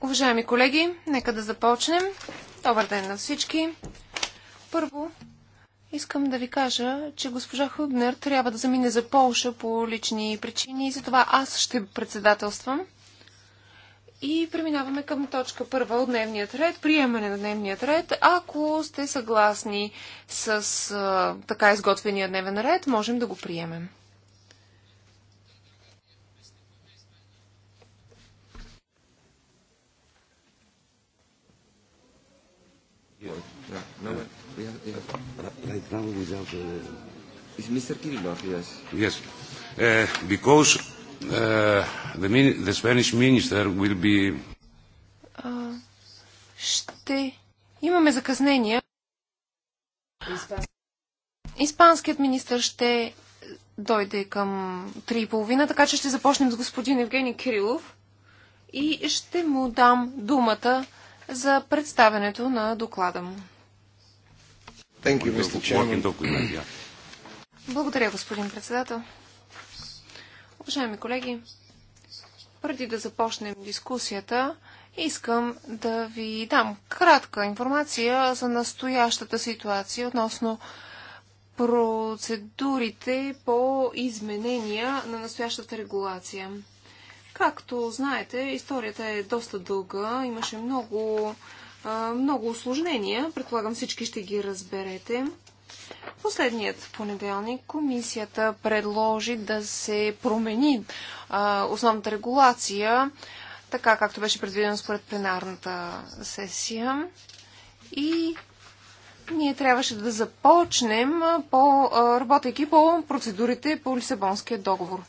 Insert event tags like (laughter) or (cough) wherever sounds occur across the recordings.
Уважаеми колеги, нека да започнем. Добър ден на всички. Първо, искам да ви кажа, че госпожа Хубнер трябва да замине за Полша по лични причини и затова аз ще председателствам. И преминаваме към точка първа от дневният ред, приемане на дневният ред. Ако сте съгласни с а, така изготвения дневен ред, можем да го приемем. Uh, Mr. Kirillov, yes. Yes, uh, because uh, the, min- the Spanish minister will be. Uh, ще имаме закъснения. Испанският министр ще дойде към 3.30, така че ще започнем с господин Евгений Кирилов и ще му дам думата за представенето на доклада му. Thank you, Mr. Chairman. Благодаря, господин председател. Уважаеми колеги, преди да започнем дискусията, искам да ви дам кратка информация за настоящата ситуация относно процедурите по изменения на настоящата регулация. Както знаете, историята е доста дълга. Имаше много много осложнения. Предполагам всички ще ги разберете. Последният понеделник комисията предложи да се промени а, основната регулация, така както беше предвидено според пленарната сесия. И ние трябваше да започнем, по, работейки по процедурите по Лисабонския договор.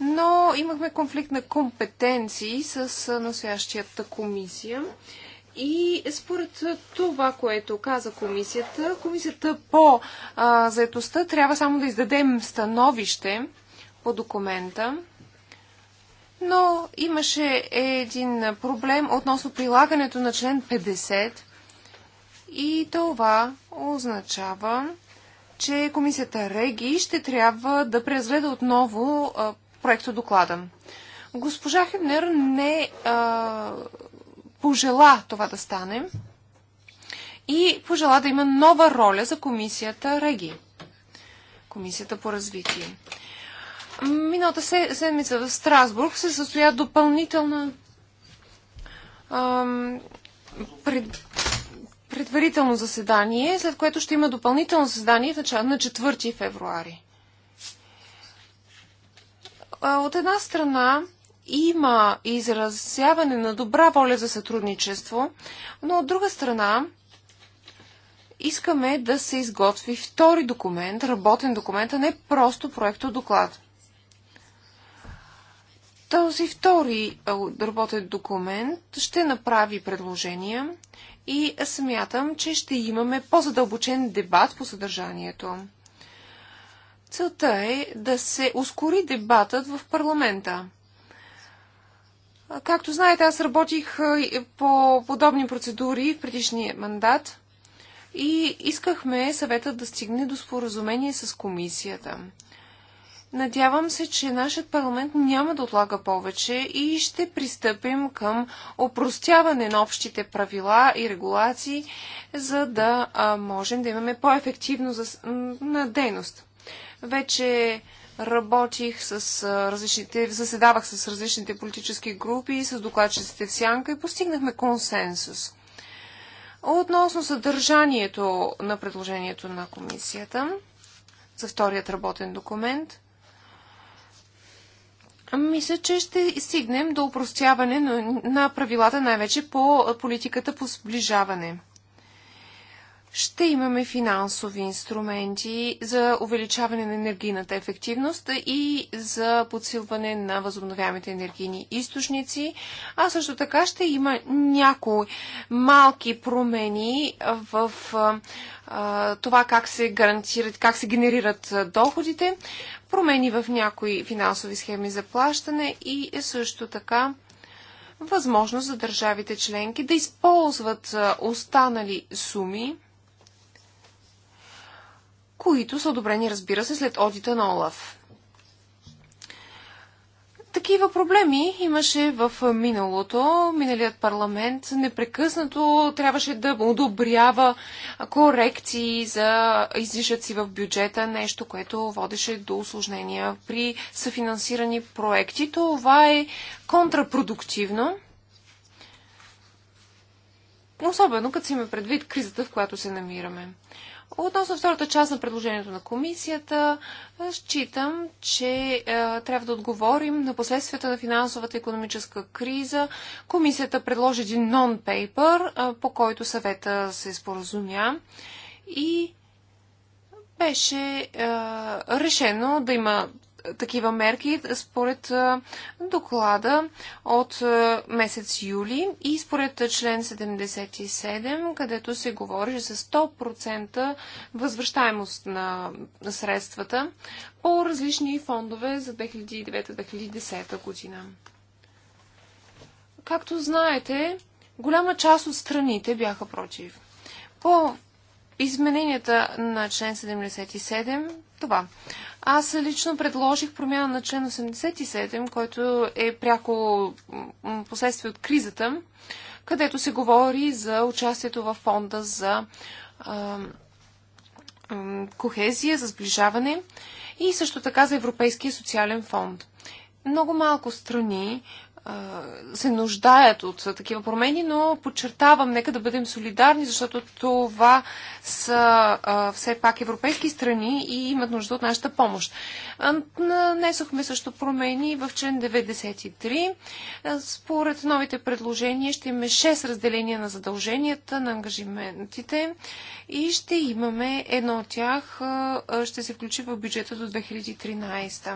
Но имахме конфликт на компетенции с настоящията комисия и според това, което каза комисията, комисията по а, заедостта трябва само да издадем становище по документа. Но имаше един проблем относно прилагането на член 50 и това означава, че комисията Реги ще трябва да преразгледа отново проекто доклада. Госпожа Хебнер не а, пожела това да стане и пожела да има нова роля за комисията Реги, комисията по развитие. Миналата седмица в Страсбург се състоя допълнителна ам, пред, предварително заседание, след което ще има допълнително заседание в начало на 4 февруари. От една страна, има изразяване на добра воля за сътрудничество, но от друга страна искаме да се изготви втори документ, работен документ, а не просто проекто доклад. Този втори работен документ ще направи предложения и смятам, че ще имаме по-задълбочен дебат по съдържанието. Целта е да се ускори дебатът в парламента – Както знаете, аз работих по подобни процедури в предишния мандат и искахме съвета да стигне до споразумение с комисията. Надявам се, че нашият парламент няма да отлага повече и ще пристъпим към опростяване на общите правила и регулации, за да можем да имаме по-ефективно на дейност. Вече Работих с различните, заседавах с различните политически групи, с докладчиците в Сянка и постигнахме консенсус. Относно съдържанието на предложението на комисията за вторият работен документ, мисля, че ще стигнем до упростяване на правилата, най-вече по политиката по сближаване ще имаме финансови инструменти за увеличаване на енергийната ефективност и за подсилване на възобновяемите енергийни източници, а също така ще има някои малки промени в а, това как се гарантират, как се генерират доходите, промени в някои финансови схеми за плащане и също така възможност за държавите членки да използват останали суми които са одобрени, разбира се, след одита на ОЛАФ. Такива проблеми имаше в миналото. Миналият парламент непрекъснато трябваше да одобрява корекции за излишъци в бюджета, нещо, което водеше до осложнения при съфинансирани проекти. Това е контрапродуктивно. Особено като си има предвид кризата, в която се намираме. Относно втората част на предложението на комисията, считам, че е, трябва да отговорим на последствията на финансовата и економическа криза. Комисията предложи един нон-пейпер, по който съвета се споразумя и беше е, решено да има такива мерки според доклада от месец юли и според член 77, където се говори за 100% възвръщаемост на средствата по различни фондове за 2009-2010 година. Както знаете, голяма част от страните бяха против. По измененията на член 77, това. Аз лично предложих промяна на член 87, който е пряко последствие от кризата, където се говори за участието в фонда за а, а, кохезия, за сближаване и също така за Европейския социален фонд. Много малко страни се нуждаят от такива промени, но подчертавам, нека да бъдем солидарни, защото това са а, все пак европейски страни и имат нужда от нашата помощ. Нанесохме също промени в член 93. Според новите предложения ще имаме 6 разделения на задълженията, на ангажиментите и ще имаме едно от тях, ще се включи в бюджета до 2013.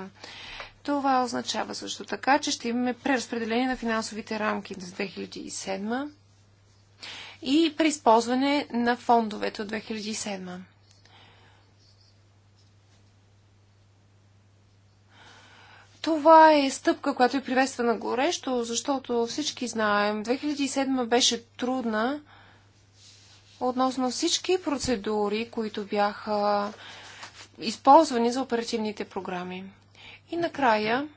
Това означава също така, че ще имаме преразпределение на финансовите рамки за 2007 и преизползване на фондовете от 2007. Това е стъпка, която е приветствана горещо, защото всички знаем, 2007 беше трудна относно всички процедури, които бяха използвани за оперативните програми. И накрая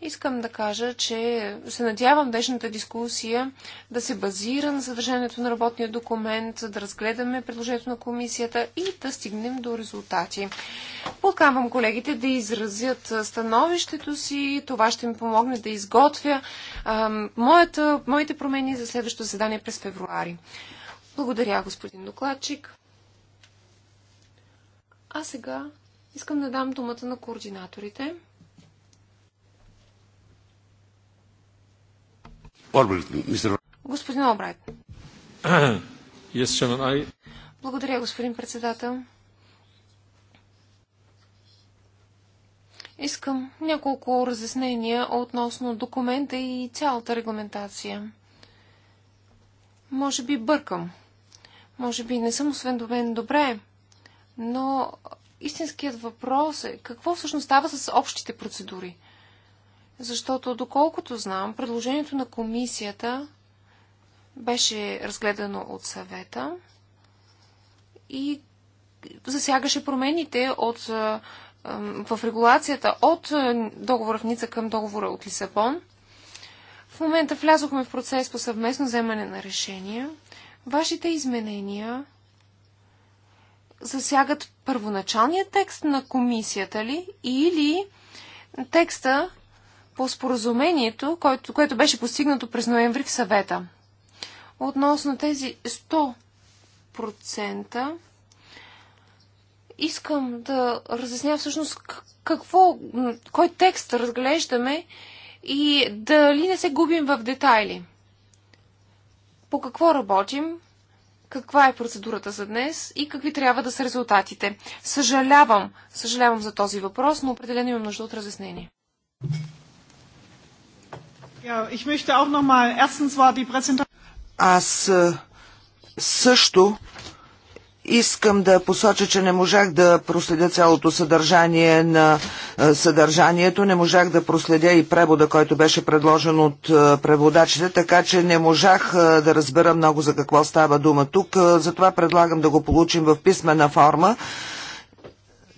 искам да кажа, че се надявам днешната дискусия да се базира на съдържанието на работния документ, да разгледаме предложението на комисията и да стигнем до резултати. Подкамвам колегите да изразят становището си. Това ще ми помогне да изготвя а, моята, моите промени за следващото заседание през февруари. Благодаря, господин докладчик. А сега Искам да дам думата на координаторите. Господин Обрайт. (clears throat) Благодаря, господин председател. Искам няколко разяснения относно документа и цялата регламентация. Може би бъркам. Може би не съм мен добре, но истинският въпрос е какво всъщност става с общите процедури. Защото, доколкото знам, предложението на комисията беше разгледано от съвета и засягаше промените от, в регулацията от договора в Ница към договора от Лисабон. В момента влязохме в процес по съвместно вземане на решения. Вашите изменения засягат първоначалния текст на комисията ли или текста по споразумението, който, което беше постигнато през ноември в съвета. Относно тези 100%, искам да разясня всъщност какво, кой текст разглеждаме и дали не се губим в детайли. По какво работим, каква е процедурата за днес и какви трябва да са резултатите. Съжалявам, съжалявам за този въпрос, но определено имам нужда от разяснение. Аз също Искам да посоча, че не можах да проследя цялото съдържание на е, съдържанието, не можах да проследя и превода, който беше предложен от е, преводачите, така че не можах е, да разбера много за какво става дума тук. Затова предлагам да го получим в писмена форма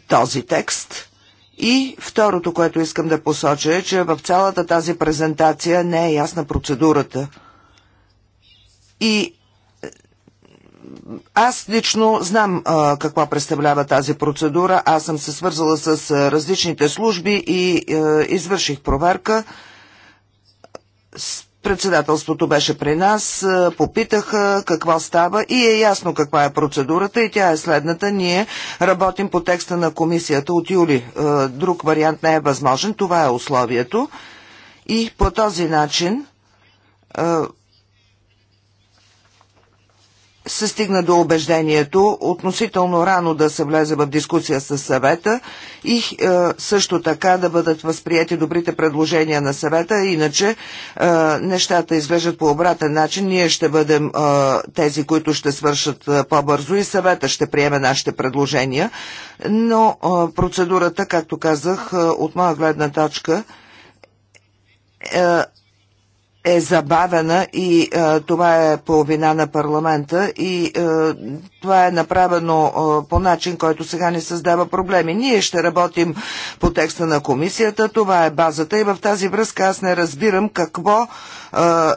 този текст. И второто, което искам да посоча е, че в цялата тази презентация не е ясна процедурата. И аз лично знам а, каква представлява тази процедура. Аз съм се свързала с а, различните служби и а, извърших проверка. Председателството беше при нас, а, попитаха какво става и е ясно каква е процедурата и тя е следната. Ние работим по текста на комисията от юли. А, друг вариант не е възможен. Това е условието. И по този начин а, се стигна до убеждението относително рано да се влезе в дискусия с съвета и е, също така да бъдат възприяти добрите предложения на съвета, иначе е, нещата изглеждат по обратен начин. Ние ще бъдем е, тези, които ще свършат е, по-бързо и съвета ще приеме нашите предложения. Но е, процедурата, както казах, е, от моя гледна точка е, е забавена и а, е, това е по вина на парламента и а, е, това е направено а, е, по начин, който сега не създава проблеми. Ние ще работим по текста на комисията, това е базата и в тази връзка аз не разбирам какво а, а,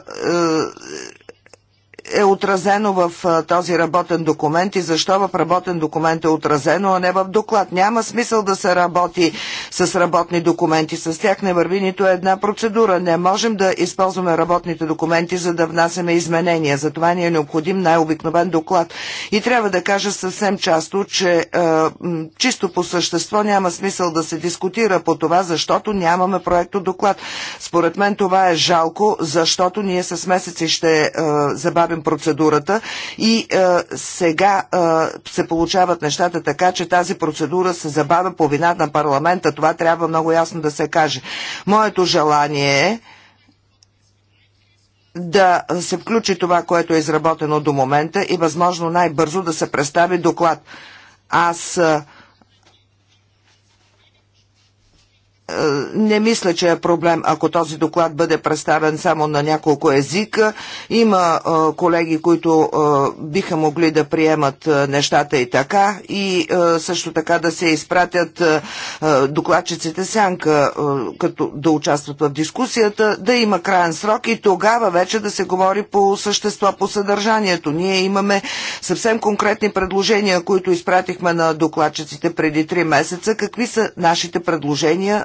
е отразено в този работен документ и защо в работен документ е отразено, а не в доклад. Няма смисъл да се работи с работни документи. С тях не върви нито една процедура. Не можем да използваме работните документи, за да внасяме изменения. Затова ни е необходим най-обикновен доклад. И трябва да кажа съвсем часто, че е, чисто по същество няма смисъл да се дискутира по това, защото нямаме проекто доклад. Според мен това е жалко, защото ние с месеци ще а, забавим процедурата и а, е, сега а, е, се получават нещата така, че тази процедура се забавя по вина на парламента. Това трябва много ясно да се каже. Моето желание е да се включи това, което е изработено до момента и възможно най-бързо да се представи доклад. Аз а, е, не мисля, че е проблем, ако този доклад бъде представен само на няколко езика. Има колеги, които биха могли да приемат нещата и така и също така да се изпратят докладчиците сянка, като да участват в дискусията, да има крайен срок и тогава вече да се говори по същество, по съдържанието. Ние имаме съвсем конкретни предложения, които изпратихме на докладчиците преди 3 месеца. Какви са нашите предложения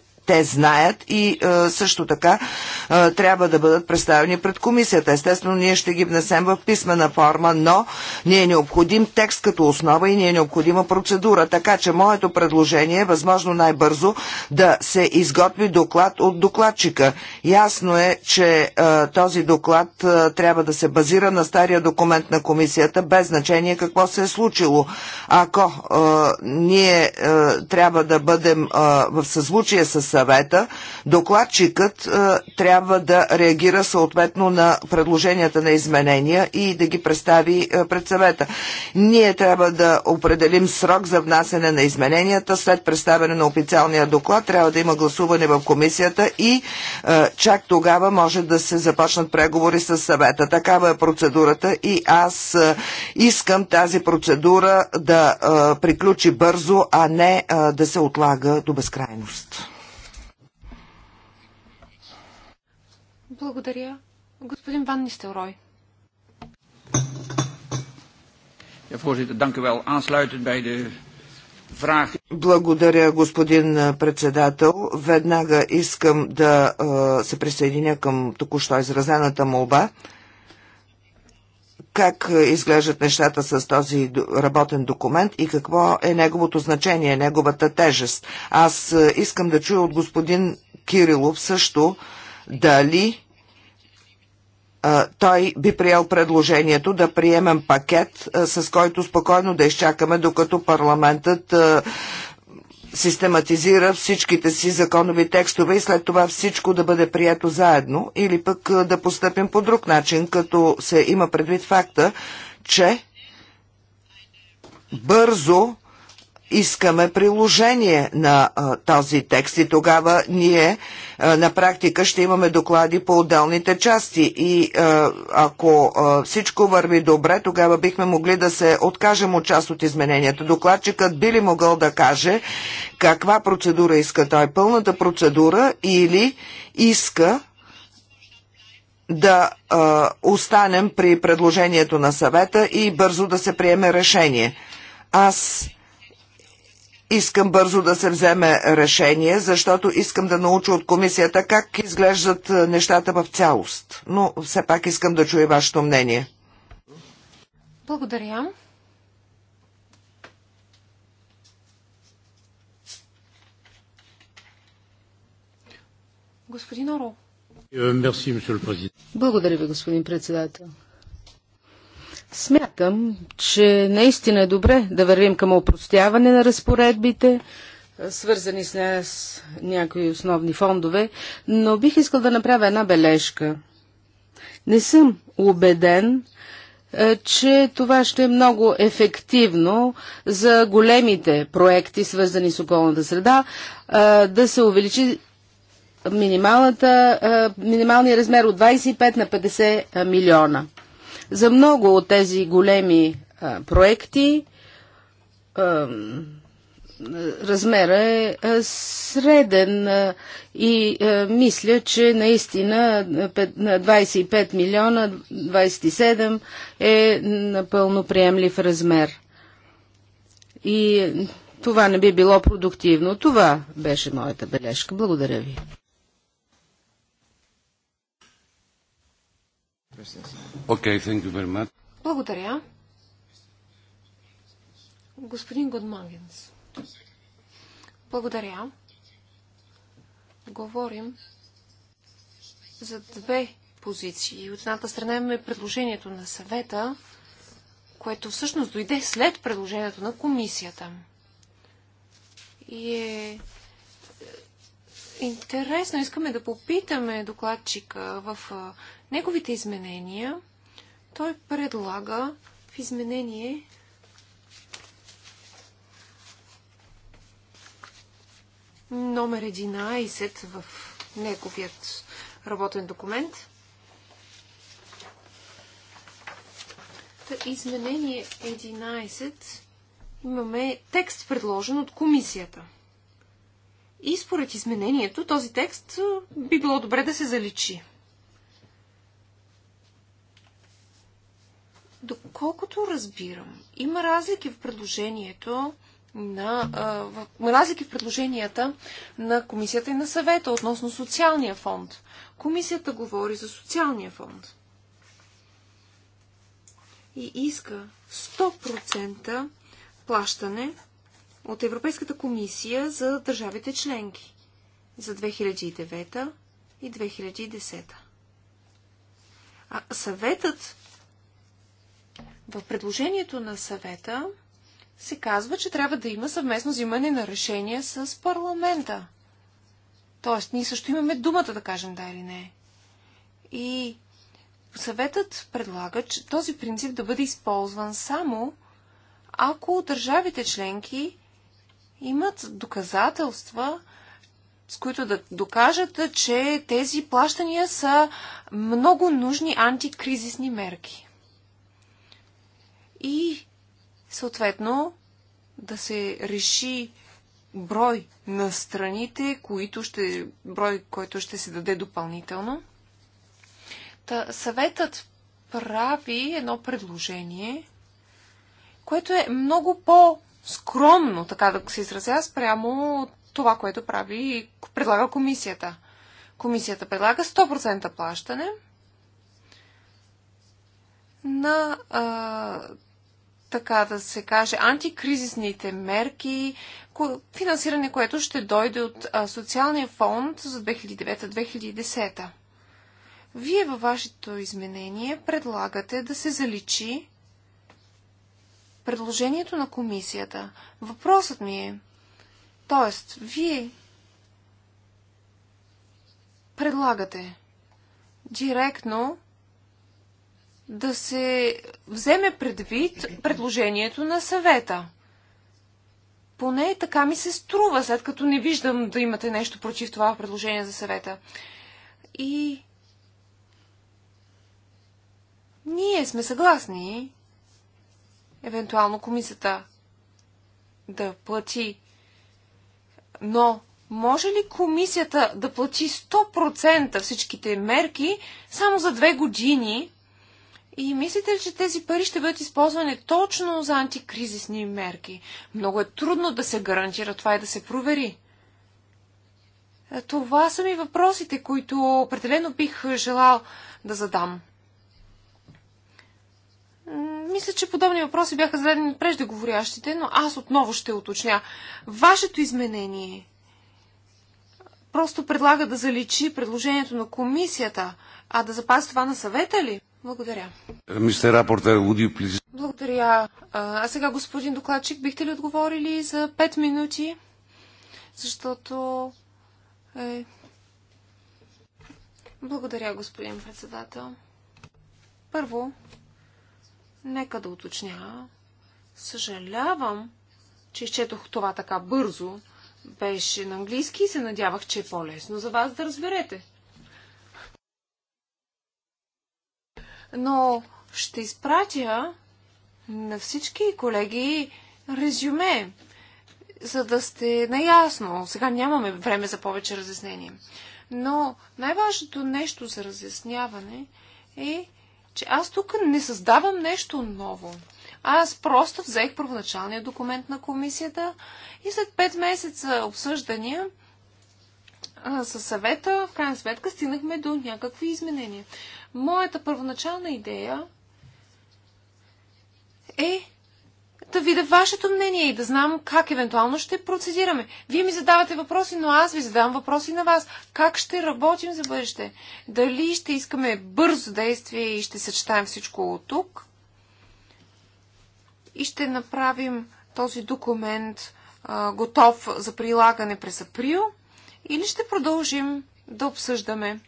те знаят и е, също така е, трябва да бъдат представени пред комисията. Естествено, ние ще ги внесем в писмена форма, но ни е необходим текст като основа и ни е необходима процедура. Така че моето предложение е възможно най-бързо да се изготви доклад от докладчика. Ясно е, че е, този доклад трябва да се базира на стария документ на комисията, без значение какво се е случило. Ако ние трябва да бъдем в съзвучие с съвета, докладчикът е, трябва да реагира съответно на предложенията на изменения и да ги представи е, пред съвета. Ние трябва да определим срок за внасене на измененията. След представяне на официалния доклад трябва да има гласуване в комисията и е, чак тогава може да се започнат преговори с съвета. Такава е процедурата и аз искам тази процедура да приключи бързо, а не да се отлага до безкрайност. Благодаря. Господин Ван Нистелрой. Благодаря, господин председател. Веднага искам да се присъединя към току-що изразената молба как изглеждат нещата с този работен документ и какво е неговото значение, неговата тежест. Аз искам да чуя от господин Кирилов също дали той би приел предложението да приемем пакет, с който спокойно да изчакаме, докато парламентът систематизира всичките си законови текстове и след това всичко да бъде прието заедно или пък да постъпим по друг начин, като се има предвид факта, че бързо искаме приложение на а, този текст и тогава ние а, на практика ще имаме доклади по отделните части и а, ако а, всичко върви добре, тогава бихме могли да се откажем от част от измененията. Докладчикът би ли могъл да каже каква процедура иска той, е пълната процедура или иска да а, останем при предложението на съвета и бързо да се приеме решение. Аз Искам бързо да се вземе решение, защото искам да науча от комисията как изглеждат е, нещата в цялост. Но все пак искам да чуя вашето мнение. Благодаря. Господин Оро. Е, Благодаря ви, господин председател. Смятам, че наистина е добре да вървим към опростяване на разпоредбите, свързани с нас някои основни фондове, но бих искал да направя една бележка. Не съм убеден, е, че това ще е много ефективно за големите проекти, свързани с околната среда, е, да се увеличи минималният е, минималния размер от 25 на 50 милиона. За много от тези големи а, проекти а, размера е среден а, и а, мисля, че наистина на 25 милиона, 27 е напълно приемлив размер. И това не би било продуктивно. Това беше моята бележка. Благодаря ви. Пресенси. Okay, thank you very much. Благодаря. Господин Годмагенс. Благодаря. Говорим за две позиции. От едната страна имаме предложението на съвета, което всъщност дойде след предложението на комисията. И е интересно, искаме да попитаме докладчика в неговите изменения той предлага в изменение номер 11 в неговият работен документ. изменение 11 имаме текст предложен от комисията. И според изменението този текст би било добре да се заличи. Доколкото разбирам, има разлики в предложението на, а, в, разлики в предложенията на комисията и на съвета относно социалния фонд. Комисията говори за социалния фонд и иска 100% плащане от Европейската комисия за държавите членки за 2009 и 2010. А съветът в предложението на съвета се казва, че трябва да има съвместно взимане на решение с парламента. Тоест, ние също имаме думата да кажем да или не. И съветът предлага, че този принцип да бъде използван само ако държавите членки имат доказателства, с които да докажат, че тези плащания са много нужни антикризисни мерки и съответно да се реши брой на страните, които ще, брой, който ще се даде допълнително. Та, съветът прави едно предложение, което е много по-скромно, така да се изразя, спрямо това, което прави и предлага комисията. Комисията предлага 100% плащане на а, така да се каже, антикризисните мерки, финансиране, което ще дойде от социалния фонд за 2009-2010. Вие във вашето изменение предлагате да се заличи предложението на комисията. Въпросът ми е, т.е. вие предлагате директно да се вземе предвид предложението на съвета. Поне така ми се струва, след като не виждам да имате нещо против това предложение за съвета. И ние сме съгласни, евентуално комисията да плати. Но може ли комисията да плати 100% всичките мерки само за две години, и мислите ли, че тези пари ще бъдат използвани точно за антикризисни мерки? Много е трудно да се гарантира това и да се провери. Е, това са ми въпросите, които определено бих желал да задам. Мисля, че подобни въпроси бяха зададени от преждеговорящите, но аз отново ще уточня. Вашето изменение просто предлага да заличи предложението на комисията, а да запази това на съвета ли? Благодаря. Мистер Рапортер, Луди, плиз. Благодаря. А сега, господин докладчик, бихте ли отговорили за 5 минути? Защото... Е... Благодаря, господин председател. Първо, нека да уточня. Съжалявам, че изчетох това така бързо. Беше на английски и се надявах, че е по-лесно за вас да разберете. но ще изпратя на всички колеги резюме, за да сте наясно. Сега нямаме време за повече разяснение. Но най-важното нещо за разясняване е, че аз тук не създавам нещо ново. Аз просто взех първоначалния документ на комисията и след 5 месеца обсъждания със съвета, в крайна сметка, стигнахме до някакви изменения. Моята първоначална идея е да видя вашето мнение и да знам как евентуално ще процедираме. Вие ми задавате въпроси, но аз ви задавам въпроси на вас. Как ще работим за бъдеще? Дали ще искаме бързо действие и ще съчетаем всичко от тук? И ще направим този документ а, готов за прилагане през април? Или ще продължим да обсъждаме?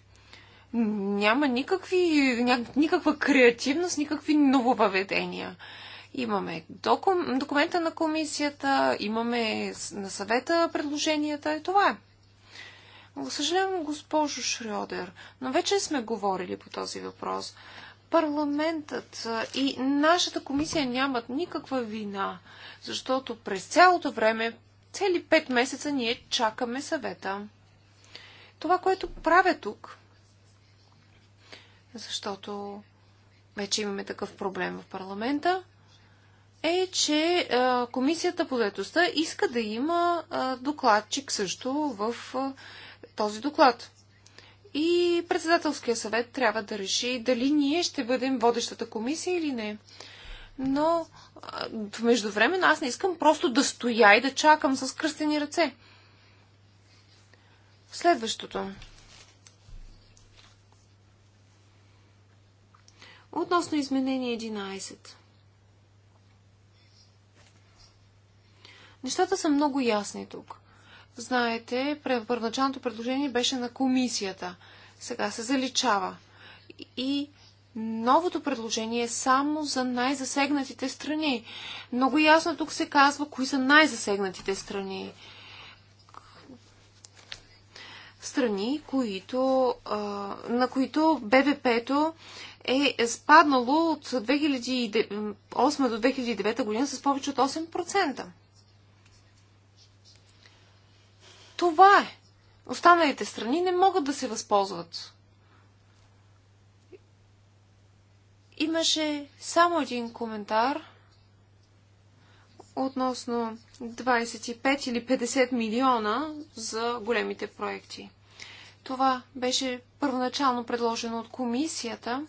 няма никакви, ня, никаква креативност, никакви нововъведения. Имаме докум, документа на комисията, имаме на съвета предложенията и това е. Съжалявам, госпожо Шрёдер, но вече сме говорили по този въпрос. Парламентът и нашата комисия нямат никаква вина, защото през цялото време, цели пет месеца, ние чакаме съвета. Това, което правя тук, защото вече имаме такъв проблем в парламента, е, че а, комисията по заедостта иска да има а, докладчик също в а, този доклад. И председателския съвет трябва да реши дали ние ще бъдем водещата комисия или не. Но в междувременно аз не искам просто да стоя и да чакам с кръстени ръце. Следващото. Относно изменение 11. Нещата са много ясни тук. Знаете, първоначалното предложение беше на комисията. Сега се заличава. И новото предложение е само за най-засегнатите страни. Много ясно тук се казва кои са най-засегнатите страни. Страни, които, на които БВП-то е спаднало от 2008 до 2009 година с повече от 8%. Това е. Останалите страни не могат да се възползват. Имаше само един коментар относно 25 или 50 милиона за големите проекти. Това беше първоначално предложено от комисията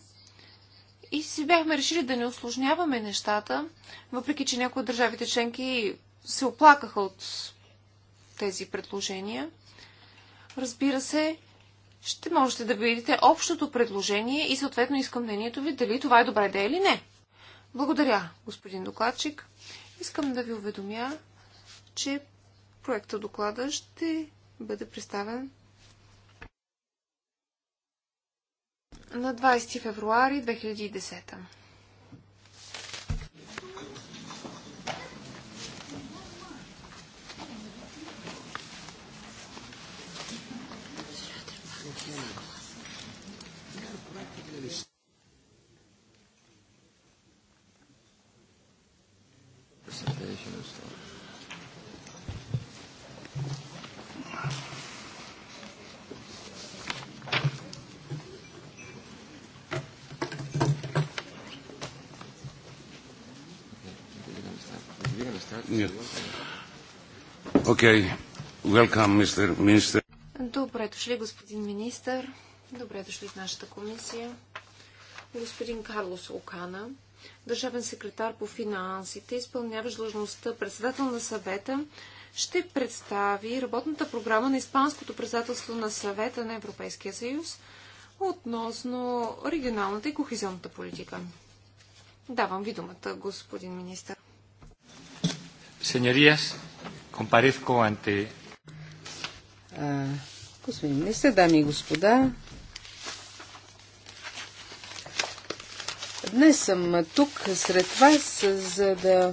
и си бяхме решили да не осложняваме нещата, въпреки че някои от държавите членки се оплакаха от тези предложения. Разбира се, ще можете да видите общото предложение и съответно искам мнението ви дали това е добра идея или не. Благодаря, господин докладчик. Искам да ви уведомя, че проекта доклада ще бъде представен на 20 февруари 2010. Okay. Welcome, Mr. Minister. Добре дошли, господин министър. Добре дошли в нашата комисия. Господин Карлос Окана, държавен секретар по финансите, изпълняващ длъжността председател на съвета, ще представи работната програма на Испанското председателство на съвета на Европейския съюз относно регионалната и кохезионната политика. Давам ви думата, господин министър. Сеньорияс, Comparezco ante... господин министр, дами и господа, днес съм тук сред вас, за да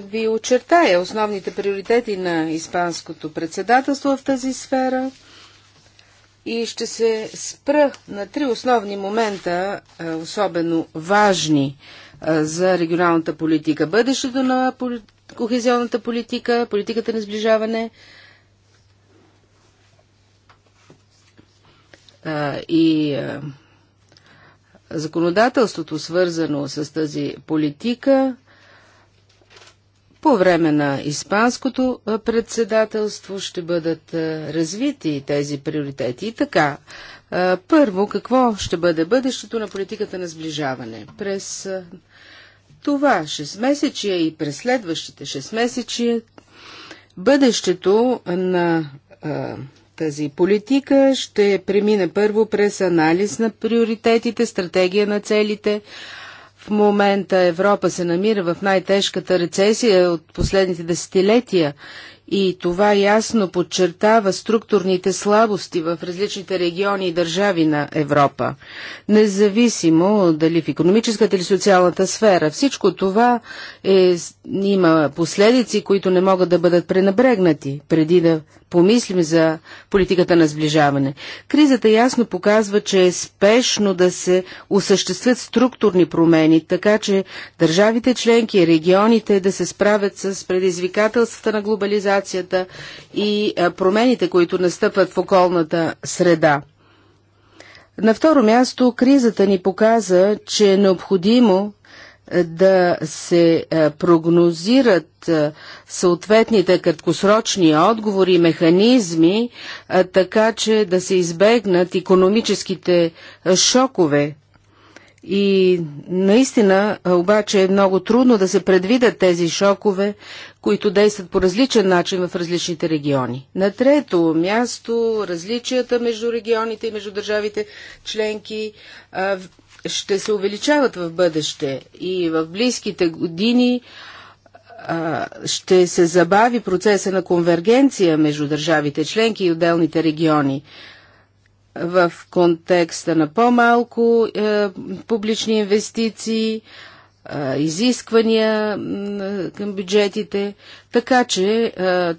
ви очертая основните приоритети на Испанското председателство в тази сфера и ще се спра на три основни момента, особено важни за регионалната политика. Бъдещето на кохезионната политика, политиката на сближаване и законодателството, свързано с тази политика, по време на Испанското председателство ще бъдат развити тези приоритети. И така, първо, какво ще бъде бъдещето на политиката на сближаване? През това 6-месечие и през следващите 6 бъдещето на а, тази политика ще премине първо през анализ на приоритетите, стратегия на целите. В момента Европа се намира в най-тежката рецесия от последните десетилетия и това ясно подчертава структурните слабости в различните региони и държави на Европа. Независимо дали в економическата или социалната сфера, всичко това е, има последици, които не могат да бъдат пренабрегнати преди да помислим за политиката на сближаване. Кризата ясно показва, че е спешно да се осъществят структурни промени, така че държавите членки и регионите да се справят с предизвикателствата на глобализацията глобализацията и промените, които настъпват в околната среда. На второ място, кризата ни показа, че е необходимо да се прогнозират съответните краткосрочни отговори и механизми, така че да се избегнат економическите шокове. И наистина обаче е много трудно да се предвидят тези шокове, които действат по различен начин в различните региони. На трето място, различията между регионите и между държавите членки ще се увеличават в бъдеще и в близките години ще се забави процеса на конвергенция между държавите членки и отделните региони в контекста на по-малко е, публични инвестиции, изисквания към бюджетите, така че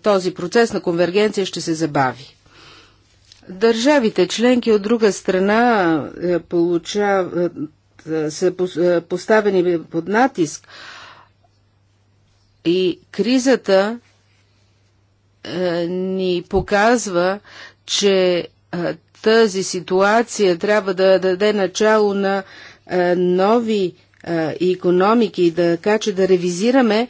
този процес на конвергенция ще се забави. Държавите членки от друга страна е, получават, е, е, са поставени под натиск и кризата ни показва, че тази ситуация трябва да даде начало на нови и економики и да каче да ревизираме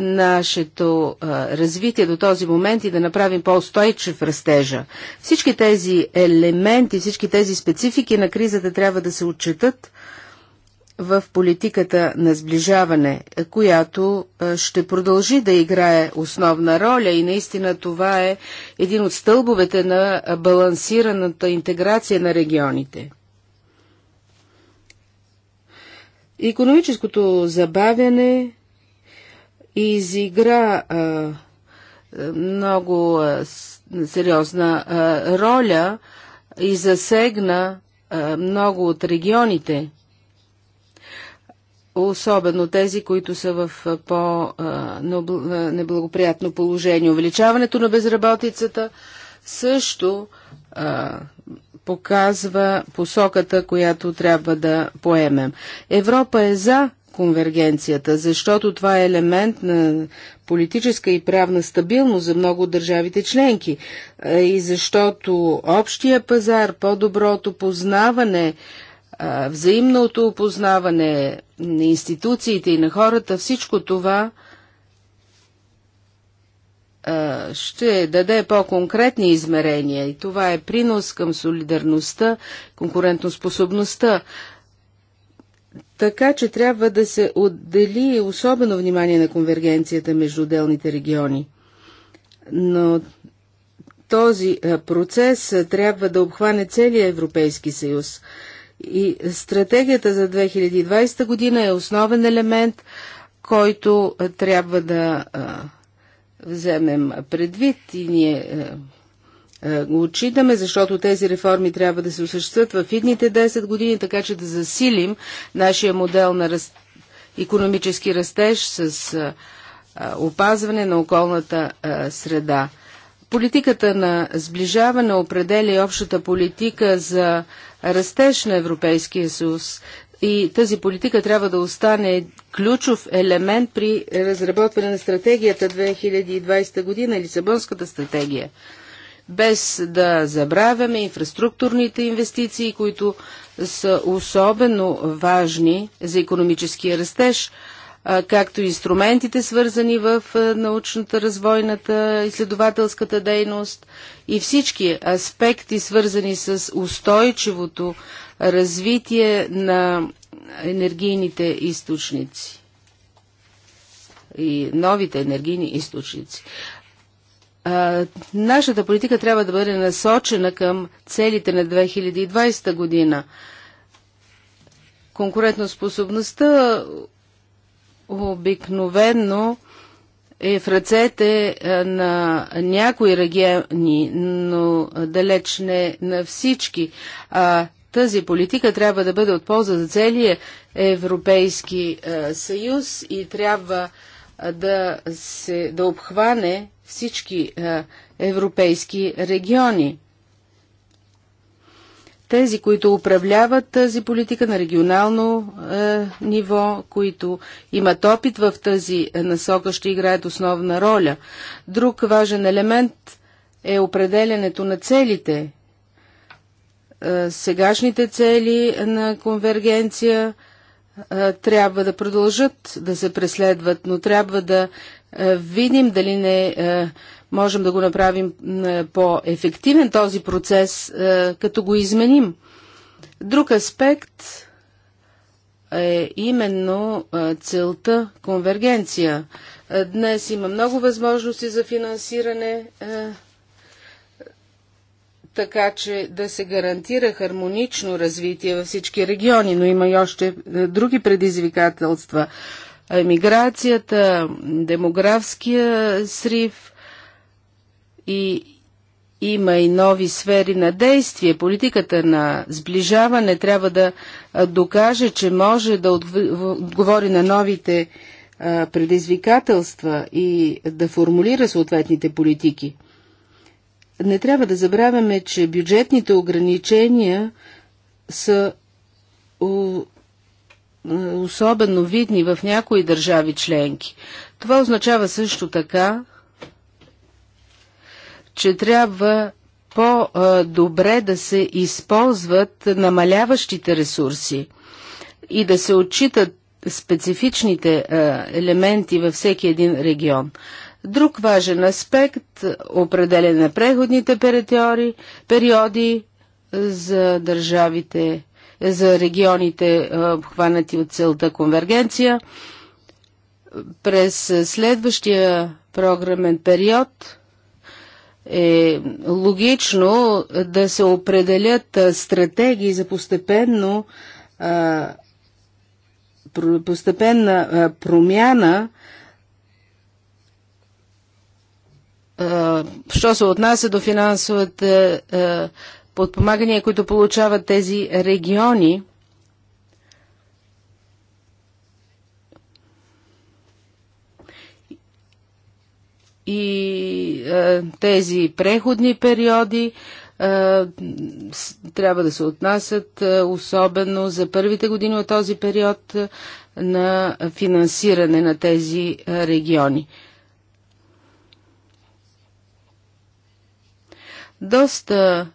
нашето развитие до този момент и да направим по-устойчив растежа. Всички тези елементи, всички тези специфики на кризата трябва да се отчетат в политиката на сближаване, която ще продължи да играе основна роля и наистина това е един от стълбовете на балансираната интеграция на регионите. Економическото забавяне изигра а, много а, сериозна а, роля и засегна а, много от регионите, особено тези, които са в по-неблагоприятно положение. Увеличаването на безработицата също а, показва посоката, която трябва да поемем. Европа е за конвергенцията, защото това е елемент на политическа и правна стабилност за много от държавите членки. Е, и защото общия пазар, по-доброто познаване, е, взаимното опознаване на институциите и на хората, всичко това – ще даде по-конкретни измерения и това е принос към солидарността, конкурентоспособността. Така че трябва да се отдели особено внимание на конвергенцията между отделните региони. Но този процес трябва да обхване целия Европейски съюз. И стратегията за 2020 година е основен елемент, който трябва да вземем предвид и ние е, е, го отчитаме, защото тези реформи трябва да се осъществят в идните 10 години, така че да засилим нашия модел на раз... економически растеж с е, опазване на околната среда. Политиката на сближаване определя и общата политика за растеж на Европейския съюз. И тази политика трябва да остане ключов елемент при разработване на стратегията 2020 година, Лисабонската стратегия. Без да забравяме инфраструктурните инвестиции, които са особено важни за економическия растеж, както и инструментите свързани в научната, развойната, изследователската дейност и всички аспекти свързани с устойчивото развитие на енергийните източници и новите енергийни източници. А, нашата политика трябва да бъде насочена към целите на 2020 година. Конкурентоспособността обикновено е в ръцете на някои региони, но далеч не на всички. А тази политика трябва да бъде от полза за целия Европейски е, съюз и трябва е, да, се, да обхване всички е, европейски региони. Тези, които управляват тази политика на регионално е, ниво, които имат опит в тази насока, ще играят основна роля. Друг важен елемент е определенето на целите е, сегашните цели на конвергенция е, трябва да продължат да се преследват, но трябва да е, видим дали не можем да го направим по-ефективен този процес, като го изменим. Друг аспект е именно целта конвергенция. Днес има много възможности за финансиране така че да се гарантира хармонично развитие във всички региони, но има и още е, други предизвикателства. Емиграцията, демографския срив и има и нови сфери на действие. Политиката на сближаване трябва да е, докаже, че може да отговори на новите е, предизвикателства и да формулира съответните политики не трябва да забравяме, че бюджетните ограничения са е, особено видни в някои държави членки. Това означава също така, че трябва по-добре да се използват намаляващите ресурси и да се отчитат специфичните е, елементи във всеки един регион. Друг важен аспект – определен на преходните периоди, периоди за държавите, е, за регионите, е, обхванати от целта конвергенция. През следващия програмен период е логично да се определят е, стратегии за постепенно постепенна промяна Що се отнася до финансовата подпомагания, които получават тези региони, и е, тези преходни периоди е, трябва да се отнасят е, особено за първите години от този период на финансиране на тези региони. Доста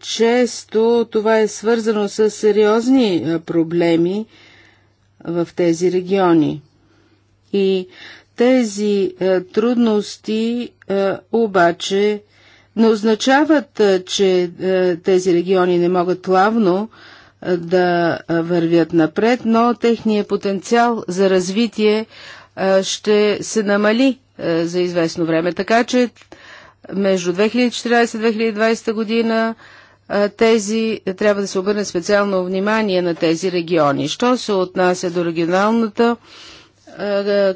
често това е свързано с сериозни проблеми в тези региони. И тези трудности обаче не означават, че тези региони не могат плавно да вървят напред, но техният потенциал за развитие ще се намали за известно време. Така че между 2014-2020 година тези, трябва да се обърне специално внимание на тези региони. Що се отнася до регионалната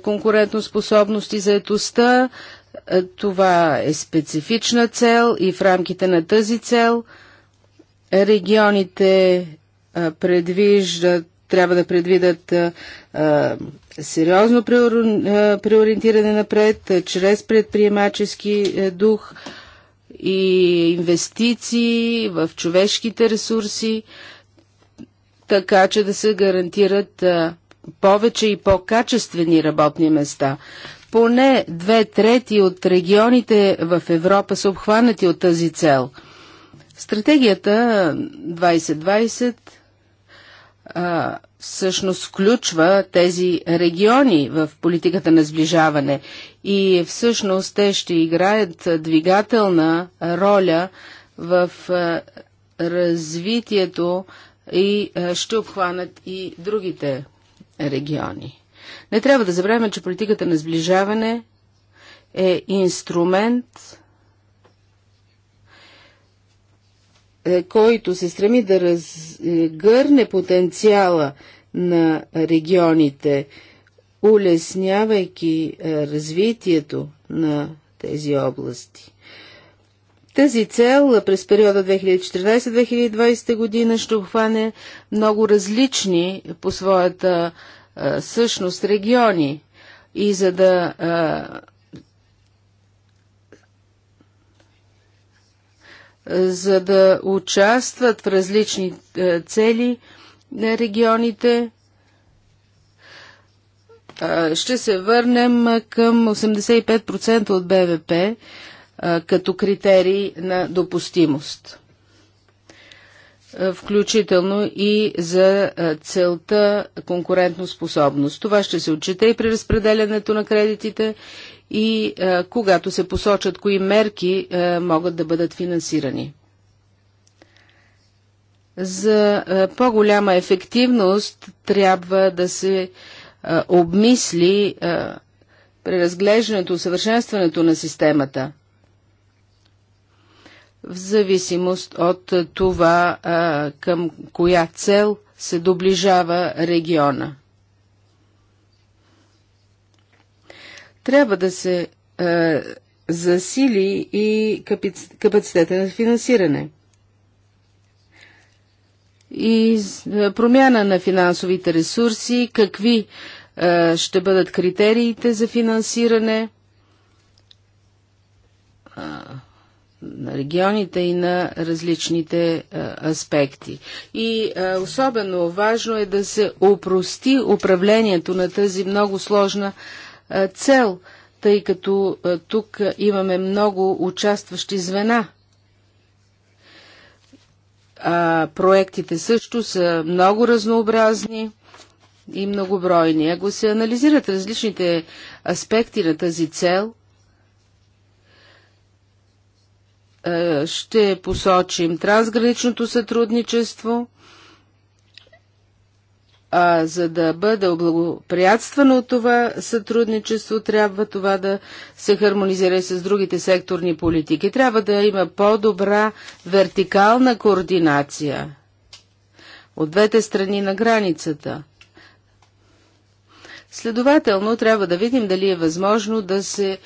конкурентоспособност и заетостта, това е специфична цел и в рамките на тази цел регионите предвиждат трябва да предвидат а, сериозно приориентиране напред, а, чрез предприемачески дух и инвестиции в човешките ресурси, така че да се гарантират а, повече и по-качествени работни места. Поне две трети от регионите в Европа са обхванати от тази цел. Стратегията 2020 а, всъщност включва тези региони в политиката на сближаване и всъщност те ще играят двигателна роля в а, развитието и а, ще обхванат и другите региони. Не трябва да забравяме, че политиката на сближаване е инструмент Е, който се стреми да разгърне потенциала на регионите, улеснявайки е, развитието на тези области. Тази цел е, през периода 2014-2020 година ще обхване много различни по своята същност региони. И за да за да участват в различни е, цели на регионите. Ще се върнем към 85% от БВП като критерий на допустимост. Включително и за целта конкурентно способност. Това ще се отчете и при разпределянето на кредитите и а, е, когато се посочат кои мерки а, е, могат да бъдат финансирани. За е, по-голяма ефективност трябва да се а, обмисли преразглеждането, усъвършенстването на системата в зависимост от това към коя цел се доближава региона. Трябва да се е, засили и капацитета на финансиране. И е, промяна на финансовите ресурси, какви е, ще бъдат критериите за финансиране е, на регионите и на различните е, аспекти. И е, особено важно е да се опрости управлението на тази много сложна е, е, цел, тъй като е, тук имаме много участващи звена. А проектите също са много разнообразни и многобройни. Ако се анализират различните аспекти на тази цел, е, ще посочим трансграничното сътрудничество, а за да бъде облагоприятствано от това сътрудничество, трябва това да се хармонизира с другите секторни политики. Трябва да има по-добра вертикална координация от двете страни на границата. Следователно, трябва да видим дали е възможно да се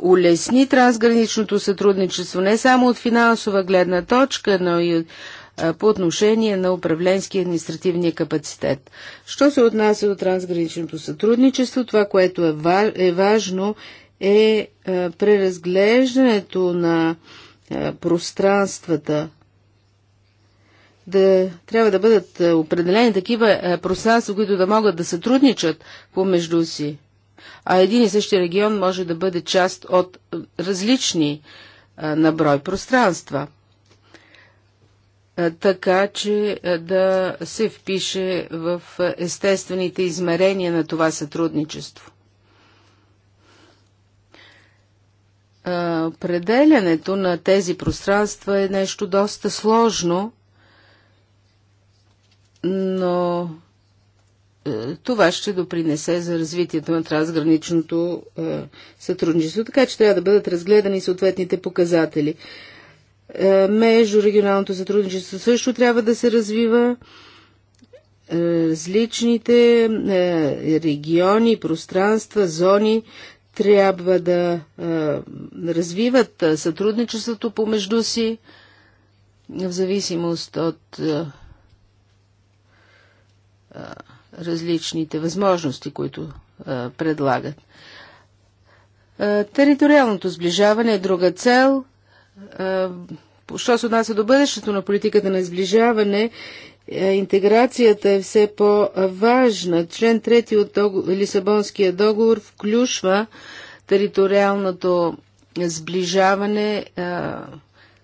улесни трансграничното сътрудничество не само от финансова гледна точка, но и по отношение на управленски и административния капацитет. Що се отнася до трансграничното сътрудничество, това, което е, ва, е важно, е преразглеждането на пространствата. Да, трябва да бъдат определени такива пространства, които да могат да сътрудничат помежду си. А един и същи регион може да бъде част от различни наброй пространства. Е, така че е, да се впише в е, естествените измерения на това сътрудничество. Определянето на тези пространства е нещо доста сложно, но това ще допринесе за развитието на трансграничното сътрудничество, така че трябва да бъдат разгледани съответните показатели. Е, Междурегионалното сътрудничество също трябва да се развива. Е, различните е, региони, пространства, зони трябва да развиват сътрудничеството помежду си в зависимост от различните възможности, които предлагат. Териториалното сближаване е друга цел. Що се отнася до бъдещето на политиката на изближаване, е, интеграцията е все по-важна. Член 3 от Лисабонския договор включва териториалното сближаване е,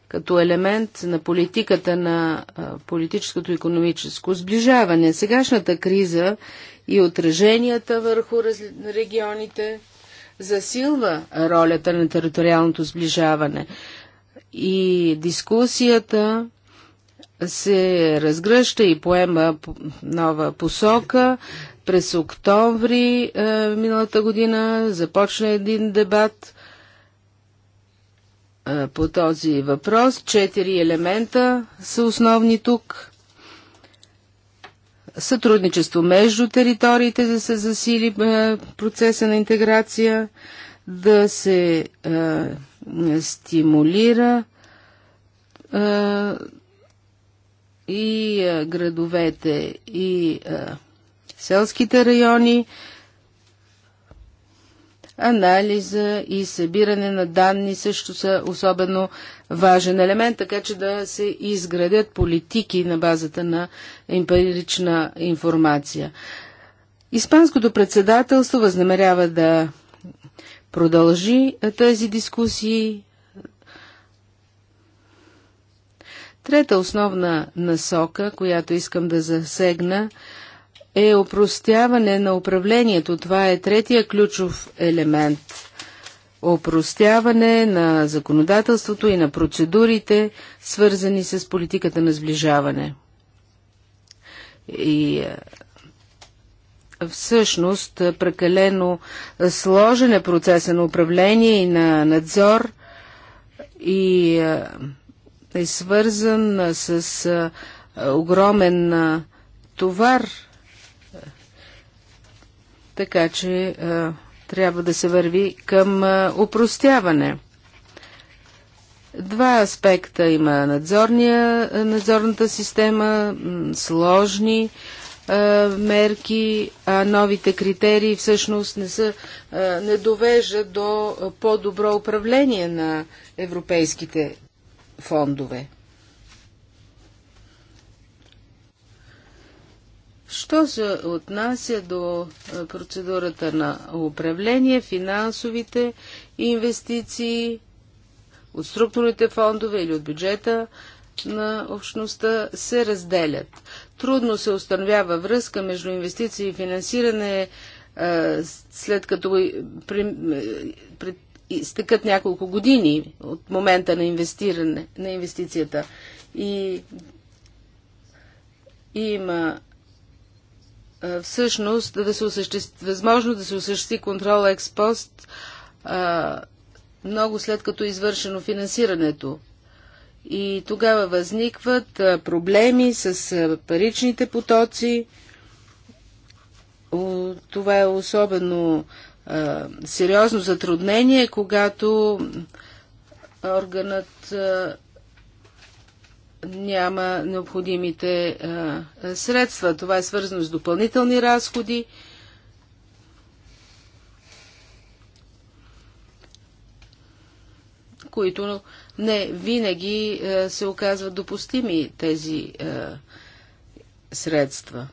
като елемент на политиката на е, политическото и економическо сближаване. Сегашната криза и отраженията върху регионите засилва ролята на териториалното сближаване. И дискусията се разгръща и поема нова посока. През октомври е, миналата година започна един дебат е, по този въпрос. Четири елемента са основни тук. Сътрудничество между териториите да се засили е, процеса на интеграция, да се е, е, стимулира а, е, и а, е, градовете, и а, селските райони, анализа и събиране на данни също са особено важен елемент, така че да се изградят политики на базата на емпирична информация. Испанското председателство възнамерява да продължи тези дискусии. Трета основна насока, която искам да засегна, е опростяване на управлението. Това е третия ключов елемент. Опростяване на законодателството и на процедурите, свързани с политиката на сближаване. И всъщност прекалено сложен е процеса на управление и на надзор и е, е свързан с огромен товар, така че трябва да се върви към упростяване. Два аспекта има надзорния, надзорната система, сложни, е, мерки, а новите критерии всъщност не, са, е, не довежа до по-добро управление на европейските фондове. Що се отнася до е, процедурата на управление, финансовите инвестиции от структурните фондове или от бюджета на общността се разделят. Трудно се установява връзка между инвестиции и финансиране, след като изтъкат няколко години от момента на инвестиране, на инвестицията. И има всъщност да се осъществи, възможно да се осъществи контрол експост много след като е извършено финансирането. И тогава възникват проблеми с паричните потоци. Това е особено сериозно затруднение, когато органът няма необходимите средства. Това е свързано с допълнителни разходи. които не винаги е, се оказват допустими тези е, средства.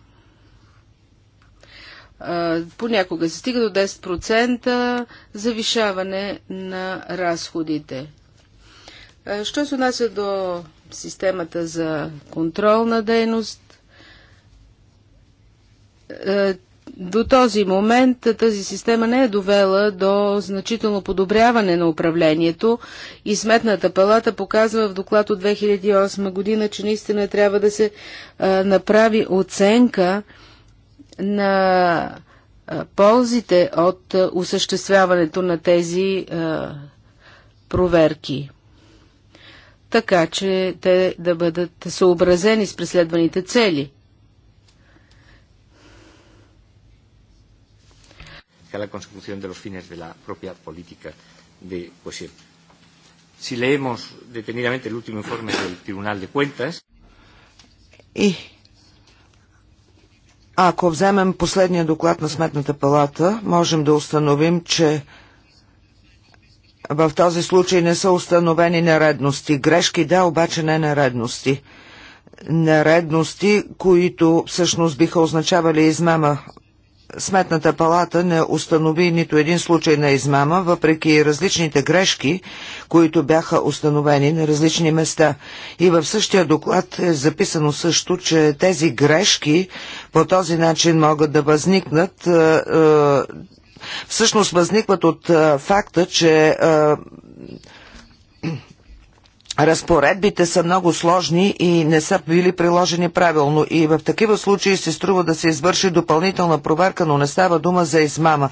Е, понякога се стига до 10% завишаване на разходите. Що се отнася до системата за контролна дейност, до този момент тази система не е довела до значително подобряване на управлението и Сметната палата показва в доклад от 2008 година, че наистина трябва да се а, направи оценка на а, ползите от а, осъществяването на тези а, проверки така че те да бъдат съобразени с преследваните цели. que a la consecución de los fines de la propia política de cohesión. Si leemos detenidamente el último informe del Tribunal de Cuentas. Y. ако вземем последния доклад на Сметната палата, можем да установим, че в този случай не са установени нередности. Грешки да, обаче не нередности. Нередности, които всъщност биха означавали измама Сметната палата не установи нито един случай на измама, въпреки различните грешки, които бяха установени на различни места. И в същия доклад е записано също, че тези грешки по този начин могат да възникнат. Е, е, всъщност възникват от е, факта, че разпоредбите са много сложни и не са били приложени правилно и в такива случаи се струва да се извърши допълнителна проверка, но не става дума за измама.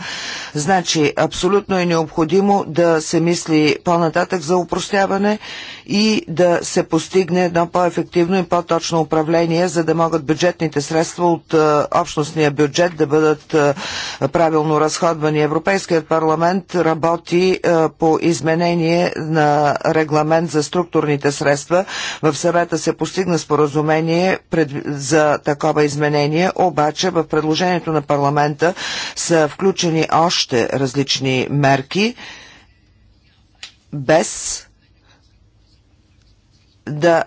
Значи, абсолютно е необходимо да се мисли по-нататък за упростяване и да се постигне едно по-ефективно и по-точно управление, за да могат бюджетните средства от е, общностния бюджет да бъдат е, правилно разходвани. Европейският парламент работи е, по изменение на регламент за структурните средства. В съвета се постигна споразумение за такова изменение, обаче в предложението на парламента са включени още различни мерки без да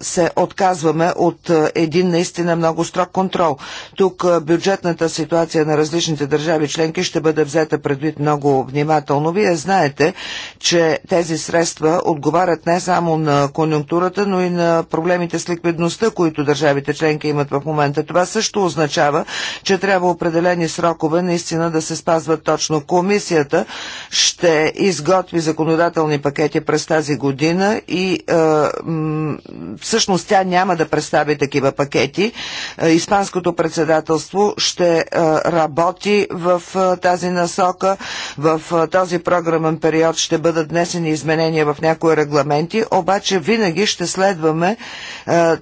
се отказваме от един наистина много строг контрол. Тук бюджетната ситуация на различните държави членки ще бъде взета предвид много внимателно. Вие знаете, че тези средства отговарят не само на конюнктурата, но и на проблемите с ликвидността, които държавите членки имат в момента. Това също означава, че трябва определени срокове наистина да се спазват точно. Комисията ще изготви законодателни пакети през тази година и всъщност тя няма да представи такива пакети. Е, Испанското председателство ще е, работи в е, тази насока. В този програмен период ще бъдат днесени изменения в някои регламенти, обаче винаги ще следваме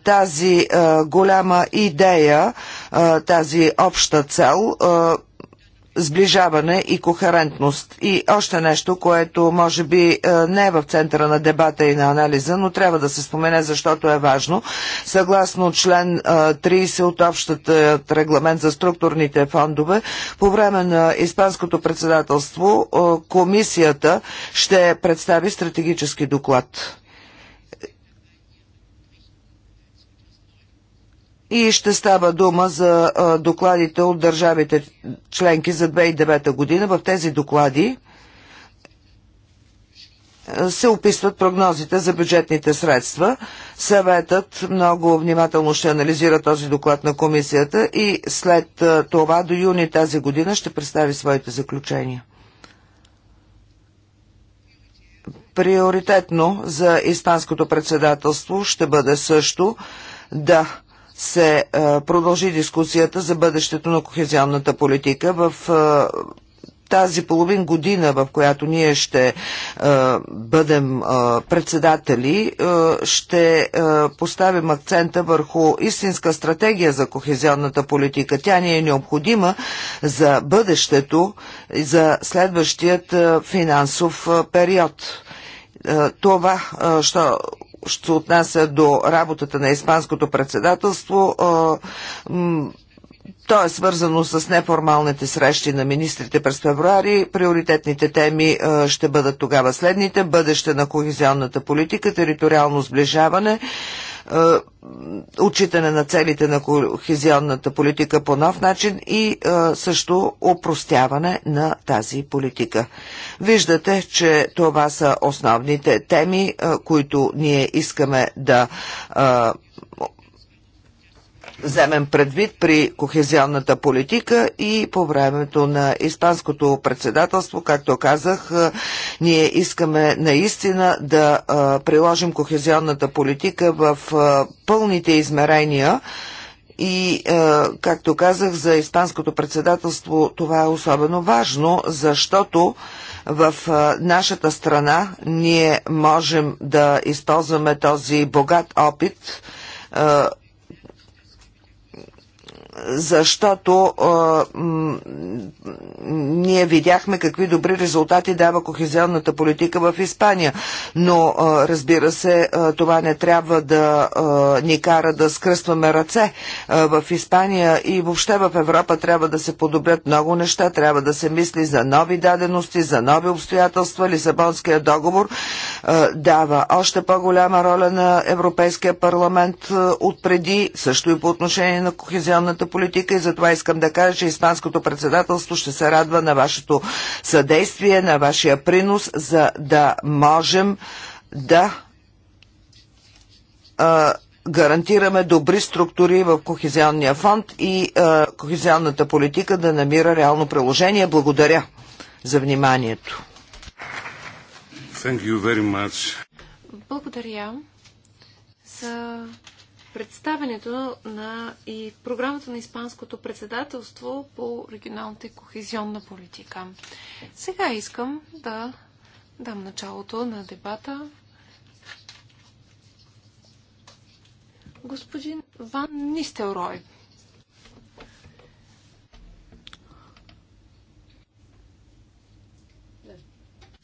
тази голяма идея, тази обща цел сближаване и кохерентност. И още нещо, което може би е, не е в центъра на дебата и на анализа, но трябва да се спомене, защото е важно. Съгласно член 30 е, от общата е, регламент за структурните фондове, по време на Испанското председателство комисията ще представи стратегически доклад. и ще става дума за докладите от държавите членки за 2009 година. В тези доклади се описват прогнозите за бюджетните средства. Съветът много внимателно ще анализира този доклад на комисията и след това до юни тази година ще представи своите заключения. Приоритетно за Испанското председателство ще бъде също да се е, продължи дискусията за бъдещето на кохезионната политика в е, тази половин година, в която ние ще е, бъдем е, председатели, е, ще е, поставим акцента върху истинска стратегия за кохезионната политика. Тя ни е необходима за бъдещето, и за следващият е, финансов е, период. Е, това, е, що що се отнася до работата на Испанското председателство, то е свързано с неформалните срещи на министрите през февруари. Приоритетните теми ще бъдат тогава следните. Бъдеще на кохезионната политика, териториално сближаване, е, отчитане на целите на кохезионната политика по нов начин и е, също опростяване на тази политика. Виждате, че това са основните теми, е, които ние искаме да вземем предвид при кохезионната политика и по времето на Испанското председателство, както казах, ние искаме наистина да приложим кохезионната политика в пълните измерения и, както казах, за Испанското председателство това е особено важно, защото в нашата страна ние можем да използваме този богат опит защото а, ние видяхме какви добри резултати дава кохезионната политика в Испания. Но, а, разбира се, а, това не трябва да ни кара да скръстваме ръце. В Испания и въобще в Европа трябва да се подобрят много неща, трябва да се мисли за нови дадености, за нови обстоятелства. Лисабонския договор дава още по-голяма роля на Европейския парламент от преди, също и по отношение на кохезионната политика и затова искам да кажа, че Испанското председателство ще се радва на вашето съдействие, на вашия принос, за да можем да гарантираме добри структури в Кохезионния фонд и а, кохезионната политика да намира реално приложение. Благодаря за вниманието. Благодаря за представенето на и програмата на Испанското председателство по регионалната и кохезионна политика. Сега искам да дам началото на дебата. Господин Ван Нистелрой.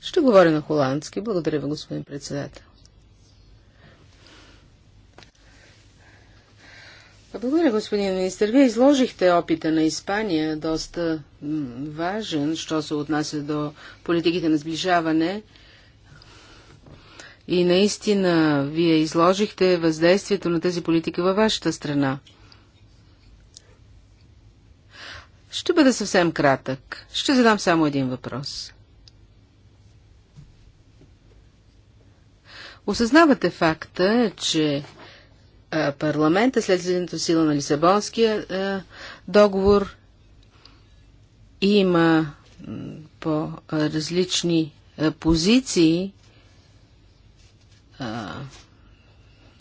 Ще говоря на холандски. Благодаря ви, господин председател. Благодаря, господин министр. Вие изложихте опита на Испания, доста важен, що се отнася до политиките на сближаване. И наистина, вие изложихте въздействието на тази политика във вашата страна. Ще бъда съвсем кратък. Ще задам само един въпрос. Осъзнавате факта, че е, парламента след следването сила на Лисабонския е, договор има по-различни е, позиции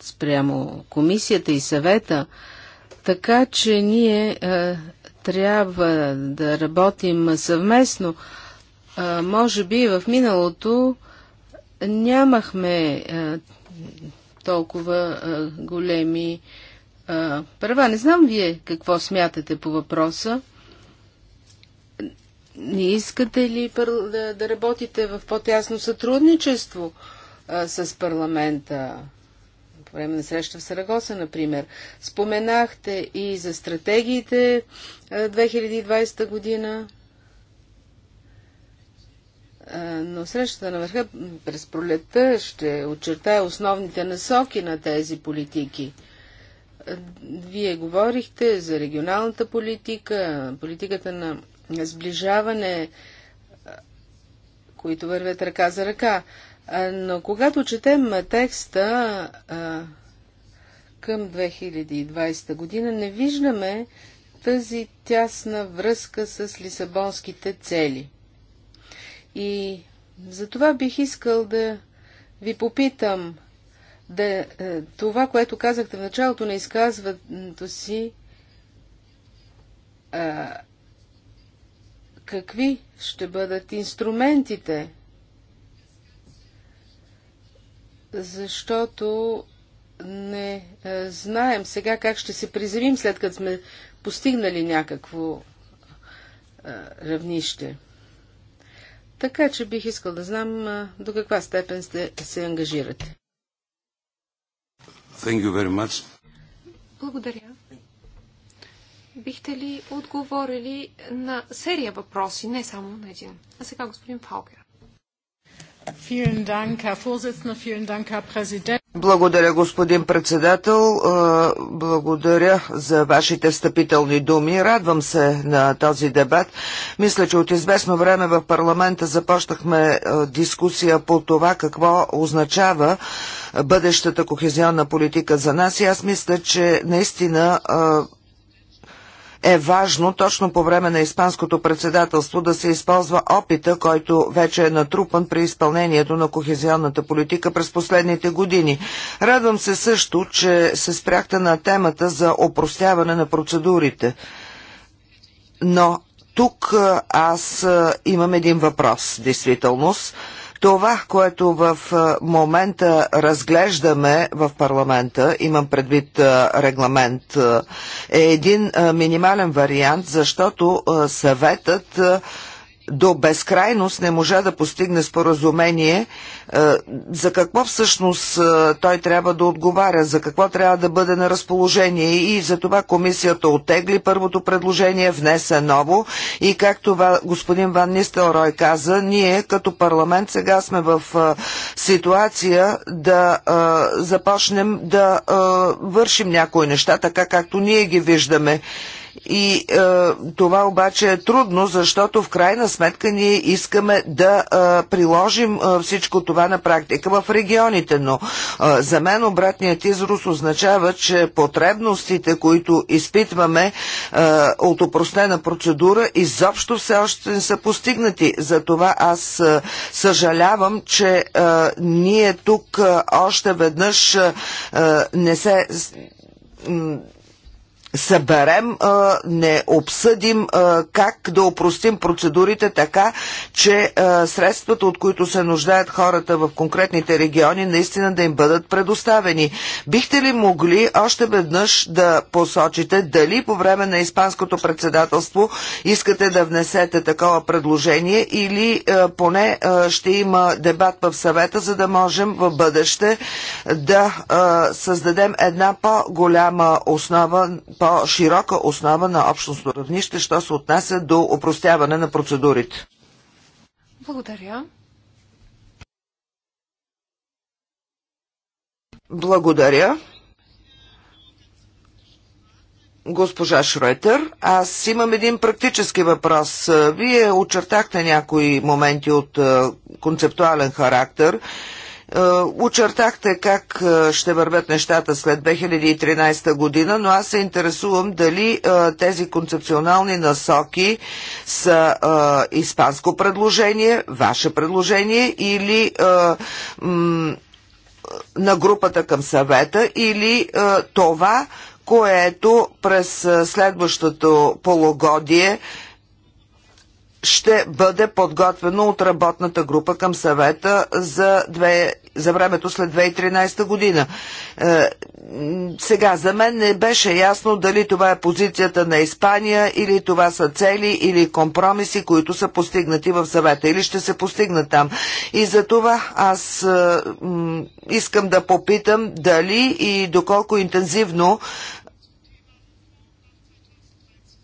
спрямо комисията и съвета, така че ние трябва да работим съвместно. Може би в миналото нямахме толкова а, големи а, права. Не знам вие какво смятате по въпроса. Не искате ли да, да работите в по-тясно сътрудничество а, с парламента? По време на среща в Сарагоса, например. Споменахте и за стратегиите 2020 година но срещата на върха през пролетта ще очертая основните насоки на тези политики. Вие говорихте за регионалната политика, политиката на сближаване, които вървят ръка за ръка. Но когато четем текста към 2020 година, не виждаме тази тясна връзка с лисабонските цели – и за това бих искал да ви попитам, да, е, това, което казахте в началото на изказването си, а, е, какви ще бъдат инструментите, защото не а, е, знаем сега как ще се приземим, след като сме постигнали някакво а, равнище. Така че бих искал да знам до каква степен сте, се ангажирате. Thank you very much. Благодаря. Бихте ли отговорили на серия въпроси, не само на един? А сега господин Фалкер. Vielen Dank, Herr Vorsitzender, vielen Dank, Herr Präsident. Благодаря, господин председател. Благодаря за вашите встъпителни думи. Радвам се на този дебат. Мисля, че от известно време в парламента започнахме дискусия по това какво означава бъдещата кохезионна политика за нас и аз мисля, че наистина е важно точно по време на Испанското председателство да се използва опита, който вече е натрупан при изпълнението на кохезионната политика през последните години. Радвам се също, че се спряхте на темата за опростяване на процедурите. Но тук аз имам един въпрос, действителност. действителност това, което в момента разглеждаме в парламента, имам предвид регламент, е един минимален вариант, защото съветът до безкрайност не можа да постигне споразумение е, за какво всъщност е, той трябва да отговаря, за какво трябва да бъде на разположение и за това комисията отегли първото предложение, внесе ново и както господин Ван Нистелрой каза, ние като парламент сега сме в е, ситуация да започнем да вършим някои неща, така както ние ги виждаме. И е, това обаче е трудно, защото в крайна сметка ние искаме да е, приложим е, всичко това на практика в регионите. Но е, за мен обратният изрус означава, че потребностите, които изпитваме е, от опростена процедура, изобщо все още не са постигнати. Затова аз е, съжалявам, че е, ние тук е, още веднъж е, е не се съберем, не обсъдим как да опростим процедурите така, че средствата, от които се нуждаят хората в конкретните региони, наистина да им бъдат предоставени. Бихте ли могли още веднъж да посочите дали по време на Испанското председателство искате да внесете такова предложение или поне ще има дебат в съвета, за да можем в бъдеще да създадем една по-голяма основа, по-широка основа на общностно равнище, що се отнася до опростяване на процедурите. Благодаря. Благодаря. Госпожа Шройтер, аз имам един практически въпрос. Вие очертахте някои моменти от е, концептуален характер. Е, очертахте как е, ще вървят нещата след 2013 година, но аз се интересувам дали е, тези концепционални насоки са испанско предложение, ваше предложение или на групата към съвета или това, което през следващото полугодие ще бъде подготвено от работната група към съвета за, две, за времето след 2013 година. Е, сега, за мен не беше ясно дали това е позицията на Испания или това са цели или компромиси, които са постигнати в съвета или ще се постигнат там. И за това аз е, искам да попитам дали и доколко интензивно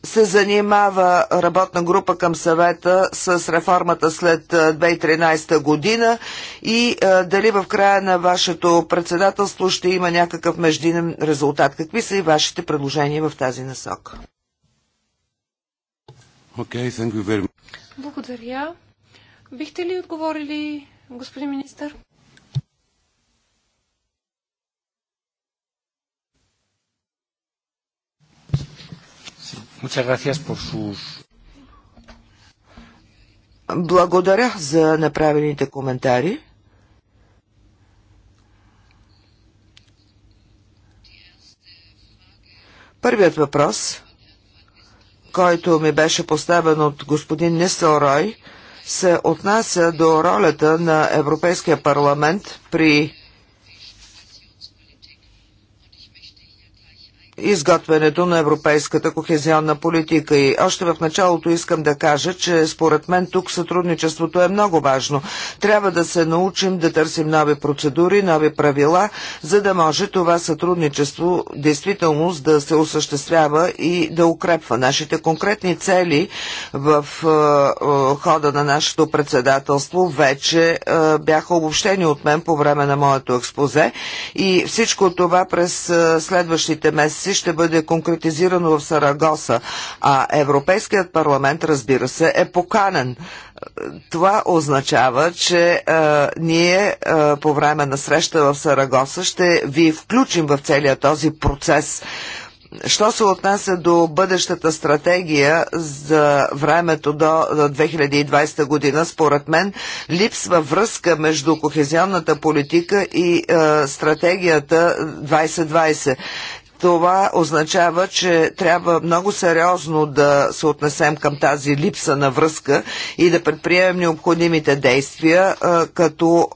се занимава работна група към съвета с реформата след 2013 година и дали в края на вашето председателство ще има някакъв междинен резултат. Какви са и вашите предложения в тази насока? Okay, thank you very much. Благодаря. Бихте ли отговорили, господин министър? Muchas gracias por sus... Благодаря за направените коментари. Първият въпрос, който ми беше поставен от господин Рой, се отнася до ролята на Европейския парламент при изготвянето на европейската кохезионна политика. И още в началото искам да кажа, че според мен тук сътрудничеството е много важно. Трябва да се научим да търсим нови процедури, нови правила, за да може това сътрудничество действително да се осъществява и да укрепва. Нашите конкретни цели в е, е, хода на нашето председателство вече е, бяха обобщени от мен по време на моето експозе и всичко това през е, следващите месеци си ще бъде конкретизирано в Сарагоса, а Европейският парламент, разбира се, е поканен. Това означава, че е, ние е, по време на среща в Сарагоса ще ви включим в целия този процес. Що се отнася до бъдещата стратегия за времето до 2020 година, според мен липсва връзка между кохезионната политика и е, стратегията 2020. Това означава, че трябва много сериозно да се отнесем към тази липса на връзка и да предприемем необходимите действия, като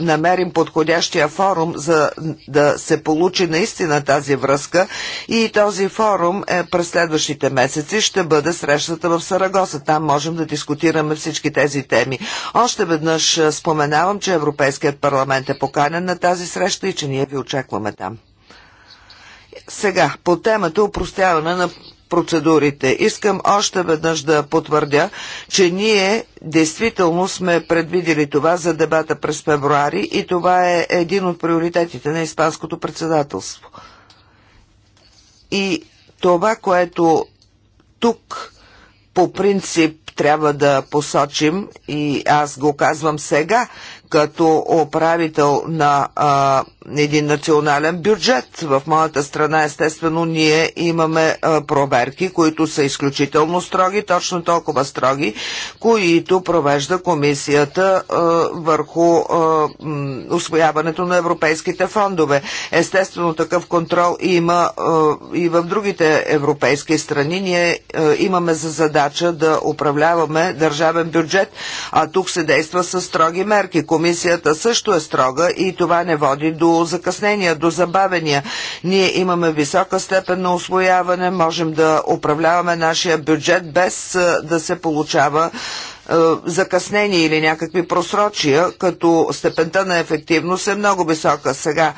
намерим подходящия форум, за да се получи наистина тази връзка. И този форум е през следващите месеци ще бъде срещата в Сарагоса. Там можем да дискутираме всички тези теми. Още веднъж споменавам, че Европейският парламент е поканен на тази среща и че ние ви очакваме там. Сега, по темата упростяване на процедурите. Искам още веднъж да потвърдя, че ние действително сме предвидели това за дебата през февруари и това е един от приоритетите на Испанското председателство. И това, което тук по принцип трябва да посочим, и аз го казвам сега, като управител на а, един национален бюджет. В моята страна, естествено, ние имаме проверки, които са изключително строги, точно толкова строги, които провежда комисията върху освояването на европейските фондове. Естествено, такъв контрол има и в другите европейски страни. Ние имаме за задача да управляваме държавен бюджет, а тук се действа с строги мерки. Комисията също е строга и това не води до до закъснения, до забавения. Ние имаме висока степен на освояване, можем да управляваме нашия бюджет без да се получава закъснение или някакви просрочия, като степента на ефективност е много висока. Сега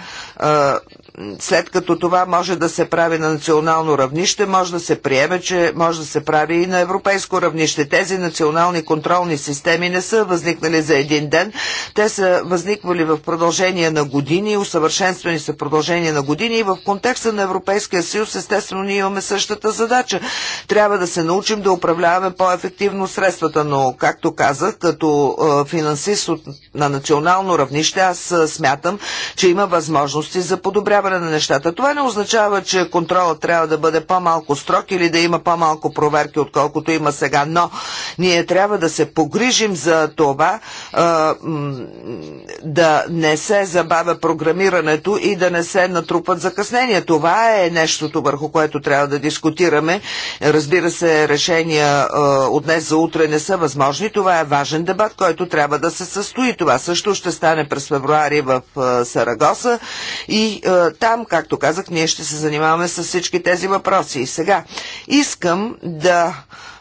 след като това може да се прави на национално равнище, може да се приеме, че може да се прави и на европейско равнище. Тези национални контролни системи не са възникнали за един ден. Те са възниквали в продължение на години, усъвършенствани са в продължение на години и в контекста на Европейския съюз, естествено, ние имаме същата задача. Трябва да се научим да управляваме по-ефективно средствата, но, както казах, като е, финансист на национално равнище, аз е, смятам, че има възможности за подобряване подобряване на нещата. Това не означава, че контролът трябва да бъде по-малко строг или да има по-малко проверки, отколкото има сега, но ние трябва да се погрижим за това да не се забавя програмирането и да не се натрупат закъснения. Това е нещото, върху което трябва да дискутираме. Разбира се, решения от днес за утре не са възможни. Това е важен дебат, който трябва да се състои. Това също ще стане през февруари в Сарагоса и там, както казах, ние ще се занимаваме с всички тези въпроси. И сега искам да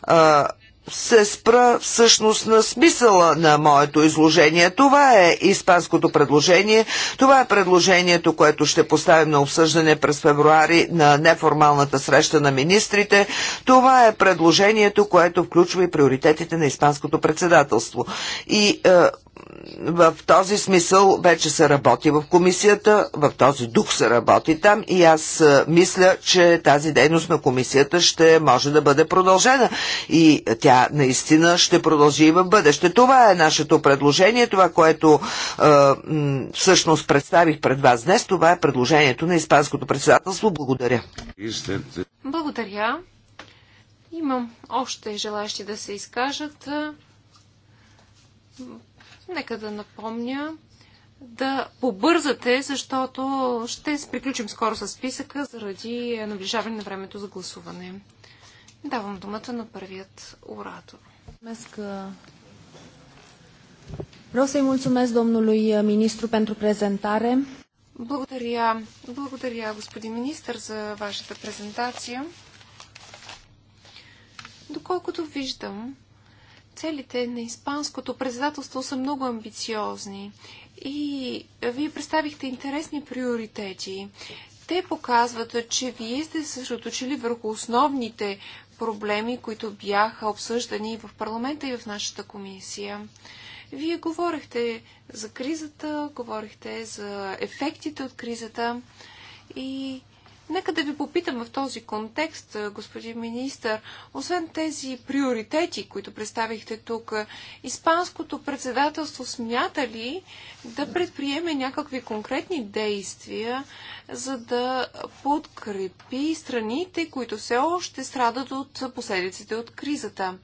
а, се спра всъщност на смисъла на моето изложение. Това е испанското предложение. Това е предложението, което ще поставим на обсъждане през февруари на неформалната среща на министрите. Това е предложението, което включва и приоритетите на испанското председателство. И а, е, в този смисъл вече се работи в комисията, в този дух се работи там и аз мисля, че тази дейност на комисията ще може да бъде продължена и тя наистина ще продължи и в бъдеще. Това е нашето предложение, това, което е, всъщност представих пред вас днес, това е предложението на Испанското председателство. Благодаря. Благодаря. Имам още желащи да се изкажат. Нека да напомня да побързате, защото ще приключим скоро с списъка заради наближаване на времето за гласуване. Давам думата на първият оратор. Vreau să-i mulțumesc domnului ministru pentru prezentare. Благодаря, благодаря господин министр за вашата презентация. Доколкото виждам, Целите на Испанското председателство са много амбициозни и вие представихте интересни приоритети. Те показват, че вие сте съсредоточили върху основните проблеми, които бяха обсъждани в парламента и в нашата комисия. Вие говорихте за кризата, говорихте за ефектите от кризата и Нека да ви попитам в този контекст, господин министр, освен тези приоритети, които представихте тук, Испанското председателство смята ли да предприеме някакви конкретни действия, за да подкрепи страните, които все още страдат от последиците от кризата?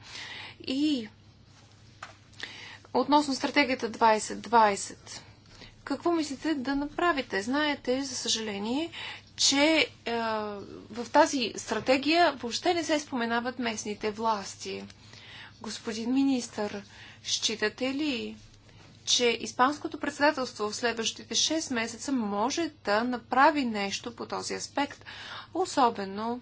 И относно стратегията 2020, какво мислите да направите? Знаете, за съжаление, че е, в тази стратегия въобще не се споменават местните власти. Господин министър, считате ли, че Испанското председателство в следващите 6 месеца може да направи нещо по този аспект, особено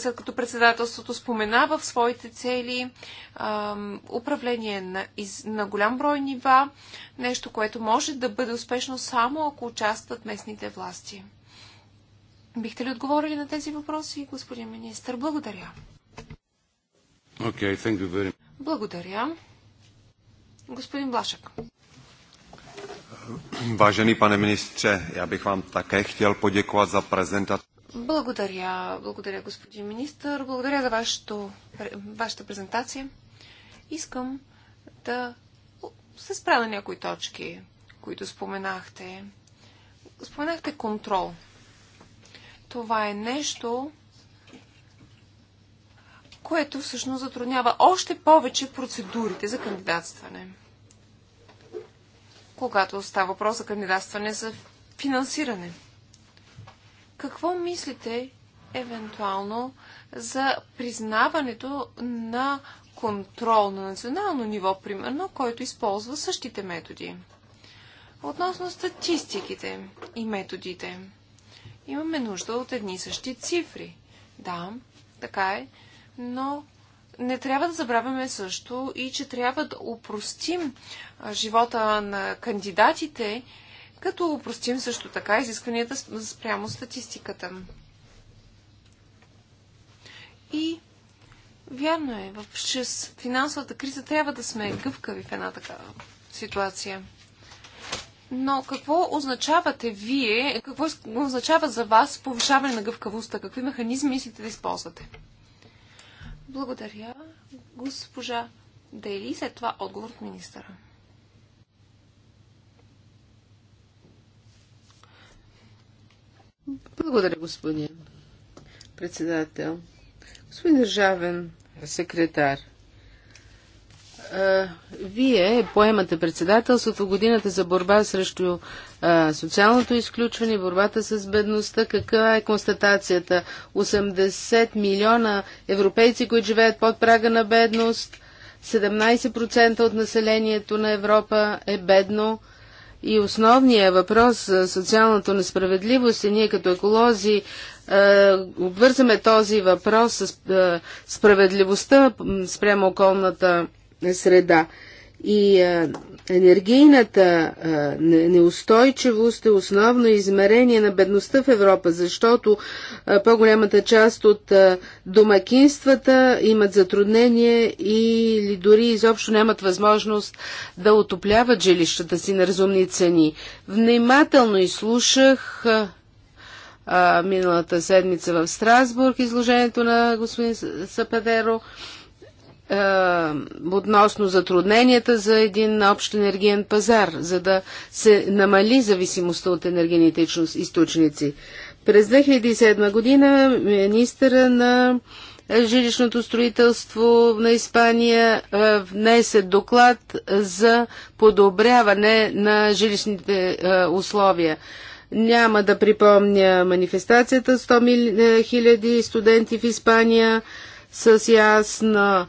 след като председателството спомена в своите цели а, управление на, из, на голям брой нива, нещо, което може да бъде успешно само ако участват местните власти. Бихте ли отговорили на тези въпроси, господин министр? Благодаря. Okay, thank you very Благодаря. Господин Блашък. Vážený pane ministře, já bych vám také chtěl poděkovat za prezentaci. Благодаря, благодаря господин министр, благодаря за вашето, вашата презентация. Искам да се спра на някои точки, които споменахте. Споменахте контрол. Това е нещо, което всъщност затруднява още повече процедурите за кандидатстване. Когато става въпрос за кандидатстване за финансиране – какво мислите евентуално за признаването на контрол на национално ниво, примерно, който използва същите методи? Относно статистиките и методите, имаме нужда от едни същи цифри. Да, така е, но не трябва да забравяме също и, че трябва да упростим живота на кандидатите като упростим също така изискванията спрямо статистиката. И вярно е, в, чрез финансовата криза трябва да сме гъвкави в една такава ситуация. Но какво означавате вие, какво означава за вас повишаване на гъвкавостта? Какви механизми мислите да използвате? Благодаря, госпожа Дели. След това отговор от министъра. Благодаря, господин председател. Господин държавен секретар, вие поемате председателството в годината за борба срещу а, социалното изключване и борбата с бедността. Каква е констатацията? 80 милиона европейци, които живеят под прага на бедност, 17% от населението на Европа е бедно. И основният въпрос за социалната несправедливост и е, ние като еколози е, обвързаме този въпрос с е, справедливостта спрямо околната среда. И Енергийната неустойчивост е основно измерение на бедността в Европа, защото по-голямата част от домакинствата имат затруднение или дори изобщо нямат възможност да отопляват жилищата си на разумни цени. Внимателно изслушах миналата седмица в Страсбург изложението на господин Сападеро. Е, относно затрудненията за един общ енергиен пазар, за да се намали зависимостта от енергийните източници. През 2007 година министъра на жилищното строителство на Испания е, внесе доклад за подобряване на жилищните е, условия. Няма да припомня манифестацията 100 000 студенти в Испания с ясна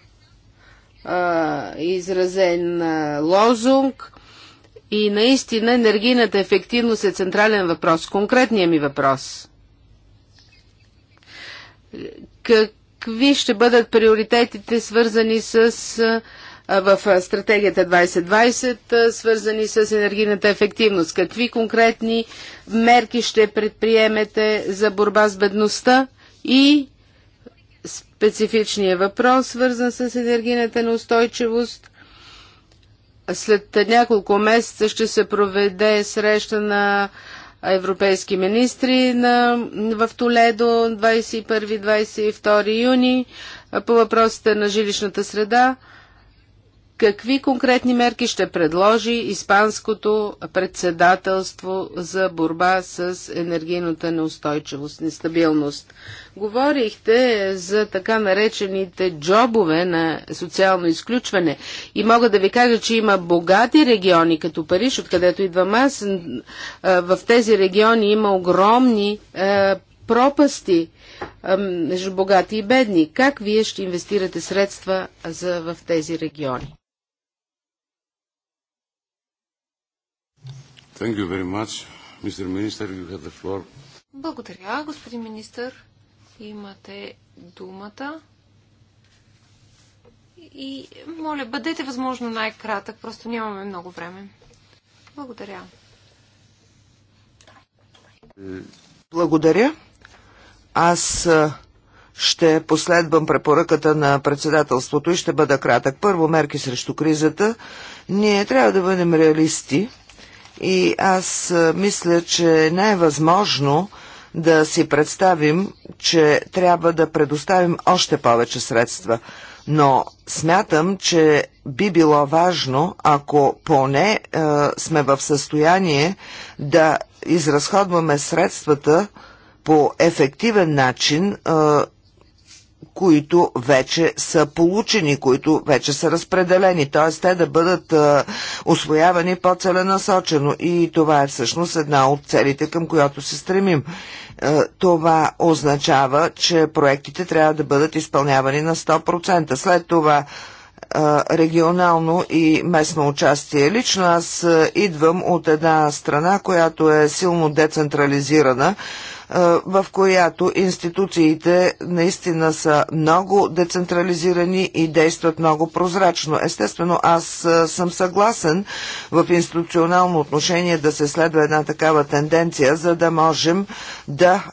изразен лозунг и наистина енергийната ефективност е централен въпрос. Конкретният ми въпрос. Какви ще бъдат приоритетите свързани с в стратегията 2020, свързани с енергийната ефективност. Какви конкретни мерки ще предприемете за борба с бедността и специфичния въпрос, свързан с енергийната неустойчивост. След няколко месеца ще се проведе среща на европейски министри на, в Толедо 21-22 юни по въпросите на жилищната среда. Какви конкретни мерки ще предложи Испанското председателство за борба с енергийната неустойчивост, нестабилност? Говорихте за така наречените джобове на социално изключване и мога да ви кажа, че има богати региони, като Париж, откъдето идвам аз. В тези региони има огромни пропасти между богати и бедни. Как вие ще инвестирате средства за, в тези региони? Thank you very much. Mr. Minister, you have the floor. Благодаря, господин министър. Имате думата. И моля, бъдете възможно най-кратък, просто нямаме много време. Благодаря. Благодаря. Аз ще последвам препоръката на председателството и ще бъда кратък. Първо, мерки срещу кризата. Ние трябва да бъдем реалисти. И аз мисля, че не е възможно да си представим, че трябва да предоставим още повече средства. Но смятам, че би било важно, ако поне е, сме в състояние да изразходваме средствата по ефективен начин, е, които вече са получени, които вече са разпределени, т.е. те да бъдат а, освоявани по-целенасочено и това е всъщност една от целите, към която се стремим. А, това означава, че проектите трябва да бъдат изпълнявани на 100%. След това регионално и местно участие. Лично аз идвам от една страна, която е силно децентрализирана, в която институциите наистина са много децентрализирани и действат много прозрачно. Естествено, аз съм съгласен в институционално отношение да се следва една такава тенденция, за да можем да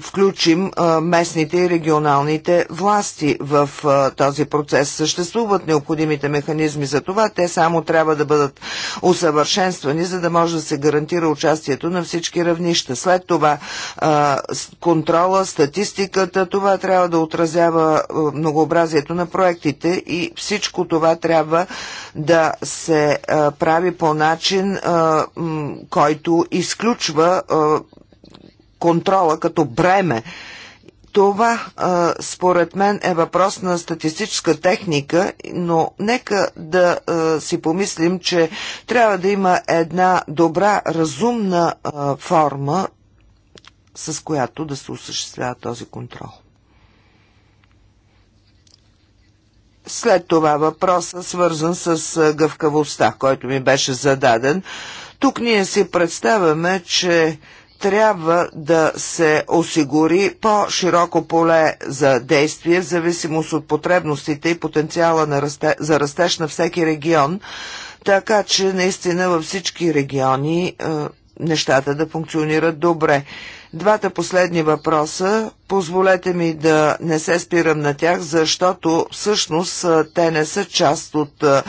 включим местните и регионалните власти в този процес. Съществуват необходимите механизми за това, те само трябва да бъдат усъвършенствани, за да може да се гарантира участието на всички равнища. След това контрола, статистиката, това трябва да отразява многообразието на проектите и всичко това трябва да се прави по начин, който изключва контрола като бреме. Това, според мен, е въпрос на статистическа техника, но нека да си помислим, че трябва да има една добра, разумна форма, с която да се осъществява този контрол. След това въпроса, свързан с гъвкавостта, който ми беше зададен. Тук ние си представяме, че трябва да се осигури по-широко поле за действие в зависимост от потребностите и потенциала на расте, за растеж на всеки регион, така че наистина във всички региони е, нещата да функционират добре. Двата последни въпроса, позволете ми да не се спирам на тях, защото всъщност те не са част от а,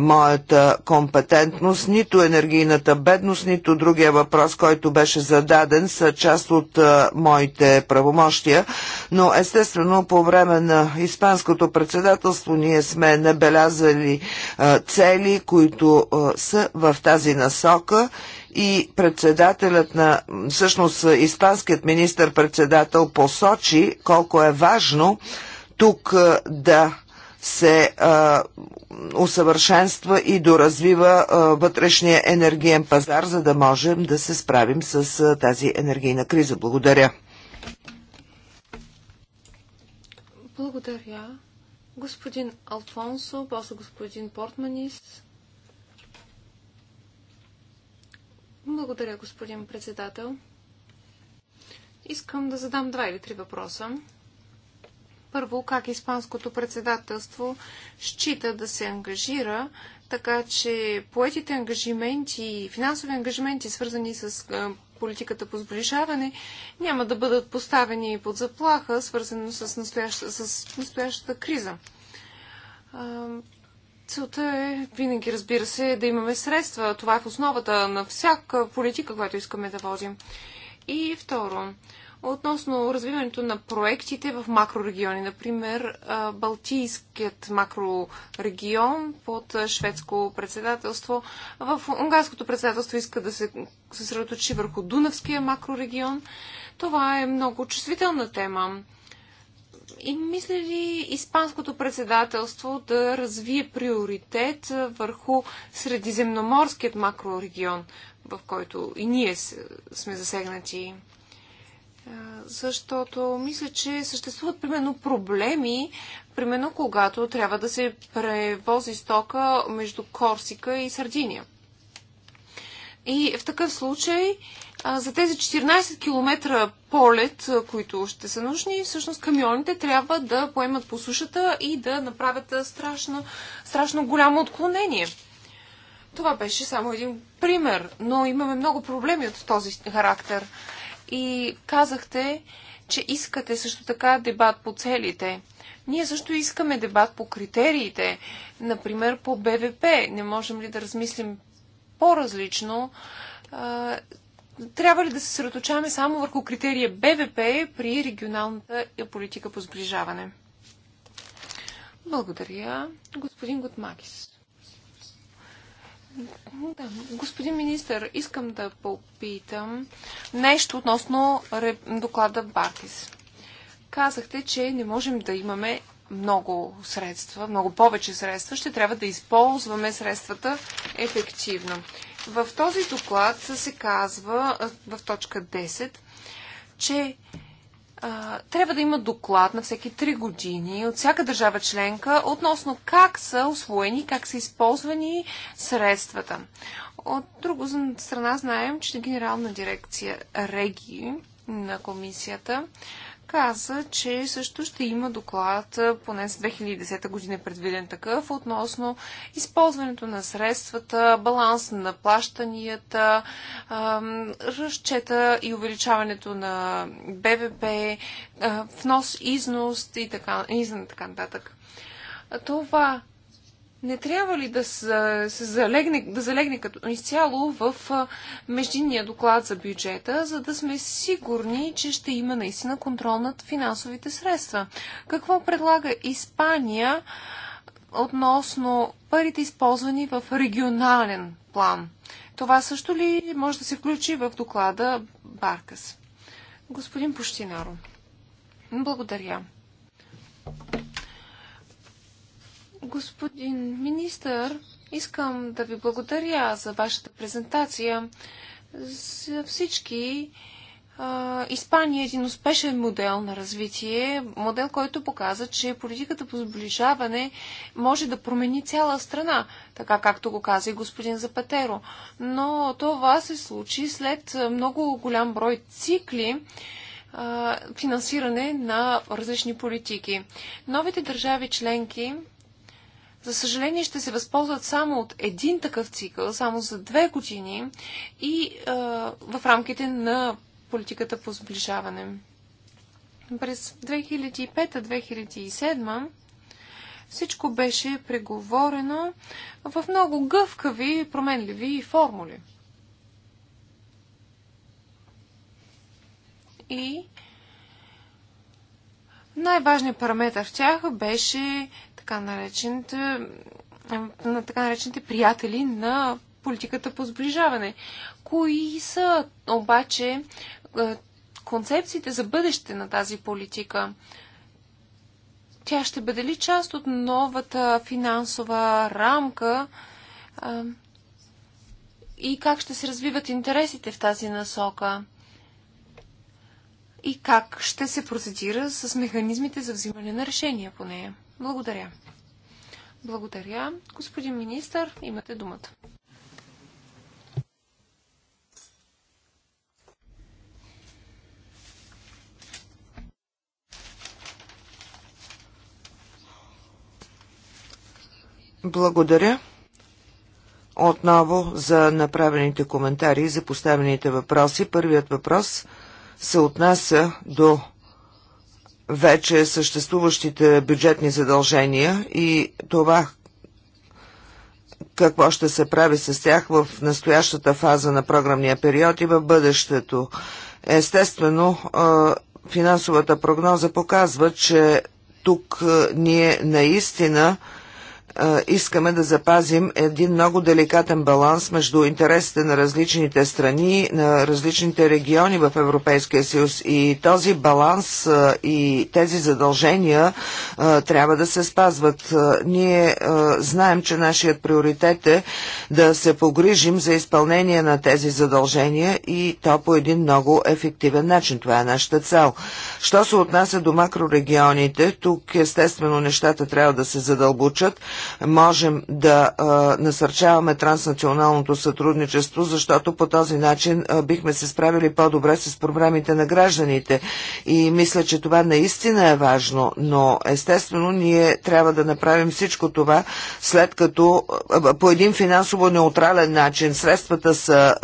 моята компетентност, нито енергийната бедност, нито другия въпрос, който беше зададен, са част от а, моите правомощия, но естествено по време на Испанското председателство ние сме набелязали а, цели, които са в тази насока и председателят на, всъщност испанският министр-председател посочи колко е важно тук да се а, усъвършенства и доразвива а, вътрешния енергиен пазар, за да можем да се справим с а, тази енергийна криза. Благодаря. Благодаря. Господин Алфонсо, после господин Портманис. Благодаря, господин председател. Искам да задам два или три въпроса. Първо, как Испанското председателство счита да се ангажира, така че поетите ангажименти, финансови ангажименти, свързани с политиката по сближаване, няма да бъдат поставени под заплаха, свързано с настоящата, с настоящата криза. Целта е винаги, разбира се, да имаме средства. Това е в основата на всяка политика, която искаме да водим. И второ, относно развиването на проектите в макрорегиони. Например, Балтийският макрорегион под шведско председателство. В унгарското председателство иска да се съсредоточи върху Дунавския макрорегион. Това е много чувствителна тема. И мисля ли Испанското председателство да развие приоритет върху средиземноморският макрорегион, в който и ние сме засегнати? Защото мисля, че съществуват примерно проблеми, примерно когато трябва да се превози стока между Корсика и Сардиния. И в такъв случай за тези 14 км полет, които ще са нужни, всъщност камионите трябва да поемат по сушата и да направят страшно, страшно голямо отклонение. Това беше само един пример, но имаме много проблеми от този характер. И казахте, че искате също така дебат по целите. Ние също искаме дебат по критериите, например по БВП. Не можем ли да размислим по-различно? трябва ли да се съсредоточаваме само върху критерия БВП при регионалната политика по сближаване? Благодаря. Господин Готмакис. Да, господин министър, искам да попитам нещо относно доклада Баркис. Казахте, че не можем да имаме много средства, много повече средства. Ще трябва да използваме средствата ефективно. В този доклад се казва в точка 10, че а, трябва да има доклад на всеки 3 години от всяка държава членка относно как са освоени, как са използвани средствата. От друга страна знаем, че генерална дирекция Реги на комисията каза, че също ще има доклад, поне с 2010 година е предвиден такъв, относно използването на средствата, баланс на плащанията, разчета и увеличаването на БВП, внос, износ и така, и така нататък. Това не трябва ли да се, залегне, да залегне като изцяло в междинния доклад за бюджета, за да сме сигурни, че ще има наистина контрол над финансовите средства? Какво предлага Испания относно парите използвани в регионален план? Това също ли може да се включи в доклада Баркас? Господин Пущинаро, благодаря. Господин министър, искам да ви благодаря за вашата презентация. За всички Испания е един успешен модел на развитие, модел, който показа, че политиката по сближаване може да промени цяла страна, така както го каза и господин Запатеро. Но това се случи след много голям брой цикли а, финансиране на различни политики. Новите държави членки за съжаление, ще се възползват само от един такъв цикъл, само за две години и а, в рамките на политиката по сближаване. През 2005-2007 всичко беше преговорено в много гъвкави, променливи формули. И най-важният параметр в тях беше така наречените, на така наречените приятели на политиката по сближаване. Кои са обаче е, концепциите за бъдеще на тази политика? Тя ще бъде ли част от новата финансова рамка? Е, и как ще се развиват интересите в тази насока? И как ще се процедира с механизмите за взимане на решения по нея? Благодаря. Благодаря. Господин министр, имате думата. Благодаря отново за направените коментари и за поставените въпроси. Първият въпрос се отнася до вече съществуващите бюджетни задължения и това какво ще се прави с тях в настоящата фаза на програмния период и в бъдещето. Естествено, финансовата прогноза показва, че тук ние наистина искаме да запазим един много деликатен баланс между интересите на различните страни, на различните региони в Европейския съюз и този баланс и тези задължения трябва да се спазват. Ние знаем, че нашият приоритет е да се погрижим за изпълнение на тези задължения и то по един много ефективен начин. Това е нашата цел. Що се отнася до макрорегионите, тук естествено нещата трябва да се задълбочат можем да насърчаваме транснационалното сътрудничество, защото по този начин бихме се справили по-добре с проблемите на гражданите. И мисля, че това наистина е важно, но естествено ние трябва да направим всичко това след като по един финансово неутрален начин средствата са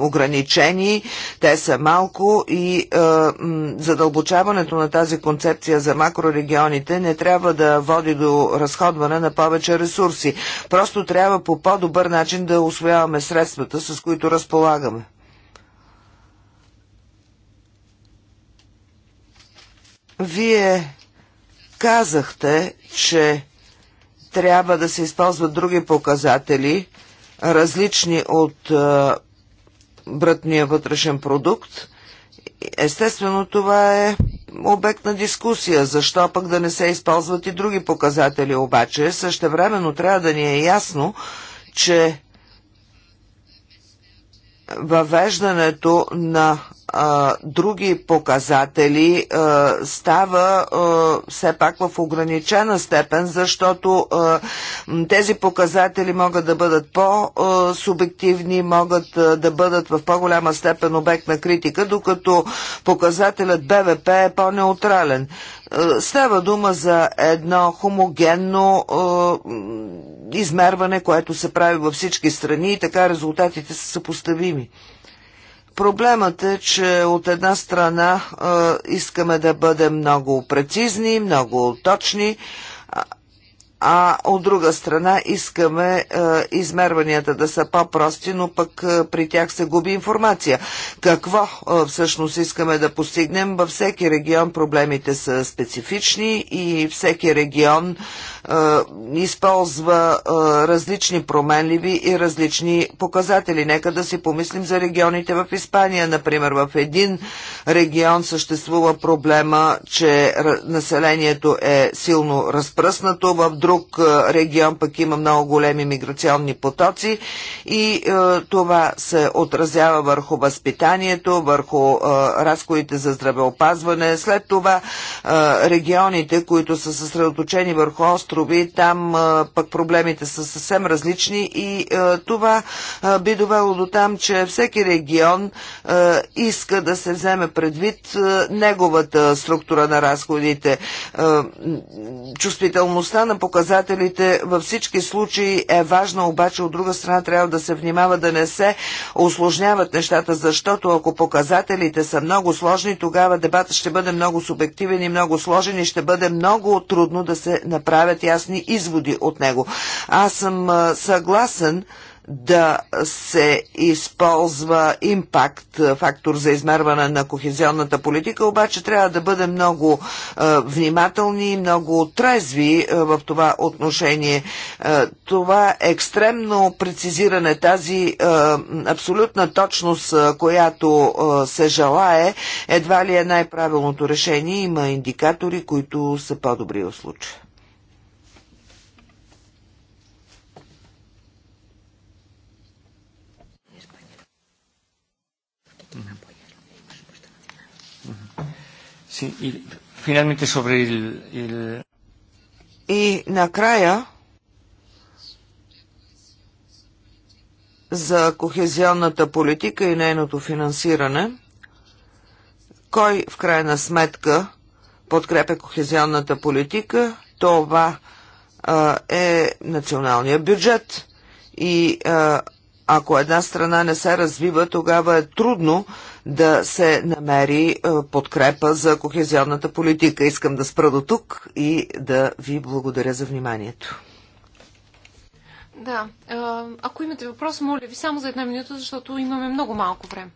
ограничени, те са малко и задълбочаването на тази концепция за макрорегионите не трябва да води до разходване на повече ресурси. Просто трябва по по-добър начин да освояваме средствата, с които разполагаме. Вие казахте, че трябва да се използват други показатели, различни от е, брътния вътрешен продукт естествено това е обект на дискусия. Защо пък да не се използват и други показатели обаче? Същевременно трябва да ни е ясно, че въвеждането на а, други показатели а, става а, все пак в ограничена степен, защото а, тези показатели могат да бъдат по-субективни, могат а, да бъдат в по-голяма степен обект на критика, докато показателят БВП е по-неутрален. Става дума за едно хомогенно е, измерване, което се прави във всички страни и така резултатите са съпоставими. Проблемът е, че от една страна а, искаме да бъдем много прецизни, много точни, а, а от друга страна искаме а, измерванията да са по-прости, но пък а, при тях се губи информация. Какво всъщност искаме да постигнем? Във всеки регион проблемите са специфични и всеки регион използва различни променливи и различни показатели. Нека да си помислим за регионите в Испания. Например, в един регион съществува проблема, че населението е силно разпръснато, в друг регион пък има много големи миграционни потоци и това се отразява върху възпитанието, върху разходите за здравеопазване. След това регионите, които са съсредоточени върху остров острови. Там пък проблемите са съвсем различни и това би довело до там, че всеки регион иска да се вземе предвид неговата структура на разходите. Чувствителността на показателите във всички случаи е важна, обаче от друга страна трябва да се внимава да не се осложняват нещата, защото ако показателите са много сложни, тогава дебата ще бъде много субективен и много сложен и ще бъде много трудно да се направят ясни изводи от него. Аз съм съгласен да се използва импакт, фактор за измерване на кохезионната политика, обаче трябва да бъдем много е, внимателни и много трезви е, в това отношение. Е, това екстремно прецизиране, тази абсолютна точност, която се желае, едва ли е най-правилното решение. Има индикатори, които са по-добри в случая. Sí, y finalmente sobre el, el... И накрая за кохезионната политика и нейното финансиране. Кой в крайна сметка подкрепя кохезионната политика? Това а, е националния бюджет. И а, ако една страна не се развива, тогава е трудно да се намери е, подкрепа за кохезионната политика. Искам да спра до тук и да ви благодаря за вниманието. Да, е, ако имате въпрос, моля ви само за една минута, защото имаме много малко време.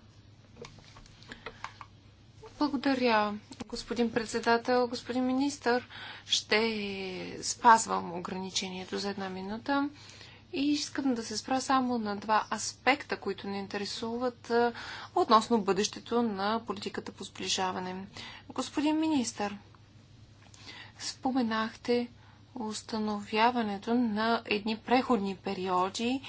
Благодаря, господин председател, господин министър. Ще спазвам ограничението за една минута. И искам да се спра само на два аспекта, които ни интересуват е, относно бъдещето на политиката по сближаване. Господин министър, споменахте установяването на едни преходни периоди,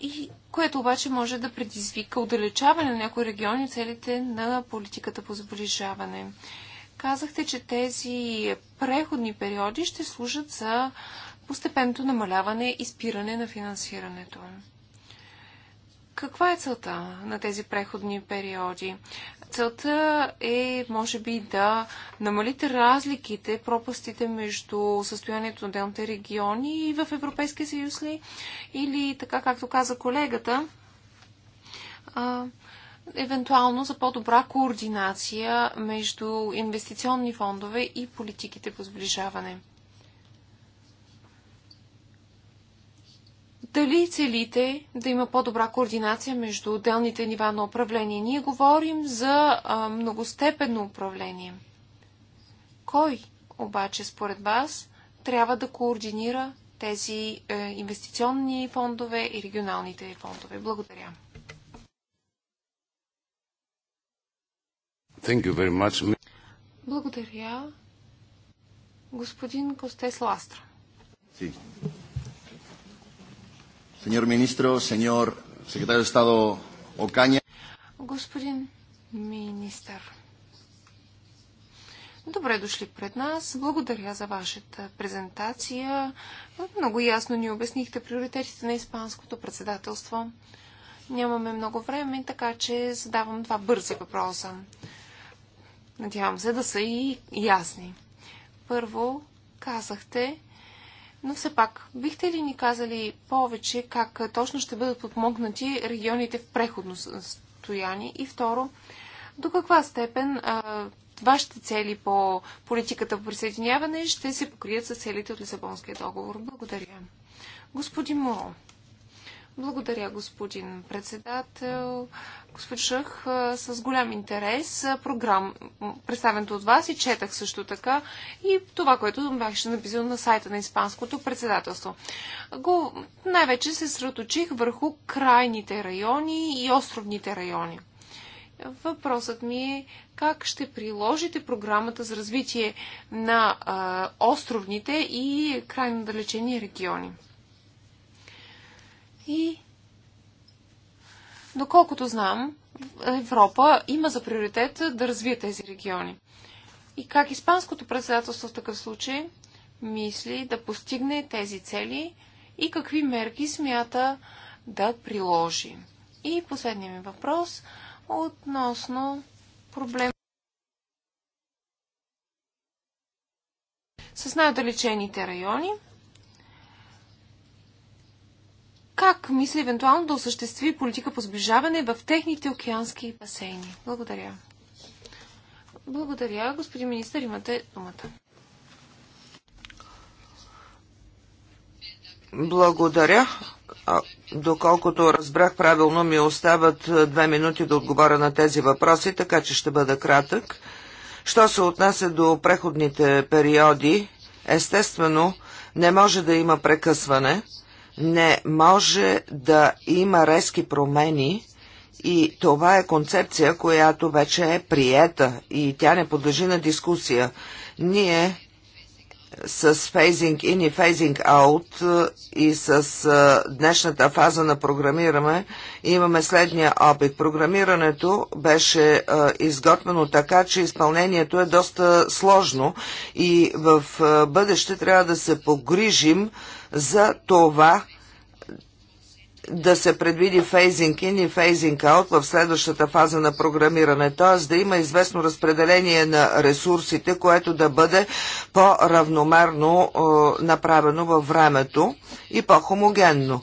и което обаче може да предизвика отдалечаване на някои региони целите на политиката по сближаване казахте, че тези преходни периоди ще служат за постепенното намаляване и спиране на финансирането. Каква е целта на тези преходни периоди? Целта е, може би, да намалите разликите, пропастите между състоянието на делните региони и в Европейския съюз ли? Или, така както каза колегата, евентуално за по-добра координация между инвестиционни фондове и политиките по сближаване. Дали целите да има по-добра координация между отделните нива на управление? Ние говорим за а, многостепенно управление. Кой обаче според вас трябва да координира тези е, инвестиционни фондове и регионалните фондове? Благодаря. Thank you very much. Благодаря. Господин Костес Ластра. Sí. Señor ministro, señor secretario de Estado Ocaña. Господин министър. Добре дошли пред нас. Благодаря за вашата презентация. Много ясно ни обяснихте приоритетите на Испанското председателство. Нямаме много време, така че задавам два бързи въпроса. Надявам се да са и ясни. Първо, казахте, но все пак, бихте ли ни казали повече как точно ще бъдат подмогнати регионите в преходно състояние? И второ, до каква степен а, вашите цели по политиката по присъединяване ще се покрият с целите от Лисабонския договор? Благодаря. Господин Моро. Благодаря, господин председател. Слушах с голям интерес програм, представенето от вас и четах също така и това, което беше написано на сайта на Испанското председателство. Го, най-вече се сръточих върху крайните райони и островните райони. Въпросът ми е как ще приложите програмата за развитие на а, островните и крайно далечени региони. И доколкото знам, Европа има за приоритет да развие тези региони. И как Испанското председателство в такъв случай мисли да постигне тези цели и какви мерки смята да приложи. И последният ми въпрос относно проблема с най-отдалечените райони – как мисли евентуално да осъществи политика по сближаване в техните океански басейни. Благодаря. Благодаря. Господин министър, имате думата. Благодаря. Доколкото разбрах правилно, ми остават две минути да отговоря на тези въпроси, така че ще бъда кратък. Що се отнася до преходните периоди, естествено не може да има прекъсване – не може да има резки промени и това е концепция, която вече е приета и тя не подлежи на дискусия. Ние с фейзинг ин и фейзинг аут и с е, днешната фаза на програмиране имаме следния опит. Програмирането беше е, изготвено така, че изпълнението е доста сложно и в е, бъдеще трябва да се погрижим за това, да се предвиди фейзинг ин и фейзинг аут в следващата фаза на програмиране, т.е. да има известно разпределение на ресурсите, което да бъде по-равномерно е, направено във времето и по-хомогенно.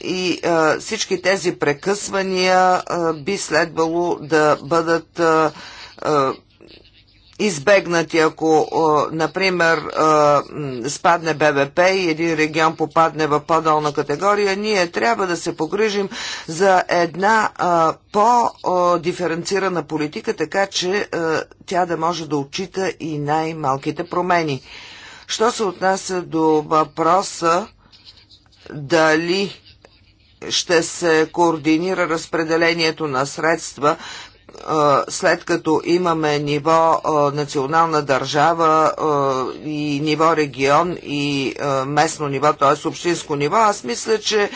И е, всички тези прекъсвания е, би следвало да бъдат е, е, избегнати, ако, например, спадне БВП и един регион попадне в по-долна категория, ние трябва да се погрижим за една по-диференцирана политика, така че тя да може да отчита и най-малките промени. Що се отнася до въпроса дали ще се координира разпределението на средства след като имаме ниво национална държава и ниво регион и местно ниво, т.е. общинско ниво, аз мисля, че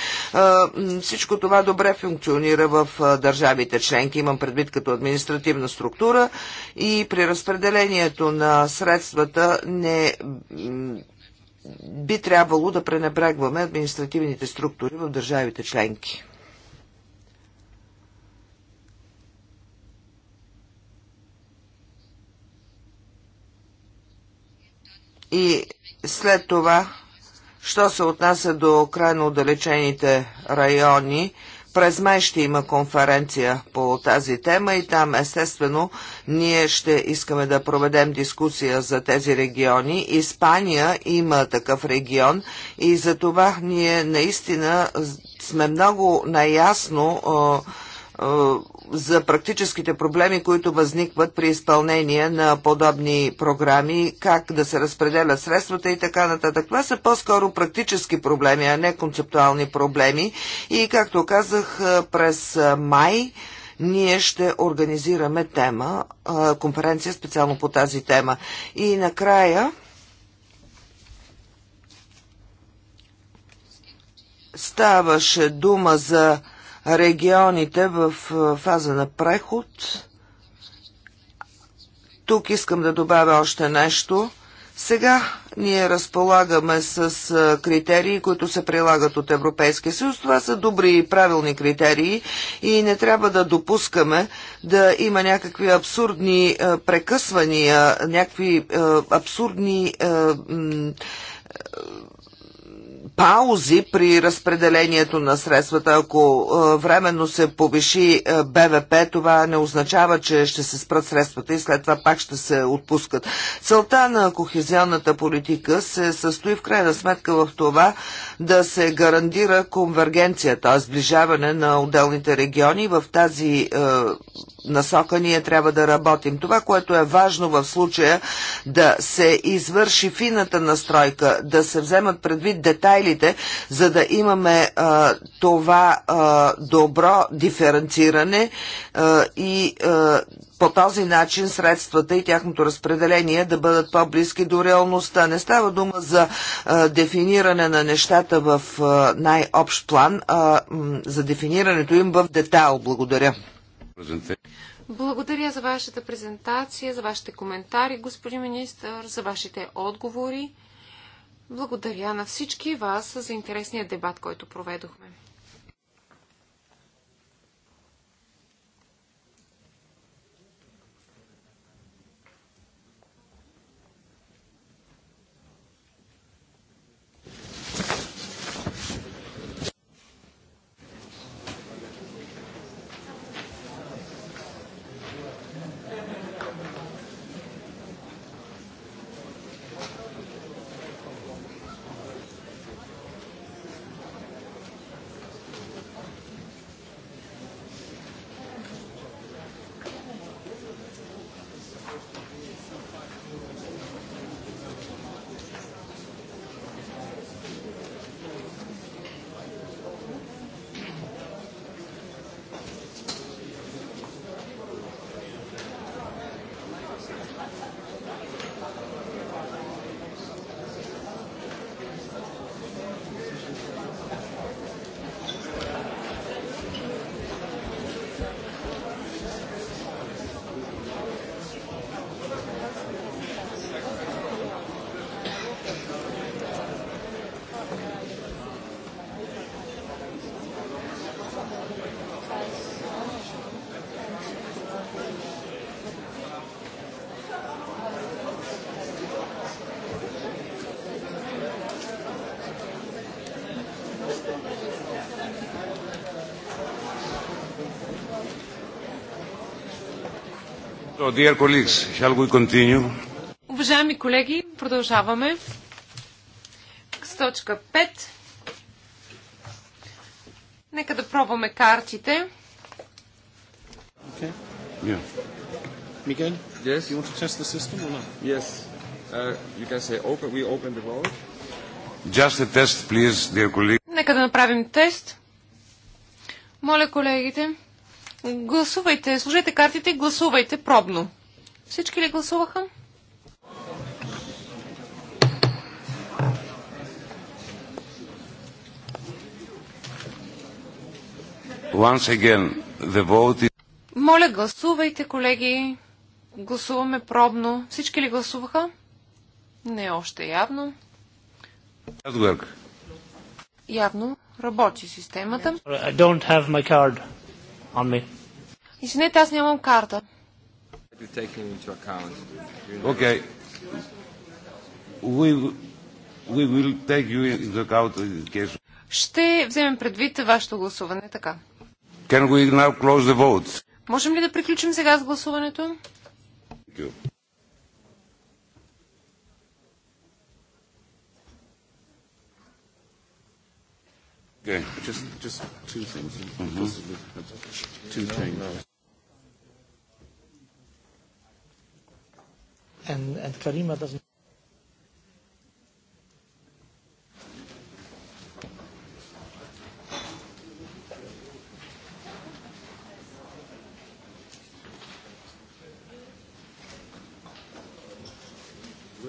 всичко това добре функционира в държавите членки, имам предвид като административна структура и при разпределението на средствата не би трябвало да пренебрегваме административните структури в държавите членки. И след това, що се отнася до крайно отдалечените райони, през май ще има конференция по тази тема и там естествено ние ще искаме да проведем дискусия за тези региони. Испания има такъв регион и за това ние наистина сме много наясно за практическите проблеми, които възникват при изпълнение на подобни програми, как да се разпределят средствата и така нататък. Това са по-скоро практически проблеми, а не концептуални проблеми. И както казах, през май ние ще организираме тема, конференция специално по тази тема. И накрая ставаше дума за регионите в фаза на преход. Тук искам да добавя още нещо. Сега ние разполагаме с критерии, които се прилагат от Европейския съюз. Това са добри и правилни критерии и не трябва да допускаме да има някакви абсурдни прекъсвания, някакви абсурдни паузи при разпределението на средствата. Ако е, временно се повиши е, БВП, това не означава, че ще се спрат средствата и след това пак ще се отпускат. Целта на кохезионната политика се състои в крайна сметка в това да се гарантира конвергенция, т.е. сближаване на отделните региони. В тази а, е, насока ние трябва да работим. Това, което е важно в случая да се извърши фината настройка, да се вземат предвид детайли целите, за да имаме а, това а, добро диференциране а, и а, по този начин средствата и тяхното разпределение да бъдат по-близки до реалността. Не става дума за а, дефиниране на нещата в най-общ план, а за дефинирането им в детайл. Благодаря. Благодаря за вашата презентация, за вашите коментари, господин министър, за вашите отговори. Благодаря на всички вас за интересния дебат, който проведохме. So, dear colleagues, shall we continue? Уважаеми колеги, продължаваме с точка 5. Нека да пробваме картите. Okay. Yeah. Miguel, yes? you want to test the system or not? Yes. Uh, you can say open, we open the vote. Just a test, please, dear colleague. Нека да направим тест. Моля колегите. Гласувайте, служете картите и гласувайте пробно. Всички ли гласуваха? Once again, the vote is... Моля, гласувайте, колеги. Гласуваме пробно. Всички ли гласуваха? Не е още явно. Явно работи системата. I don't have my card on me. Извинете, аз нямам карта. Okay. We, we will take you into account in case. Ще вземем предвид вашето гласуване, така. Can we now close the votes? Можем ли да приключим сега с гласуването? Thank you. Okay. Just, just two things. Mm-hmm. Two things. And, and Karima doesn't.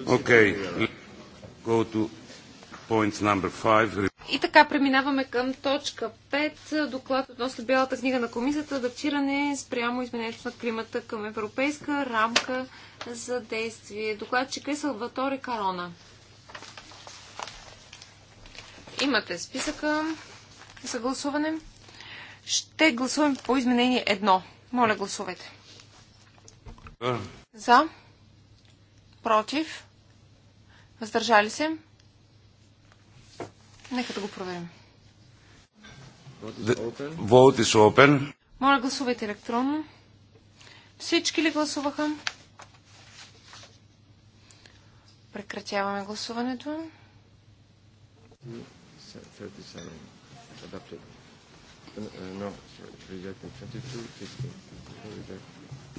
Okay, go to point number five. И така преминаваме към точка 5. Доклад относно Бялата книга на комисията. Адаптиране спрямо изменението на климата към европейска рамка за действие. Докладчик е Салваторе Карона. Имате списъка за гласуване. Ще гласуваме по изменение 1. Моля, гласувайте. Е. За. Против. Въздържали се. Нека да го проверим. Vote is open. Моля, гласувайте електронно. Всички ли гласуваха? Прекратяваме гласуването. 37. No, rejected.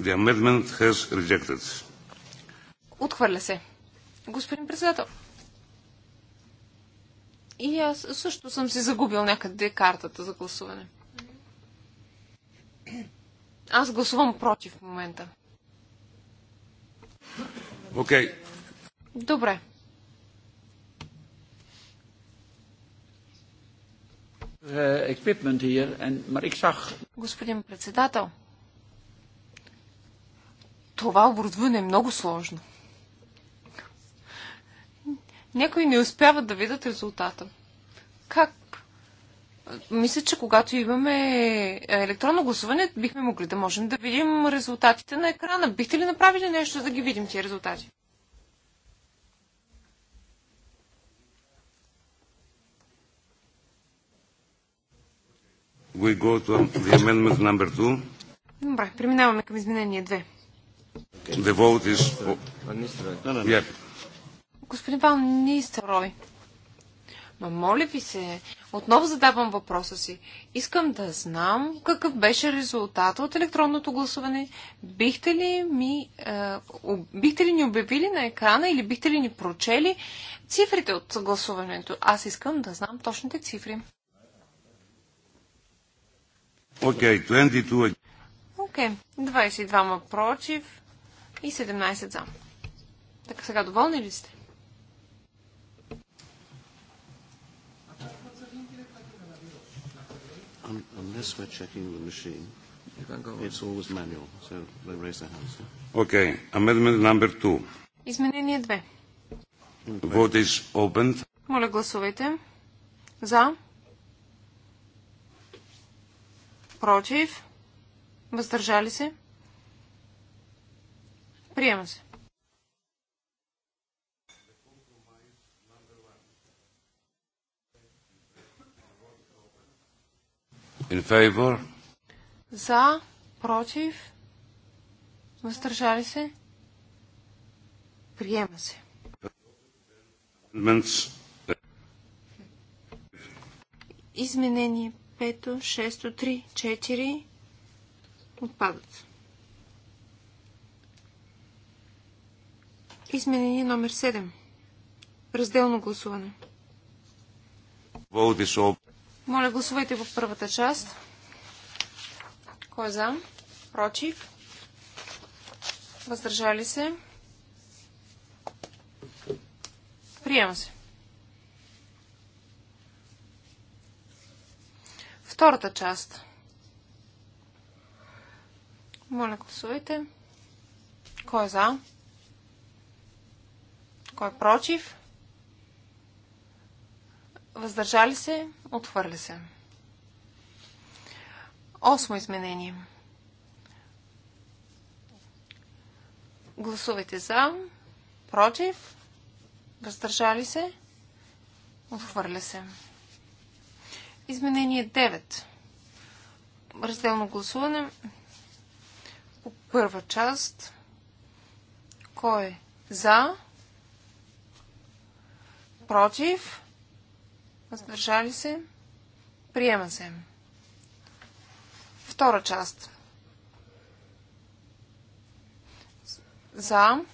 22, The amendment has rejected. Отхвърля се. Господин председател, и аз също съм си загубил някъде картата за гласуване. Аз гласувам против в момента. Окей. Okay. Добре. Eh, Господин председател, това оборудване е много сложно някои не успяват да видят резултата. Как? Мисля, че когато имаме електронно гласуване, бихме могли да можем да видим резултатите на екрана. Бихте ли направили нещо, за да ги видим тези резултати? We go to the amendment number two. Добре, преминаваме към изменение 2. The vote is... Oh. Yeah. Господин Ван Нистерой, ма моля ви се, отново задавам въпроса си. Искам да знам какъв беше резултат от електронното гласуване. Бихте ли, ми, е, бихте ли ни обявили на екрана или бихте ли ни прочели цифрите от гласуването? Аз искам да знам точните цифри. Окей, okay, 22. Окей, okay, 22 против и 17 за. Така сега доволни ли сте? un- unless we're checking the machine, it's always manual, so they raise their hands. Okay, amendment number two. Изменение две. Vote is opened. Моля, гласувайте. За. Против. Въздържали се. Приема се. In favor. За, против, въздържали се, приема се. Изменение 5, 6, 3, 4 отпадат. Изменение номер 7. Разделно гласуване. Моля, гласувайте по първата част. Кой е за? Против? Въздържали се? Приема се. Втората част. Моля, гласувайте. Кой е за? Кой е против? въздържали се, отхвърля се. Осмо изменение. Гласувайте за, против, въздържали се, отхвърля се. Изменение 9. Разделно гласуване по първа част. Кой е за? Против? Въздържали се. Приема се. Втора част. За.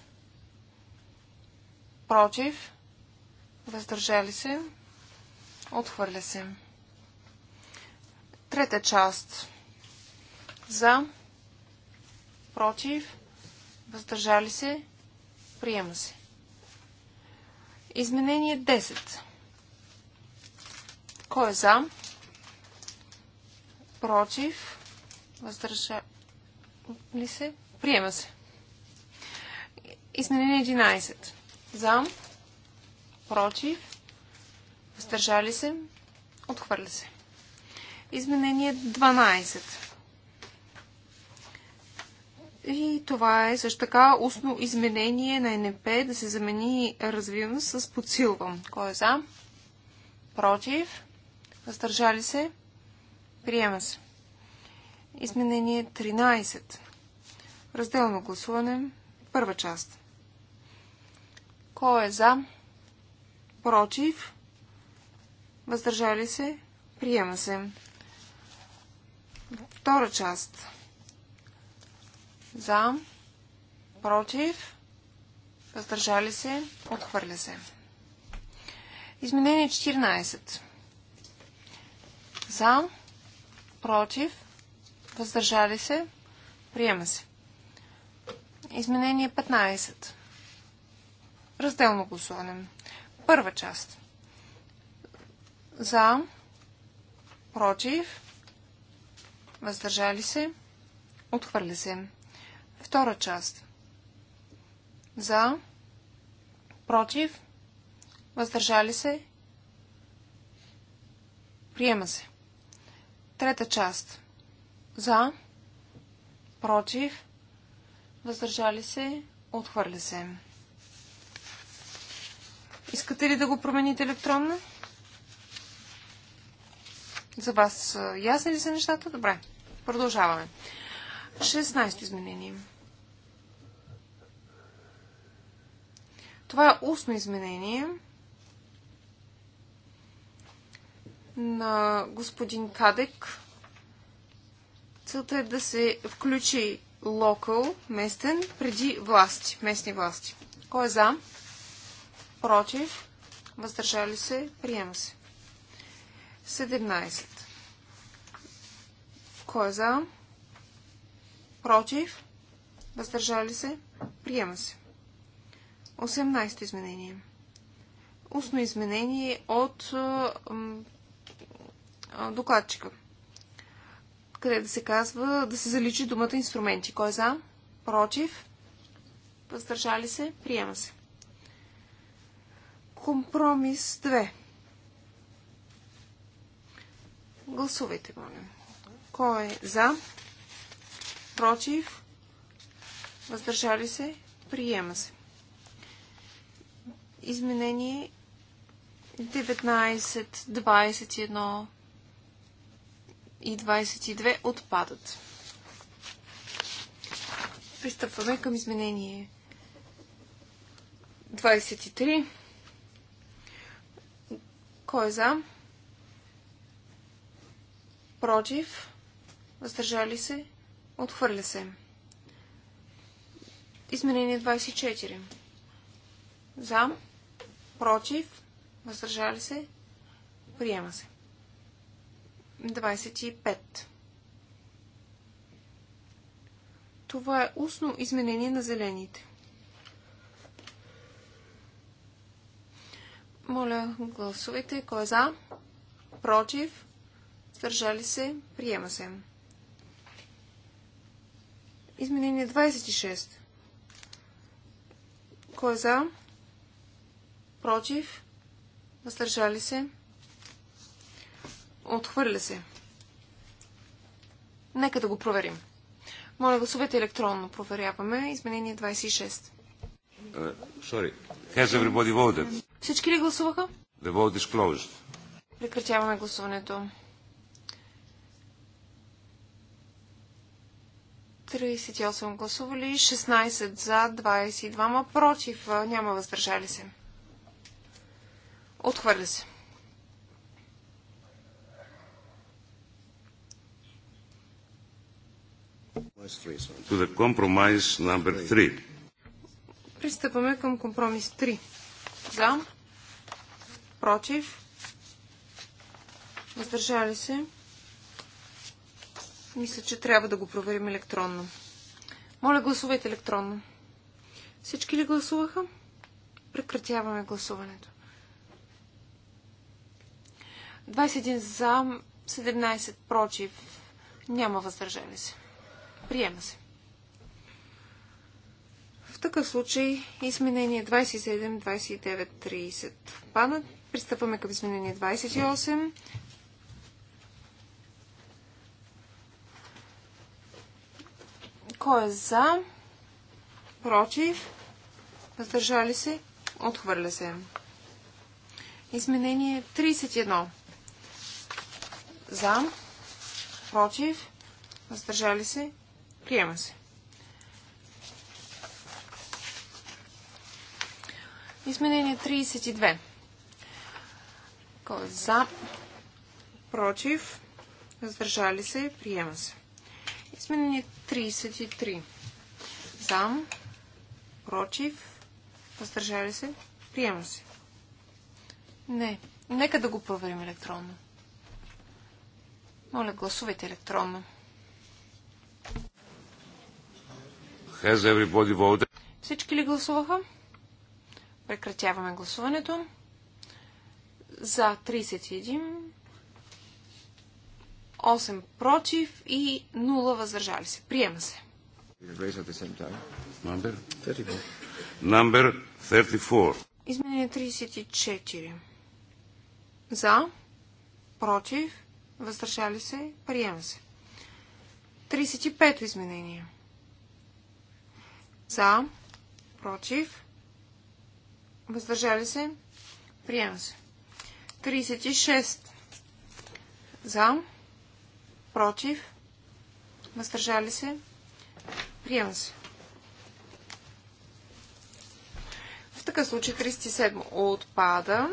Против. Въздържали се. Отхвърля се. Трета част. За. Против. Въздържали се. Приема се. Изменение 10. Кой е за? Против? Въздържа ли се? Приема се. Изменение 11. За? Против? Въздържали се? Отхвърля се. Изменение 12. И това е също така устно изменение на НП да се замени развивам с подсилвам. Кой е за? Против? Въздържали се? Приема се. Изменение 13. Разделно гласуване. Първа част. Кой е за? Против? Въздържали се? Приема се. Втора част. За? Против? Въздържали се? Отхвърля се. Изменение 14. За. Против. Въздържали се. Приема се. Изменение 15. Разделно гласуване. Първа част. За. Против. Въздържали се. Отхвърля се. Втора част. За. Против. Въздържали се. Приема се. Трета част. За, против, въздържали се, отхвърля се. Искате ли да го промените електронно? За вас ясни ли са нещата? Добре. Продължаваме. 16 изменение. Това е устно изменение. на господин Кадек. Целта е да се включи локал, местен, преди власти, местни власти. Кой е за? Против? Въздържали се? Приема се. 17. Кой е за? Против? Въздържали се? Приема се. 18 изменение. Устно изменение от докладчика, къде да се казва да се заличи думата инструменти. Кой е за? Против? Въздържали се? Приема се. Компромис 2. Гласувайте, моля. Кой е за? Против? Въздържали се? Приема се. Изменение 19, 21, и 22 отпадат. Пристъпваме към изменение 23. Кой е за? Против? Въздържали се? Отхвърля се. Изменение 24. За? Против? Въздържали се? Приема се. 25. Това е устно изменение на зелените. Моля, гласувайте. Кой е за? Против? Стържали се? Приема се. Изменение 26. Кой е за? Против? Въздържали се? Отхвърля се. Нека да го проверим. Моля, гласувайте електронно. Проверяваме. Изменение 26. Uh, е, Has everybody voted? Всички ли гласуваха? The vote is closed. Прекратяваме гласуването. 38 гласували, 16 за, 22 против, няма въздържали се. Отхвърля се. Пристъпваме към компромис 3. За. Против. Въздържали се. Мисля, че трябва да го проверим електронно. Моля, гласувайте електронно. Всички ли гласуваха? Прекратяваме гласуването. 21 за, 17 против. Няма въздържали се. Приема се. В такъв случай изменение 27, 29, 30 пана. Пристъпваме към изменение 28. Кой е за? Против? Въздържали се? Отхвърля се. Изменение 31. За? Против? Въздържали се? Приема се. Изменение 32. Кой е за? Против? Въздържали се? Приема се. Изменение 33. За? Против? Въздържали се? Приема се. Не. Нека да го проверим електронно. Моля, гласувайте електронно. Has everybody voted? Всички ли гласуваха? Прекратяваме гласуването. За 31, 8 против и 0 въздържали се. Приема се. Number 34. Number 34. Изменение 34. За, против, въздържали се, приема се. 35 изменение. 35. За. Против. Въздържали се. Приема се. 36. За. Против. Въздържали се. Приема се. В такъв случай 37 отпада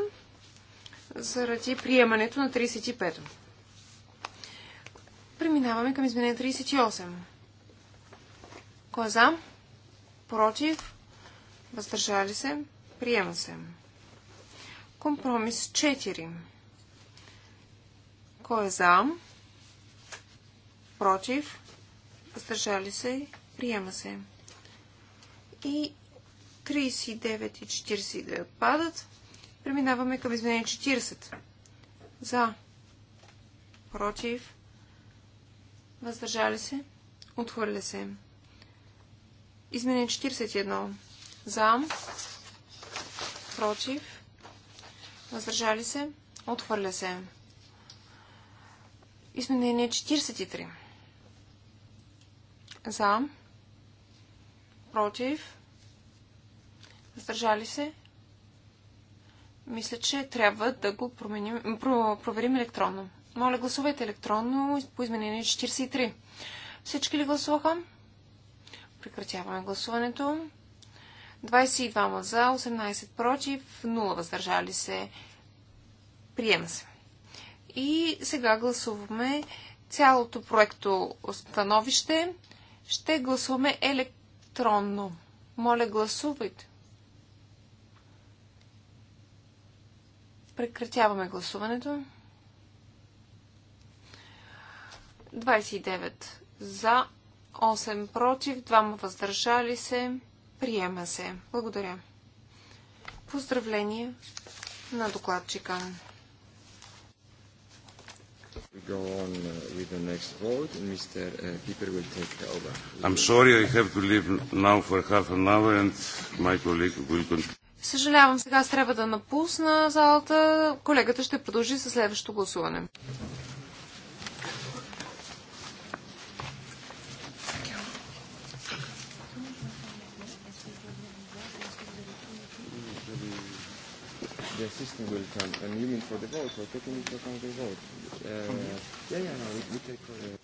заради приемането на 35. Преминаваме към изменение 38. Кой е за? против, въздържали се, приема се. Компромис 4. Кой е за? Против, въздържали се, приема се. И 39 и 42 отпадат. Преминаваме към изменение 40. За. Против. Въздържали се. Отхвърля се. Изменение 41. За. Против. Въздържали се. Отхвърля се. Изменение 43. За. Против. Въздържали се. Мисля, че трябва да го променим, проверим електронно. Моля, гласувайте електронно по изменение 43. Всички ли гласуваха? Прекратяваме гласуването. 22 за, 18 против, 0 въздържали се. Приема се. И сега гласуваме цялото проекто становище. Ще гласуваме електронно. Моля, гласувайте. Прекратяваме гласуването. 29 за, 8 против, 2 въздържали се. Приема се. Благодаря. Поздравление на докладчика. We go on uh, with the next vote, Mr. Uh, will take over. I'm sorry, I have to leave now for half an hour, and my colleague will continue. Съжалявам, сега трябва да напусна залата. Колегата ще продължи със следващото гласуване. system will come, and you mean for the vote, or taking into account the vote? Uh, yeah, yeah, no, we, we take. for Uh,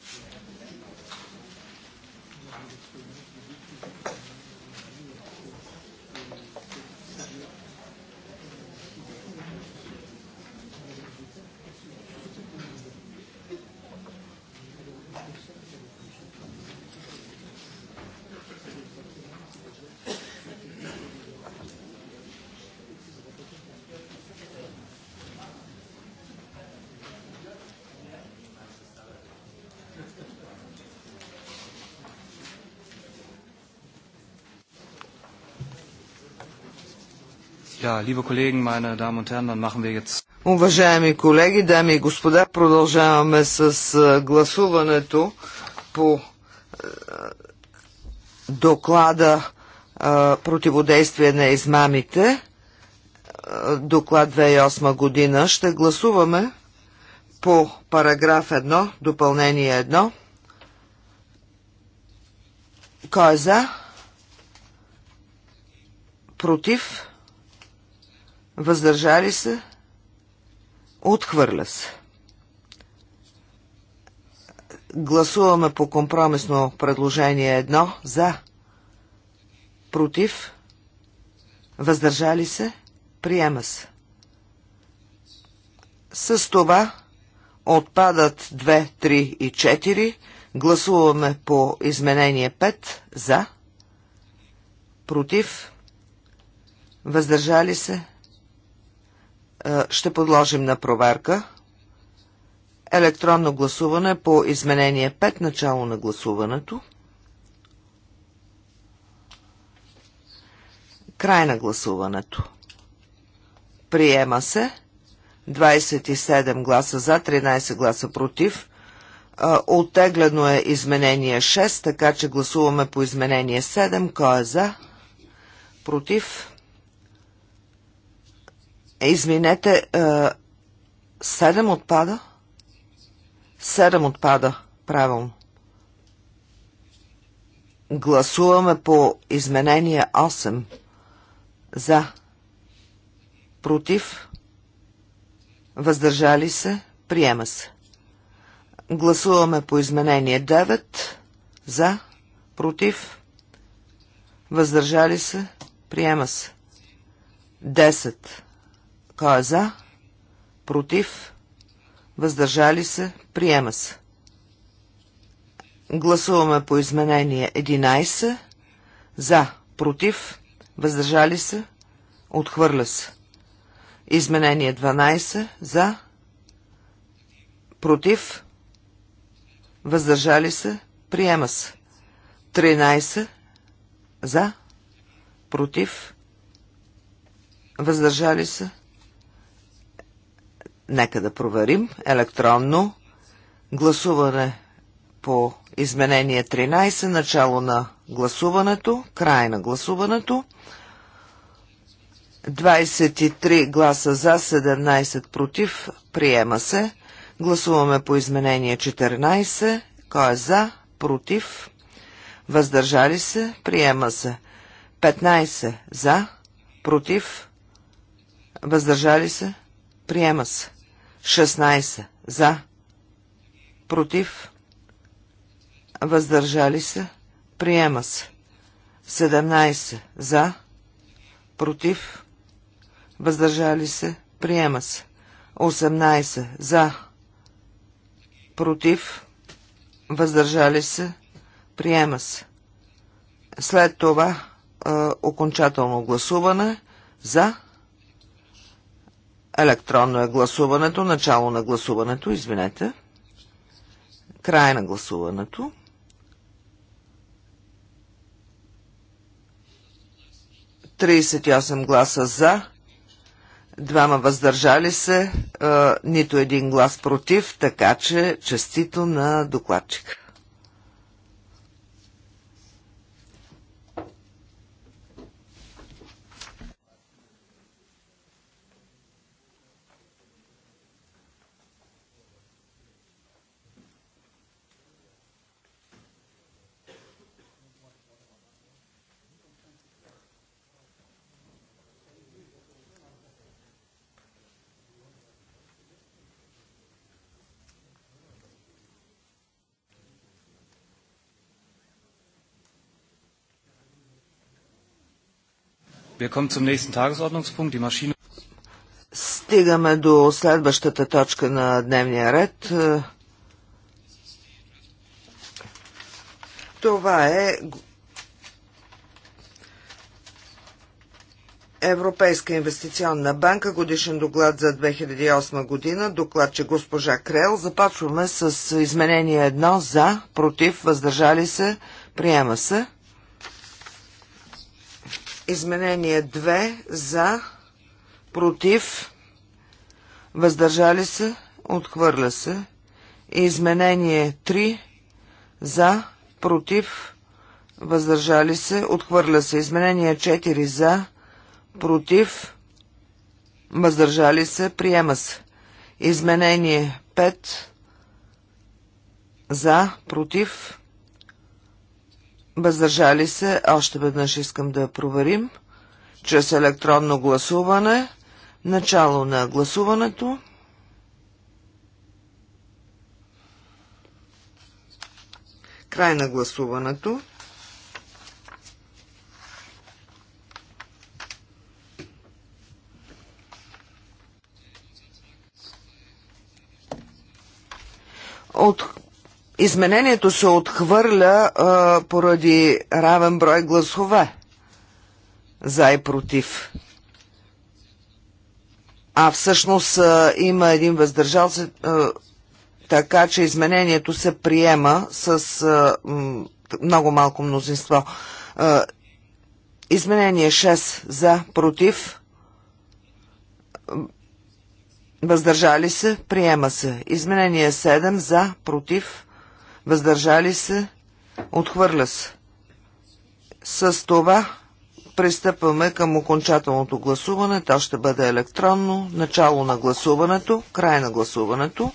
Уважаеми колеги, дами и господа, продължаваме с гласуването по доклада противодействие на измамите, доклад 2008 година. Ще гласуваме по параграф 1, допълнение 1. Кой е за? Против? въздържали се, отхвърля се. Гласуваме по компромисно предложение 1 за, против, въздържали се, приема се. С това отпадат 2, 3 и 4. Гласуваме по изменение 5 за, против, въздържали се, е, ще подложим на проверка. Електронно гласуване по изменение 5, начало на гласуването. Край на гласуването. Приема се 27 гласа за, 13 гласа против. Е, оттеглено е изменение 6, така че гласуваме по изменение 7. Кой е за? Против? Е, извинете, е, седем отпада? Седем отпада, правилно. Гласуваме по изменение 8. За. Против. Въздържали се. Приема се. Гласуваме по изменение 9. За. Против. Въздържали се. Приема се. 10. Кой е за? Против? Въздържали се? Приема се. Гласуваме по изменение 11. За. Против? Въздържали се? Отхвърля се. Изменение 12. За. Против? Въздържали се? Приема се. 13. За. Против? Въздържали се? Нека да проверим електронно. Гласуване по изменение 13, начало на гласуването, край на гласуването. 23 гласа за, 17 против, приема се. Гласуваме по изменение 14, кой е за, против, въздържали се, приема се. 15 за, против, въздържали се, приема се. 16 за, против, въздържали се, приема се. 17 за, против, въздържали се, приема се. 18 за, против, въздържали се, приема се. След това окончателно гласуване за Електронно е гласуването, начало на гласуването, извинете. Край на гласуването. Тридесет гласа за, двама въздържали се, нито един глас против, така че честито на докладчика. Стигаме до следващата точка на дневния ред. Това е Европейска инвестиционна банка, годишен доклад за 2008 година, доклад, че госпожа Крел. Започваме с изменение едно за, против, въздържали се, приема се. Изменение 2 за, против, въздържали се, отхвърля се. Изменение 3 за, против, въздържали се, отхвърля се. Изменение 4 за, против, въздържали се, приема се. Изменение 5 за, против, Въздържали се, още веднъж искам да проверим, чрез електронно гласуване, начало на гласуването. Край на гласуването. От Изменението се отхвърля а, поради равен брой гласове за и против. А всъщност а, има един въздържал се, а, така че изменението се приема с а, много малко мнозинство. А, изменение 6 за против. Въздържали се, приема се. Изменение 7 за, против, въздържали се, отхвърля се. С това пристъпваме към окончателното гласуване. То ще бъде електронно. Начало на гласуването, край на гласуването.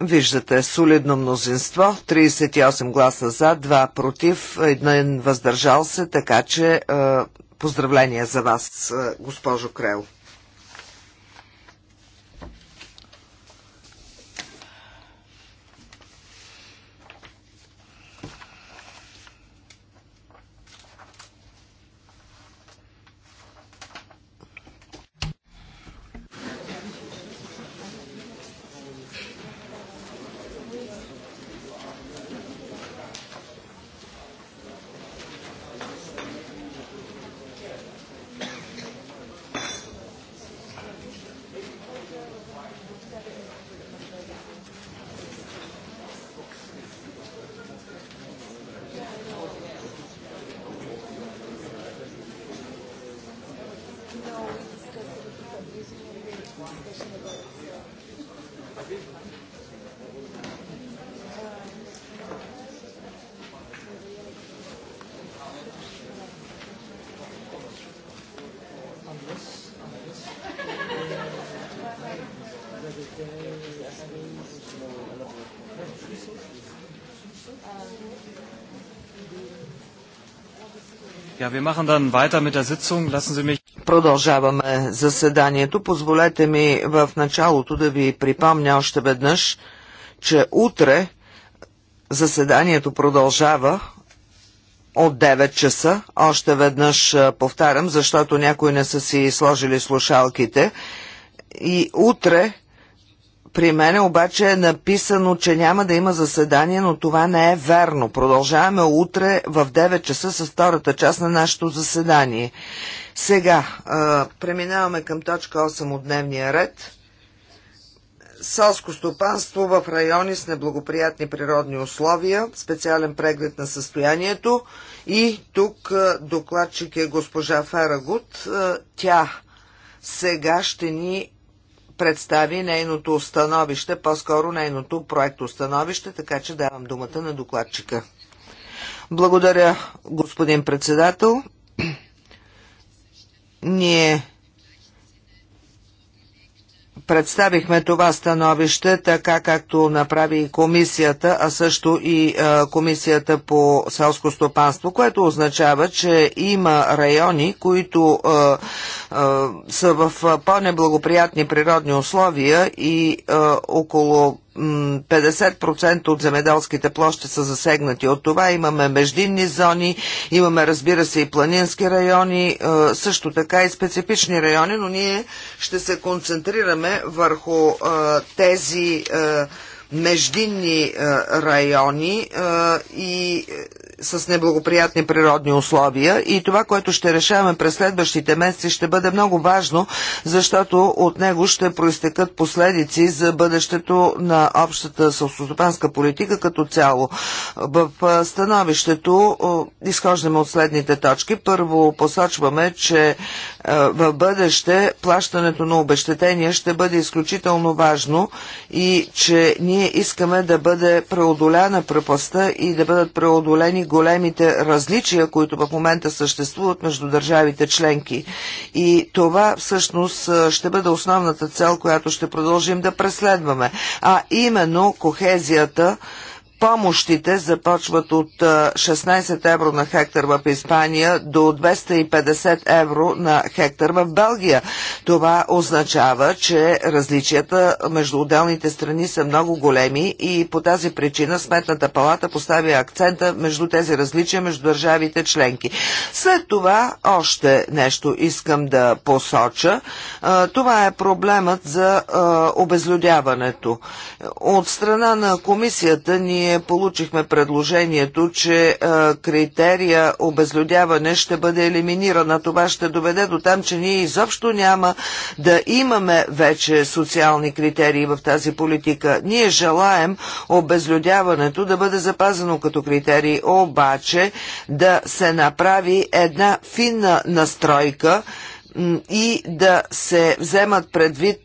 Виждате солидно мнозинство, 38 гласа за, 2 против, 1 въздържал се, така че е, поздравления за вас, е, госпожо Крел. Продължаваме заседанието. Позволете ми в началото да ви припомня още веднъж, че утре заседанието продължава от 9 часа. Още веднъж повтарям, защото някои не са си сложили слушалките. И утре при мен обаче е написано, че няма да има заседание, но това не е верно. Продължаваме утре в 9 часа с втората част на нашето заседание. Сега а, преминаваме към точка 8 от дневния ред. Селско стопанство в райони с неблагоприятни природни условия, специален преглед на състоянието и тук докладчик е госпожа Фарагут. тя сега ще ни представи нейното становище, по-скоро нейното проекто становище, така че давам думата на докладчика. Благодаря, господин председател. Ние представихме това становище, така както направи и комисията, а също и е, комисията по селско стопанство, което означава, че има райони, които е, е, са в е, по-неблагоприятни природни условия и е, около 50% от земеделските площи са засегнати от това. Имаме междинни зони, имаме разбира се и планински райони, е, също така и специфични райони, но ние ще се концентрираме върху е, тези е, междинни райони и с неблагоприятни природни условия и това, което ще решаваме през следващите месеци, ще бъде много важно, защото от него ще проистекат последици за бъдещето на общата сълстопанска политика като цяло. В становището изхождаме от следните точки. Първо посочваме, че в бъдеще плащането на обещетения ще бъде изключително важно и че ние искаме да бъде преодоляна препаста и да бъдат преодолени големите различия, които в момента съществуват между държавите членки. И това всъщност ще бъде основната цел, която ще продължим да преследваме. А именно кохезията Помощите започват от 16 евро на хектар в Испания до 250 евро на хектар в Белгия. Това означава, че различията между отделните страни са много големи и по тази причина Сметната палата поставя акцента между тези различия между държавите членки. След това още нещо искам да посоча. Това е проблемът за обезлюдяването. От страна на комисията ние ние получихме предложението, че а, критерия обезлюдяване ще бъде елиминирана. Това ще доведе до там, че ние изобщо няма да имаме вече социални критерии в тази политика. Ние желаем обезлюдяването да бъде запазено като критерии, обаче да се направи една финна настройка, и да се вземат предвид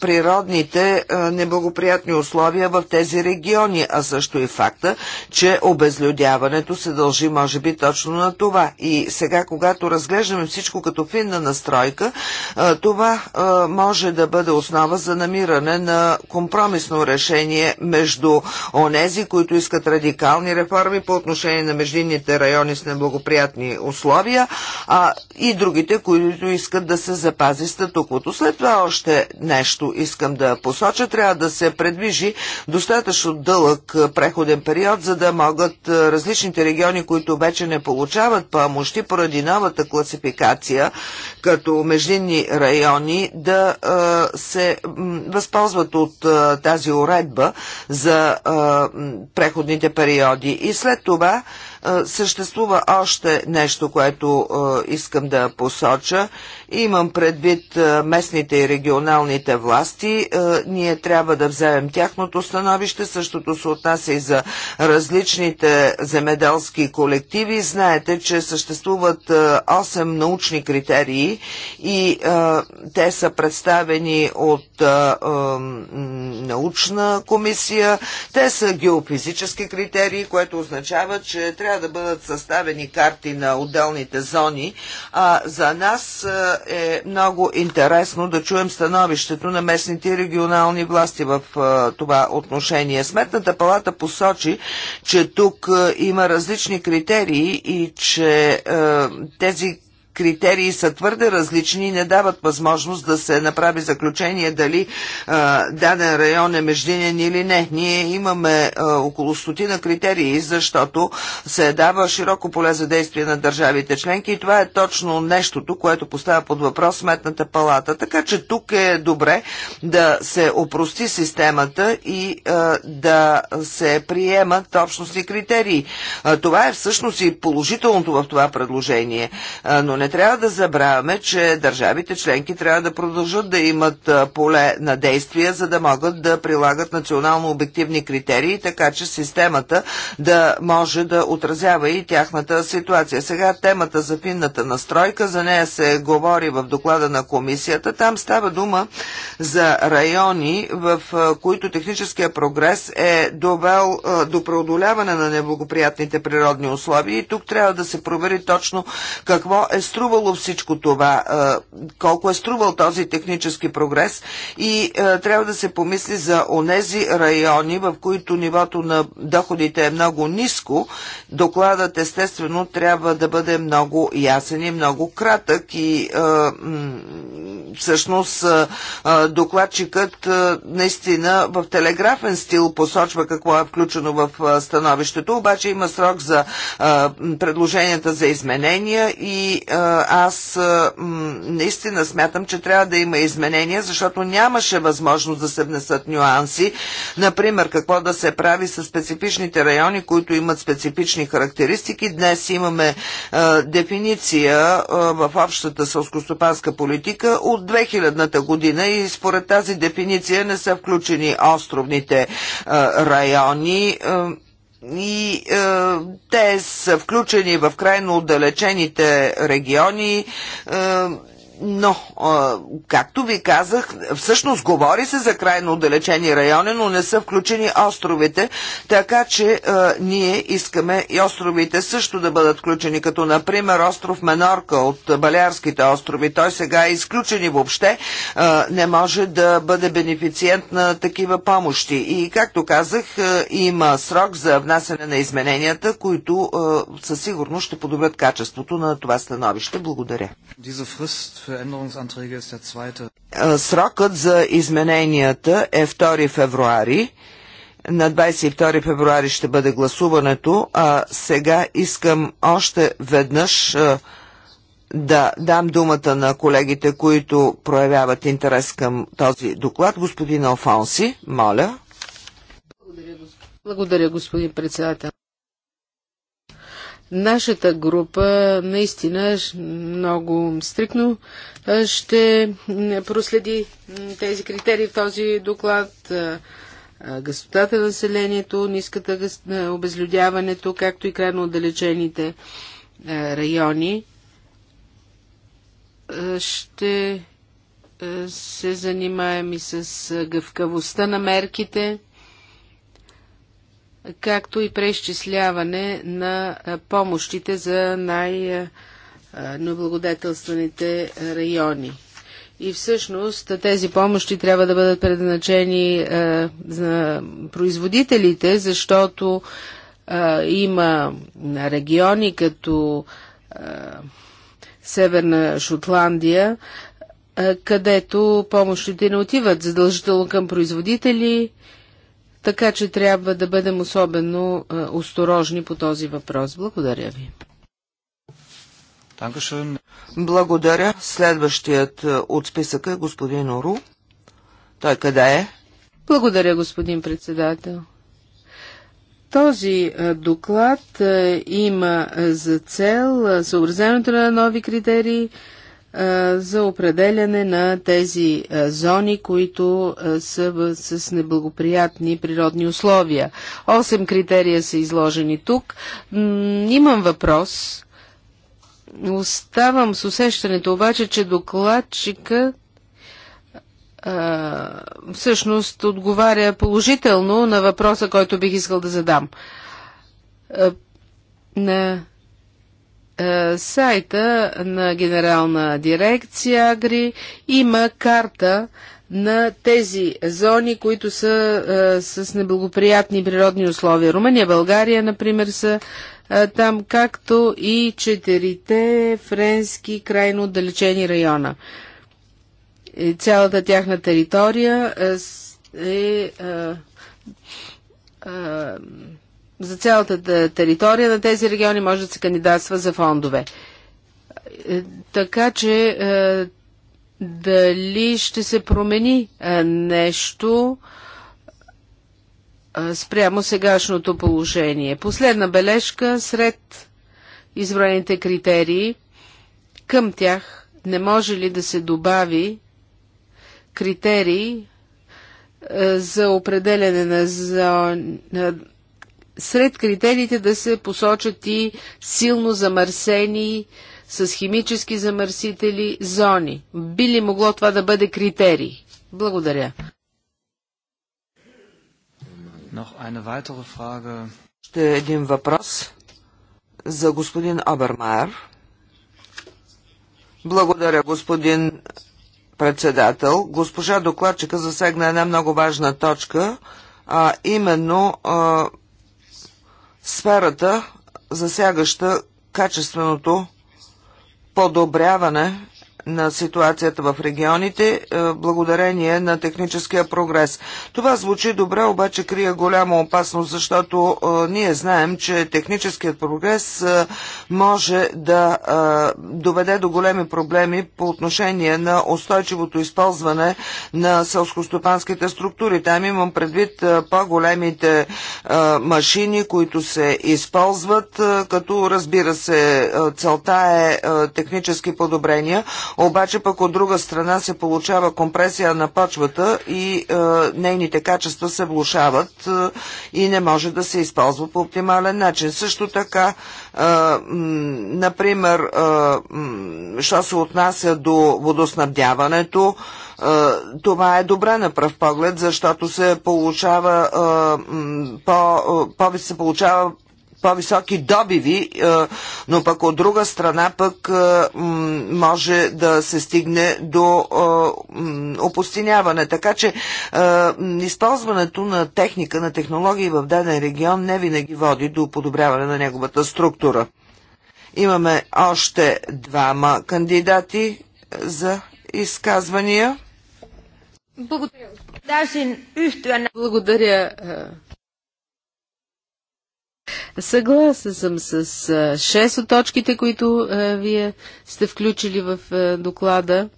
природните неблагоприятни условия в тези региони, а също и факта, че обезлюдяването се дължи може би точно на това. И сега, когато разглеждаме всичко като финна настройка, това може да бъде основа за намиране на компромисно решение между онези, които искат радикални реформи по отношение на междинните райони с неблагоприятни условия, а и другите, които искат искат да се запази статуквото. След това още нещо искам да посоча. Трябва да се предвижи достатъчно дълъг преходен период, за да могат различните региони, които вече не получават помощи поради новата класификация като междинни райони, да се възползват от тази уредба за преходните периоди. И след това Съществува още нещо, което искам да посоча. Имам предвид местните и регионалните власти. Ние трябва да вземем тяхното становище. Същото се отнася и за различните земеделски колективи. Знаете, че съществуват 8 научни критерии и те са представени от научна комисия. Те са геофизически критерии, което означава, че трябва трябва да бъдат съставени карти на отделните зони. А за нас е много интересно да чуем становището на местните и регионални власти в това отношение. Сметната палата посочи, че тук има различни критерии и че тези критерии са твърде различни и не дават възможност да се направи заключение дали а, даден район е междинен или не. Ние имаме а, около стотина критерии, защото се дава широко поле за действие на държавите членки и това е точно нещото, което поставя под въпрос Сметната палата. Така че тук е добре да се опрости системата и а, да се приемат общностни критерии. А, това е всъщност и положителното в това предложение, а, но не не трябва да забравяме, че държавите членки трябва да продължат да имат поле на действие, за да могат да прилагат национално обективни критерии, така че системата да може да отразява и тяхната ситуация. Сега темата за финната настройка, за нея се говори в доклада на комисията. Там става дума за райони, в които техническия прогрес е довел до преодоляване на неблагоприятните природни условия и тук трябва да се провери точно какво е струвало всичко това, колко е струвал този технически прогрес и трябва да се помисли за онези райони, в които нивото на доходите е много ниско. Докладът естествено трябва да бъде много ясен и много кратък и всъщност докладчикът наистина в телеграфен стил посочва какво е включено в становището, обаче има срок за предложенията за изменения и а, аз наистина смятам, че трябва да има изменения, защото нямаше възможност да се внесат нюанси. Например, какво да се прави с специфичните райони, които имат специфични характеристики. Днес имаме дефиниция в общата сълскостопанска политика от 2000-та година и според тази дефиниция не са включени островните райони и е, те са включени в крайно отдалечените региони. Е, но, както ви казах, всъщност говори се за крайно отдалечени райони, но не са включени островите, така че ние искаме и островите също да бъдат включени, като например остров Менорка от Балярските острови. Той сега е изключен и въобще не може да бъде бенефициент на такива помощи. И, както казах, има срок за внасяне на измененията, които със сигурност ще подобрят качеството на това становище. Благодаря. Е, срокът за измененията е 2 февруари. На 22 февруари ще бъде гласуването, а сега искам още веднъж е, да дам думата на колегите, които проявяват интерес към този доклад. Господин Алфонси, моля. Благодаря, господин председател. Нашата група наистина много стрикно ще проследи тези критерии в този доклад. Гъстотата на населението, ниската обезлюдяването, както и крайно отдалечените райони. Ще се занимаем и с гъвкавостта на мерките както и преизчисляване на помощите за най неблагодетелстваните райони. И всъщност тези помощи трябва да бъдат предначени за производителите, защото има региони като Северна Шотландия, където помощите не отиват задължително към производители, така че трябва да бъдем особено е, осторожни по този въпрос. Благодаря ви. Благодаря. Следващият е, от списъка е господин Ору. Той къде е? Благодаря, господин председател. Този е, доклад има за цел съобразяването на нови критерии, за определяне на тези зони, които са с неблагоприятни природни условия. Осем критерия са изложени тук. Имам въпрос. Оставам с усещането обаче, че докладчика всъщност отговаря положително на въпроса, който бих искал да задам. на е, сайта на Генерална дирекция Агри има карта на тези зони, които са а, е, с неблагоприятни природни условия. Румъния, България, например, са а, е, там, както и четирите френски крайно отдалечени района. И цялата тяхна територия а, е. А, а, за цялата територия на тези региони може да се кандидатства за фондове. Е, така че е, дали ще се промени е, нещо спрямо сегашното положение. Последна бележка сред изброените критерии. Към тях не може ли да се добави критерии за определене на, зон, на сред критериите да се посочат и силно замърсени с химически замърсители зони. Би ли могло това да бъде критерий? Благодаря. Ще е един въпрос за господин Обермайер. Благодаря, господин председател. Госпожа докладчика засегна една много важна точка, а именно а, сферата, засягаща качественото подобряване на ситуацията в регионите, е, благодарение на техническия прогрес. Това звучи добре, обаче крие голяма опасност, защото е, ние знаем, че техническият прогрес е, може да а, доведе до големи проблеми по отношение на устойчивото използване на селскостопанските структури. Там имам предвид по-големите машини, които се използват, а, като разбира се целта е а, технически подобрения, обаче пък от друга страна се получава компресия на почвата и а, нейните качества се влушават и не може да се използва по оптимален начин. Също така Например, що се отнася до водоснабдяването, това е добре на пръв поглед, защото се получава, по, повече се получава по-високи добиви, е, но пък от друга страна пък е, може да се стигне до е, опустиняване. Така че използването на техника, на технологии в даден регион не винаги води до подобряване на неговата структура. Имаме още двама кандидати за изказвания. Благодаря. Благодаря, Съгласна съм с шест от точките, които вие сте включили в доклада.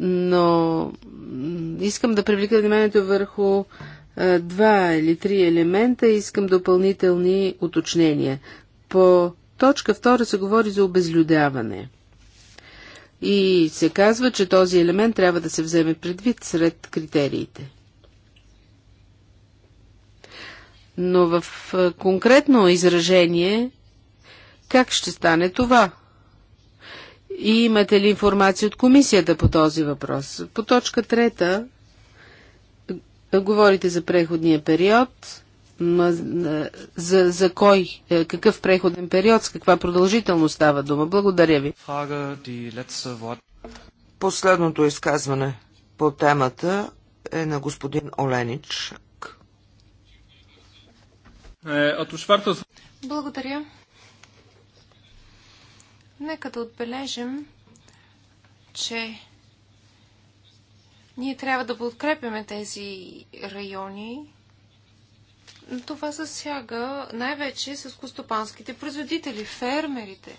Но искам да привлека вниманието върху два или три елемента и искам допълнителни уточнения. По точка втора се говори за обезлюдяване. И се казва, че този елемент трябва да се вземе предвид сред критериите. Но в конкретно изражение как ще стане това? И имате ли информация от комисията по този въпрос? По точка трета говорите за преходния период. За, за кой, какъв преходен период, с каква продължителност става дума? Благодаря ви. Последното изказване по темата е на господин Оленич е, Благодаря. Нека да отбележим, че ние трябва да подкрепяме тези райони. Това засяга най-вече костопанските производители, фермерите.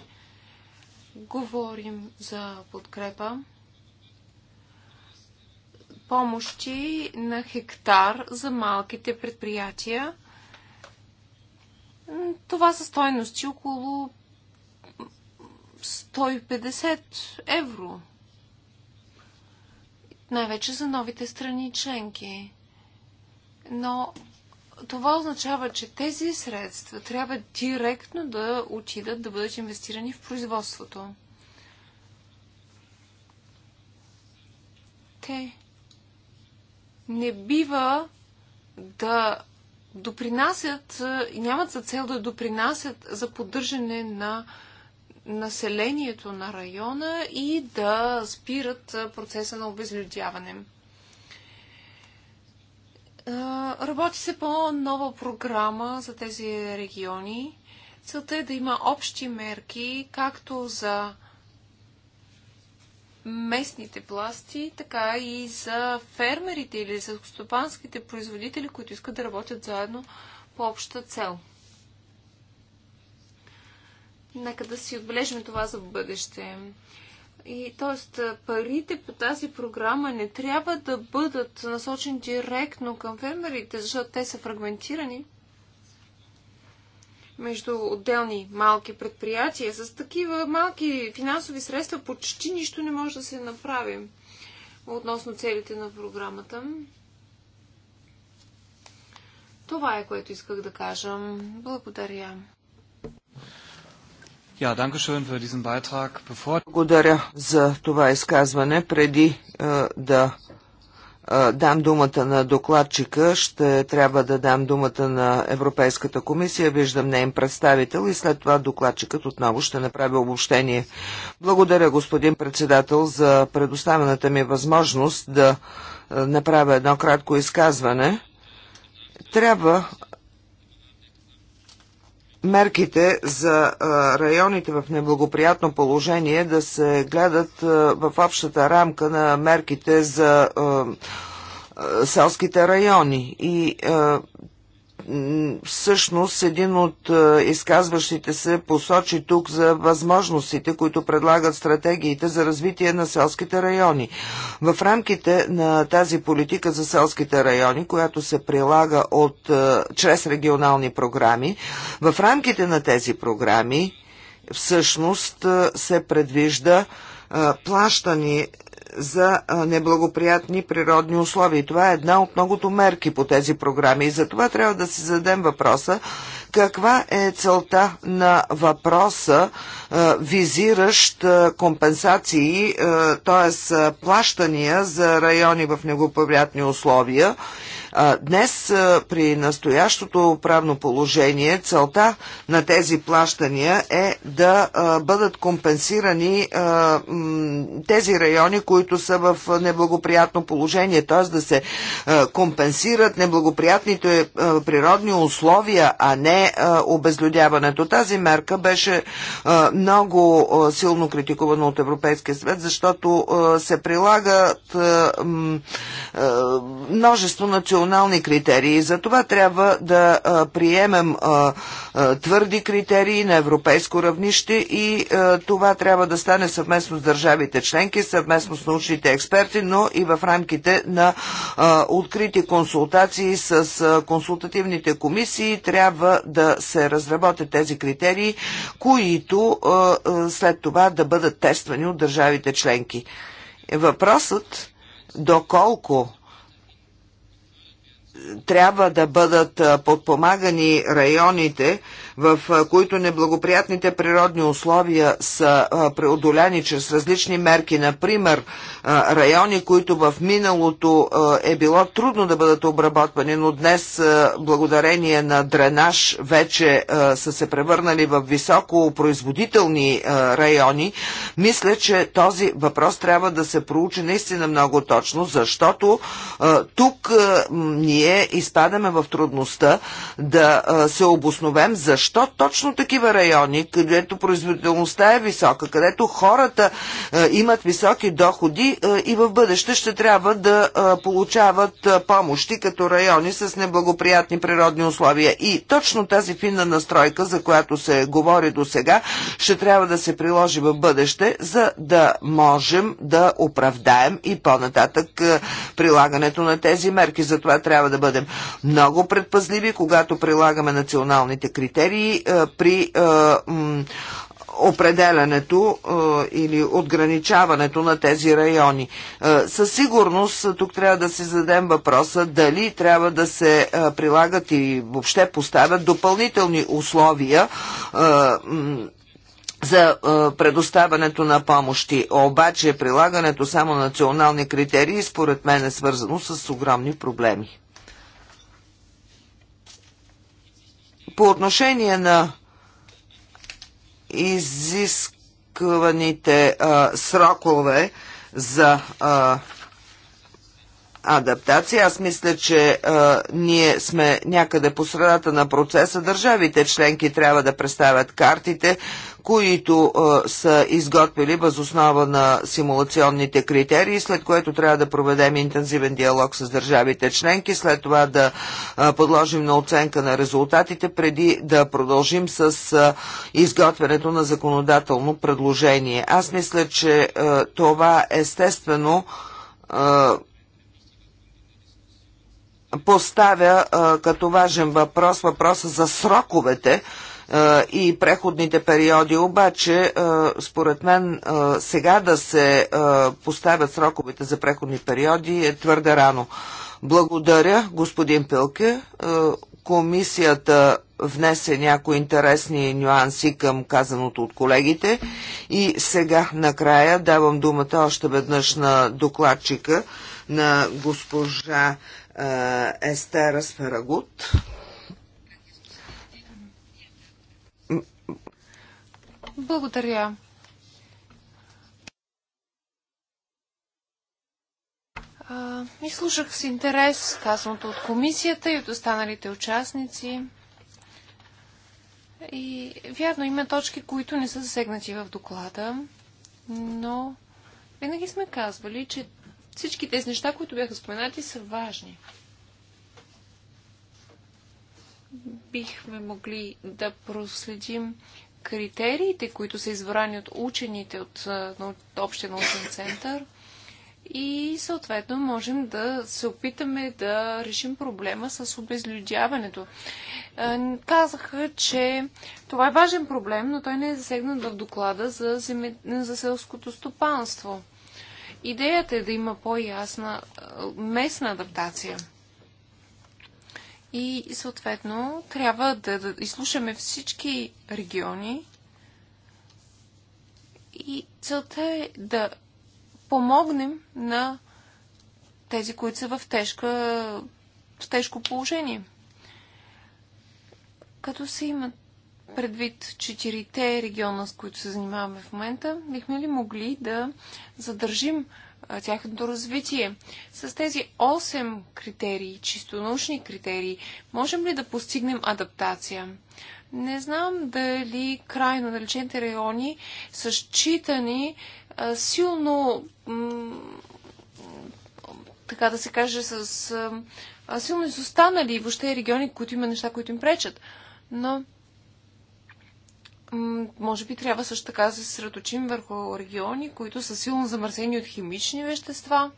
Говорим за подкрепа, помощи на хектар за малките предприятия това са стойности около 150 евро. Най-вече за новите страни членки. Но това означава, че тези средства трябва директно да отидат да бъдат инвестирани в производството. Те не бива да допринасят нямат за цел да допринасят за поддържане на населението на района и да спират процеса на обезлюдяване. Работи се по нова програма за тези региони. Целта е да има общи мерки, както за местните власти, така и за фермерите или за стопанските производители, които искат да работят заедно по обща цел. Нека да си отбележим това за бъдеще. И т.е. парите по тази програма не трябва да бъдат насочени директно към фермерите, защото те са фрагментирани между отделни малки предприятия. С такива малки финансови средства почти нищо не може да се направи относно целите на програмата. Това е което исках да кажа. Благодаря. Благодаря за това изказване. Преди е, да дам думата на докладчика, ще трябва да дам думата на Европейската комисия, виждам неим представител и след това докладчикът отново ще направи обобщение. Благодаря, господин председател, за предоставената ми възможност да направя едно кратко изказване. Трябва мерките за районите в неблагоприятно положение да се гледат в общата рамка на мерките за селските райони. И всъщност един от е, изказващите се посочи тук за възможностите, които предлагат стратегиите за развитие на селските райони. В рамките на тази политика за селските райони, която се прилага от, е, чрез регионални програми, в рамките на тези програми всъщност е, се предвижда плащани за неблагоприятни природни условия. Това е една от многото мерки по тези програми и за това трябва да си зададем въпроса каква е целта на въпроса, визиращ компенсации, т.е. плащания за райони в неблагоприятни условия Днес при настоящото правно положение целта на тези плащания е да бъдат компенсирани тези райони, които са в неблагоприятно положение, т.е. да се компенсират неблагоприятните природни условия, а не обезлюдяването. Тази мерка беше много силно критикувана от Европейския свет, защото се прилагат множество национални рационални критерии. За това трябва да приемем твърди критерии на европейско равнище и това трябва да стане съвместно с държавите членки, съвместно с научните експерти, но и в рамките на открити консултации с консултативните комисии трябва да се разработят тези критерии, които след това да бъдат тествани от държавите членки. Въпросът доколко трябва да бъдат подпомагани районите, в които неблагоприятните природни условия са преодоляни чрез различни мерки. Например, райони, които в миналото е било трудно да бъдат обработвани, но днес благодарение на дренаж вече са се превърнали в високопроизводителни райони. Мисля, че този въпрос трябва да се проучи наистина много точно, защото тук ние изпадаме в трудността да се обосновем защо точно такива райони, където производителността е висока, където хората имат високи доходи и в бъдеще ще трябва да получават помощи като райони с неблагоприятни природни условия. И точно тази финна настройка, за която се говори до сега, ще трябва да се приложи в бъдеще, за да можем да оправдаем и по-нататък прилагането на тези мерки мерки. Затова трябва да бъдем много предпазливи, когато прилагаме националните критерии е, при е, определянето е, или отграничаването на тези райони. Със сигурност тук трябва да си зададем въпроса дали трябва да се прилагат и въобще поставят допълнителни условия за е, предоставянето на помощи. Обаче прилагането само на национални критерии според мен е свързано с огромни проблеми. По отношение на изискваните е, срокове за е, адаптация. Аз мисля, че а, е, ние сме някъде по средата на процеса. Държавите членки трябва да представят картите, които а, са изготвили възоснова на симулационните критерии, след което трябва да проведем интензивен диалог с държавите членки, след това да а, подложим на оценка на резултатите, преди да продължим с а, изготвянето на законодателно предложение. Аз мисля, че а, това естествено а, поставя а, като важен въпрос въпроса за сроковете, и преходните периоди, обаче според мен сега да се поставят сроковете за преходни периоди е твърде рано. Благодаря, господин Пилке. Комисията внесе някои интересни нюанси към казаното от колегите. И сега, накрая, давам думата още веднъж на докладчика, на госпожа Естера Сферагут. Благодаря. Изслушах с интерес казаното от комисията и от останалите участници. И вярно, има точки, които не са засегнати в доклада, но винаги сме казвали, че всички тези неща, които бяха споменати, са важни. Бихме могли да проследим критериите, които са избрани от учените от, от Общия научен център и съответно можем да се опитаме да решим проблема с обезлюдяването. Казаха, че това е важен проблем, но той не е засегнат в доклада за, земе... за селското стопанство. Идеята е да има по-ясна местна адаптация – и съответно трябва да изслушаме всички региони. И целта е да помогнем на тези, които са в, тежка, в тежко положение. Като се има предвид четирите региона, с които се занимаваме в момента, бихме ли могли да задържим тяхното развитие. С тези 8 критерии, чисто научни критерии, можем ли да постигнем адаптация? Не знам дали крайно далечените райони са считани а, силно, така да се каже, с а, силно изостанали въобще региони, които има неща, които им пречат. Но може би трябва също така да се средочим върху региони, които са силно замърсени от химични вещества.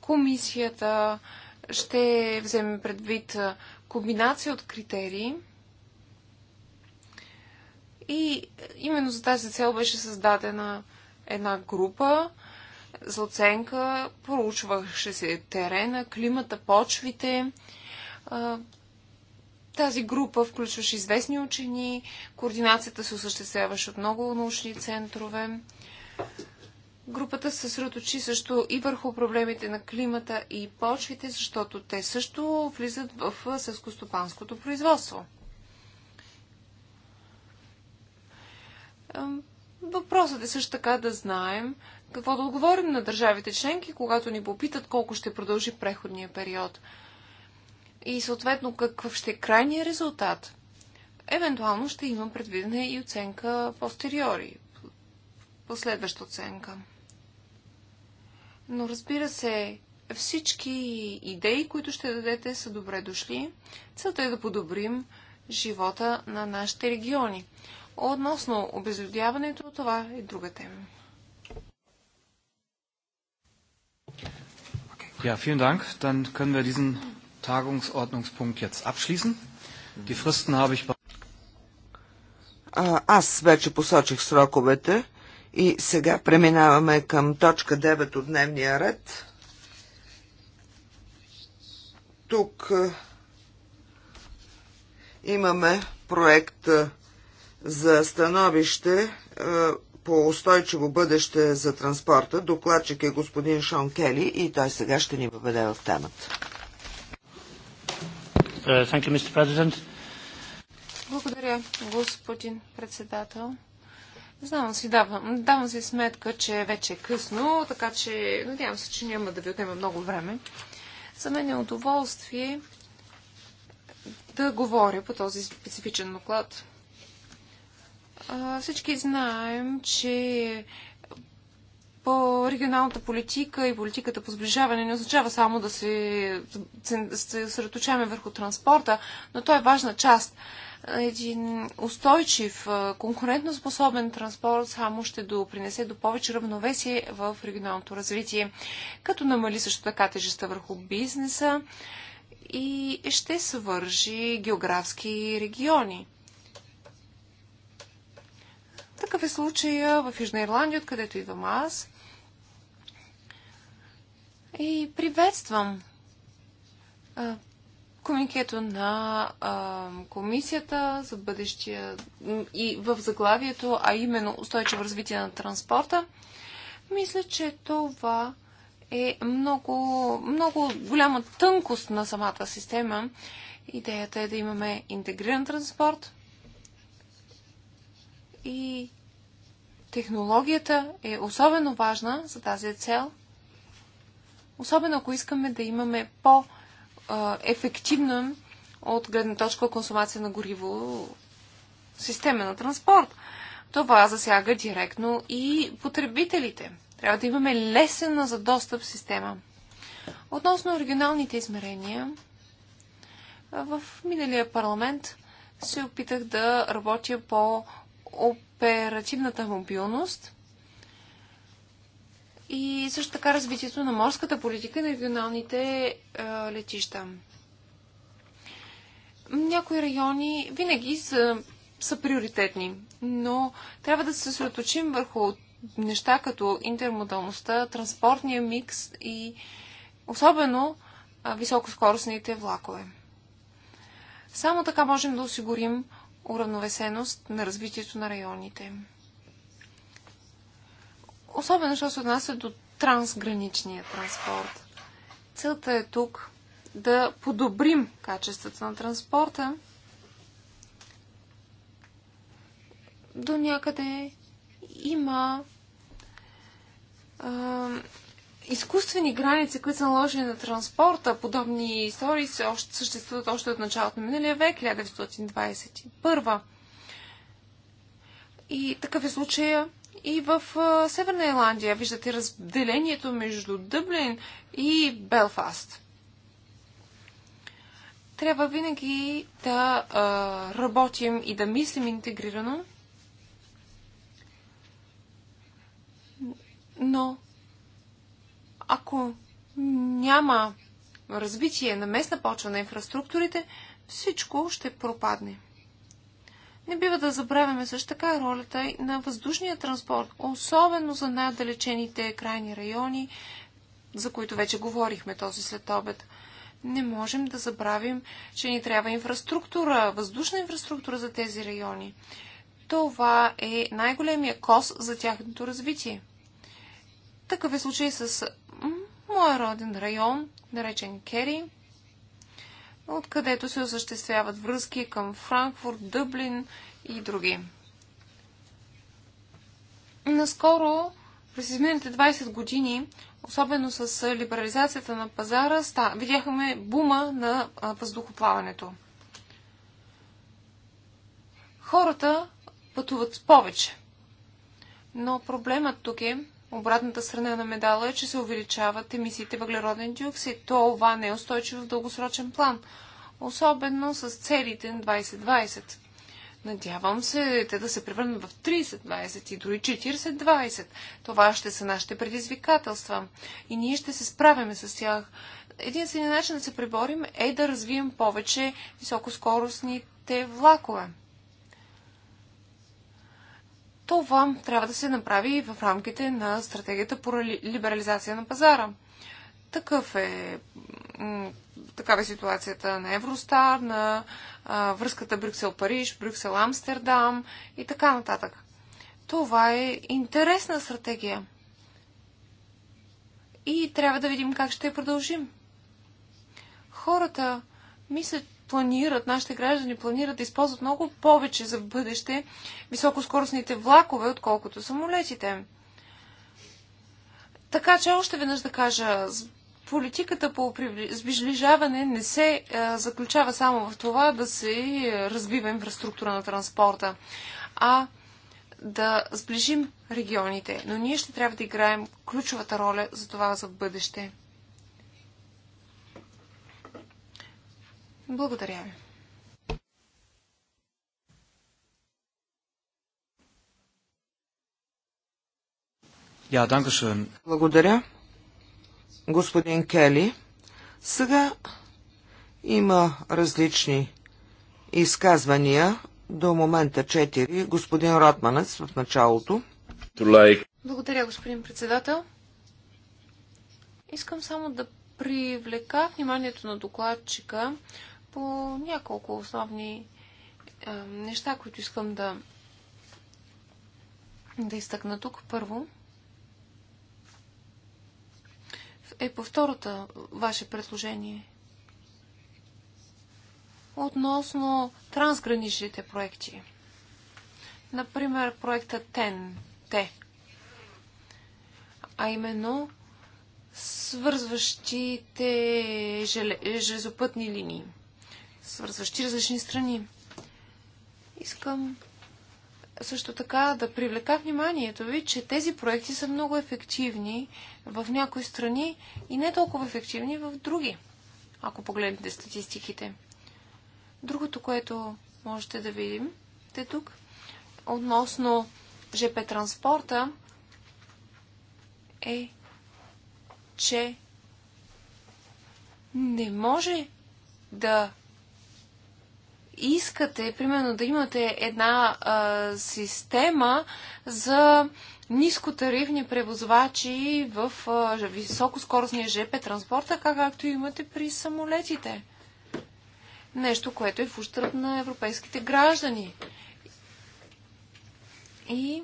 Комисията ще вземе предвид комбинация от критерии. И именно за тази цел беше създадена една група за оценка. Проучваше се терена, климата, почвите, тази група включваше известни учени, координацията се осъществяваше от много научни центрове. Групата се съсредоточи също и върху проблемите на климата и почвите, защото те също влизат в сълскостопанското производство. Въпросът е също така да знаем какво да отговорим на държавите членки, когато ни попитат колко ще продължи преходния период – и съответно какъв ще е крайният резултат. Евентуално ще имам предвидена и оценка постериори, последваща оценка. Но разбира се, всички идеи, които ще дадете, са добре дошли. Целта е да подобрим живота на нашите региони. Относно обезлюдяването, това е друга тема. Ja, vielen Dank. Dann können wir diesen jetzt abschließen. Die Fristen habe ich аз вече посочих сроковете и сега преминаваме към точка 9 от дневния ред. Тук имаме проект за становище по устойчиво бъдеще за транспорта. Докладчик е господин Шон Кели и той сега ще ни въведе в темата. Uh, Благодаря, господин председател. Знам си, давам, давам си сметка, че вече е късно, така че надявам се, че няма да ви отнема много време. За мен е удоволствие да говоря по този специфичен доклад. Всички знаем, че по регионалната политика и политиката по сближаване не означава само да се, се съсредоточаваме върху транспорта, но той е важна част. Един устойчив, способен транспорт само ще допринесе до повече равновесие в регионалното развитие, като намали също така тежестта върху бизнеса и ще свържи географски региони. Такъв е случая в Южна Ирландия, откъдето идвам аз. И приветствам комуникето на а, комисията за бъдещия и в заглавието, а именно устойчиво развитие на транспорта. Мисля, че това е много, много голяма тънкост на самата система. Идеята е да имаме интегриран транспорт и технологията е особено важна за тази цел – Особено ако искаме да имаме по-ефективна от гледна точка консумация на гориво система на транспорт. Това засяга директно и потребителите. Трябва да имаме лесена за достъп система. Относно оригиналните измерения, в миналия парламент се опитах да работя по оперативната мобилност и също така развитието на морската политика на регионалните а, летища. Някои райони винаги са, са приоритетни, но трябва да се съсредоточим върху неща като интермодалността, транспортния микс и особено а, високоскоростните влакове. Само така можем да осигурим уравновесеност на развитието на районите. Особено, що се отнася до трансграничния транспорт. Целта е тук да подобрим качеството на транспорта до някъде има а, изкуствени граници, които са наложени на транспорта. Подобни истории се още, съществуват още от началото на миналия век, 1921. И такъв е случая и в Северна Ирландия виждате разделението между Дъблин и Белфаст. Трябва винаги да а, работим и да мислим интегрирано, но ако няма развитие на местна почва на инфраструктурите, всичко ще пропадне. Не бива да забравяме също така ролята на въздушния транспорт, особено за най-далечените крайни райони, за които вече говорихме този след обед. Не можем да забравим, че ни трябва инфраструктура, въздушна инфраструктура за тези райони. Това е най-големия кос за тяхното развитие. Такъв е случай с моя роден район, наречен Кери откъдето се осъществяват връзки към Франкфурт, Дъблин и други. Наскоро, през изминалите 20 години, особено с либерализацията на пазара, видяхме бума на въздухоплаването. Хората пътуват повече. Но проблемът тук е, Обратната страна на медала е, че се увеличават емисиите въглероден диоксид. Това не е устойчиво в дългосрочен план, особено с целите на 2020. Надявам се те да се превърнат в 30-20 и дори 40-20. Това ще са нашите предизвикателства и ние ще се справяме с тях. Единственият начин да се преборим е да развием повече високоскоростните влакове. Това трябва да се направи в рамките на стратегията по либерализация на пазара. Такъв е, такава е ситуацията на Евростар, на а, връзката Брюксел-Париж, Брюксел-Амстердам и така нататък. Това е интересна стратегия. И трябва да видим как ще я продължим. Хората мислят, планират, нашите граждани планират да използват много повече за бъдеще високоскоростните влакове, отколкото самолетите. Така че още веднъж да кажа, политиката по сближаване не се а, е, заключава само в това да се е, разбива инфраструктура на транспорта, а да сближим регионите. Но ние ще трябва да играем ключовата роля за това за бъдеще. Благодаря ви. Благодаря. Господин Кели, сега има различни изказвания. До момента 4. Господин Ротманец в началото. Like. Благодаря, господин председател. Искам само да привлека вниманието на докладчика по няколко основни е, неща, които искам да, да изтъкна тук. Първо е по втората ваше предложение относно трансграничните проекти. Например, проекта ТЕН, Т, а именно свързващите железопътни линии свързващи различни страни. Искам също така да привлека вниманието ви, че тези проекти са много ефективни в някои страни и не толкова ефективни в други, ако погледнете статистиките. Другото, което можете да видим, е тук, относно ЖП транспорта, е, че не може да искате, примерно, да имате една а, система за нискотарифни превозвачи в а, високоскоростния ЖП транспорт, така както имате при самолетите. Нещо, което е в ущърп на европейските граждани. И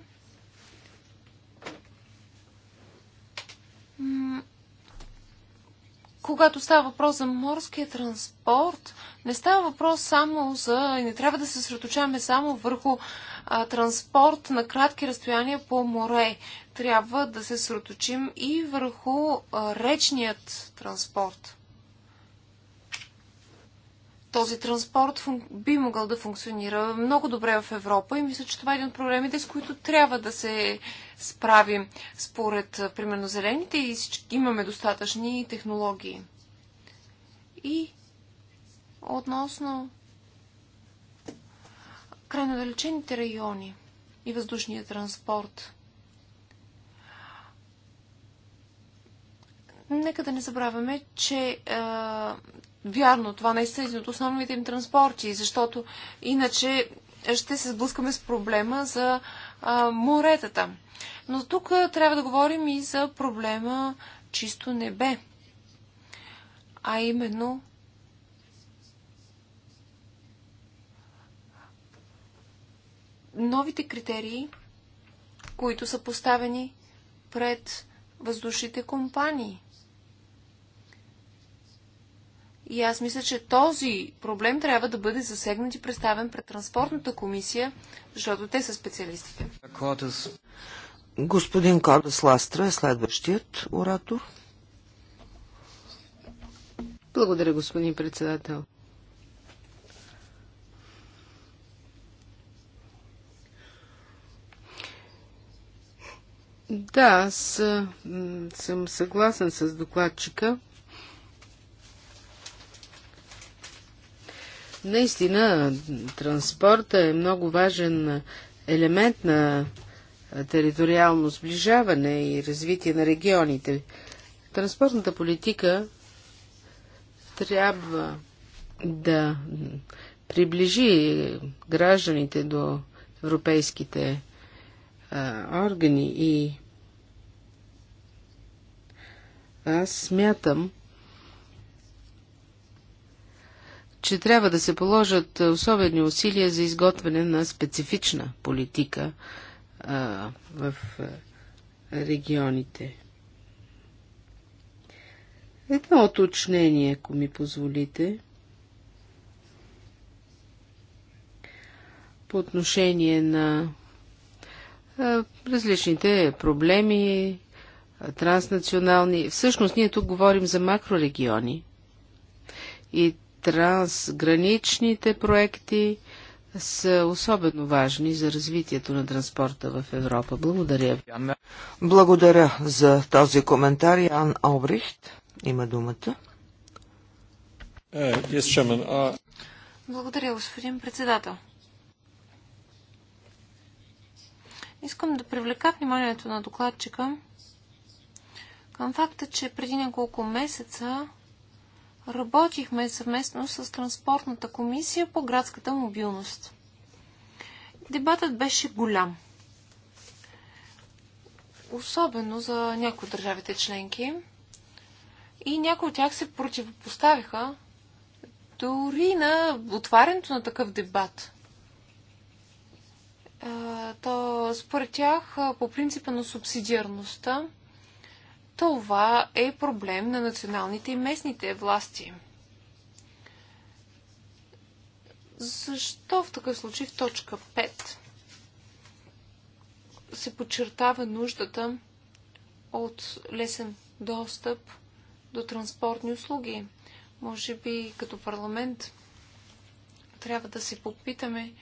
когато става въпрос за морския транспорт, не става въпрос само за... и не трябва да се съсредоточаваме само върху а, транспорт на кратки разстояния по море. Трябва да се съсредоточим и върху а, речният транспорт този транспорт би могъл да функционира много добре в Европа и мисля, че това е един от проблемите, с които трябва да се справим според, примерно, зелените и имаме достатъчни технологии. И относно крайно далечените райони и въздушния транспорт. Нека да не забравяме, че Вярно, това не са един от основните им транспорти, защото иначе ще се сблъскаме с проблема за а, моретата. Но тук трябва да говорим и за проблема чисто небе. А именно новите критерии, които са поставени пред въздушните компании. И аз мисля, че този проблем трябва да бъде засегнат и представен пред Транспортната комисия, защото те са специалистите. Господин Кордас Ластра е следващият оратор. Благодаря, господин председател. Да, аз съм съгласен с докладчика. Наистина, транспорта е много важен елемент на териториално сближаване и развитие на регионите. Транспортната политика трябва да приближи гражданите до европейските а, органи и аз смятам, че трябва да се положат особени усилия за изготвяне на специфична политика а, в а, регионите. Едно оточнение, ако ми позволите, по отношение на а, различните проблеми, транснационални. Всъщност ние тук говорим за макрорегиони. И трансграничните проекти са особено важни за развитието на транспорта в Европа. Благодаря ви. Благодаря за този коментар. Ян Обрихт има думата. Uh, uh, Благодаря, господин председател. Искам да привлека вниманието на докладчика към факта, че преди няколко месеца работихме съвместно с Транспортната комисия по градската мобилност. Дебатът беше голям. Особено за някои от държавите членки. И някои от тях се противопоставиха дори на отварянето на такъв дебат. То, според тях, по принципа на субсидиарността, това е проблем на националните и местните власти. Защо в такъв случай в точка 5 се подчертава нуждата от лесен достъп до транспортни услуги? Може би като парламент трябва да се попитаме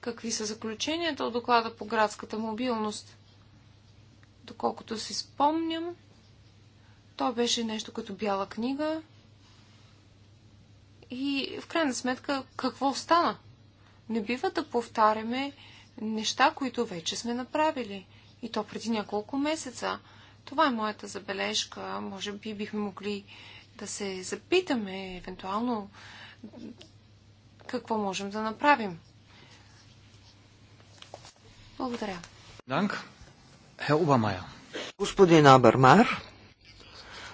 какви са заключенията от доклада по градската мобилност. Доколкото си спомням, то беше нещо като бяла книга. И в крайна сметка, какво стана? Не бива да повтаряме неща, които вече сме направили. И то преди няколко месеца. Това е моята забележка. Може би бихме могли да се запитаме, евентуално, какво можем да направим. Благодаря. Данк. Господин Абермар.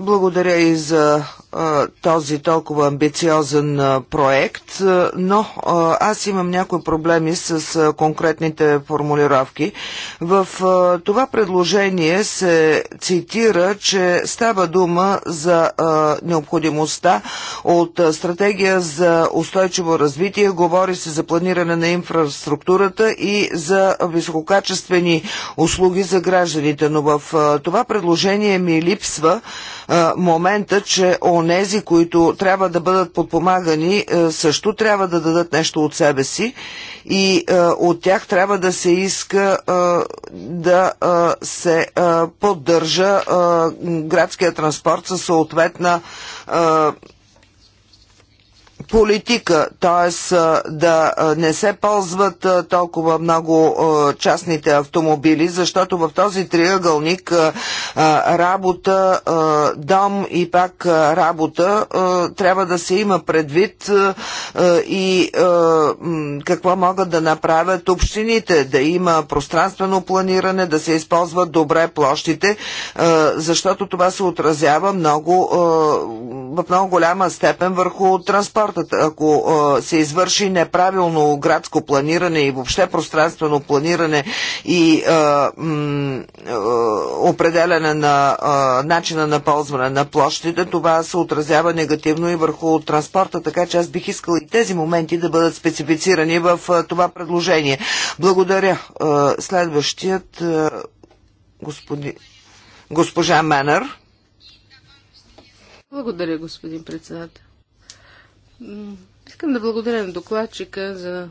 Благодаря и за а, този толкова амбициозен а, проект, а, но а, аз имам някои проблеми с а, конкретните формулировки. В а, това предложение се цитира, че става дума за а, необходимостта от а, стратегия за устойчиво развитие, говори се за планиране на инфраструктурата и за висококачествени услуги за гражданите, но в а, това предложение ми липсва момента, че онези, които трябва да бъдат подпомагани, също трябва да дадат нещо от себе си и от тях трябва да се иска да се поддържа градския транспорт със съответна политика, т.е. да не се ползват толкова много частните автомобили, защото в този триъгълник работа, дом и пак работа трябва да се има предвид и какво могат да направят общините, да има пространствено планиране, да се използват добре площите, защото това се отразява много, в много голяма степен върху транспорта средствата, ако се извърши неправилно градско планиране и въобще пространствено планиране и определяне на начина на ползване на площите, това се отразява негативно и върху транспорта, така че аз бих искал и тези моменти да бъдат специфицирани в това предложение. Благодаря. Следващият господи, госпожа Менър. Благодаря, господин председател. Искам да благодаря на докладчика за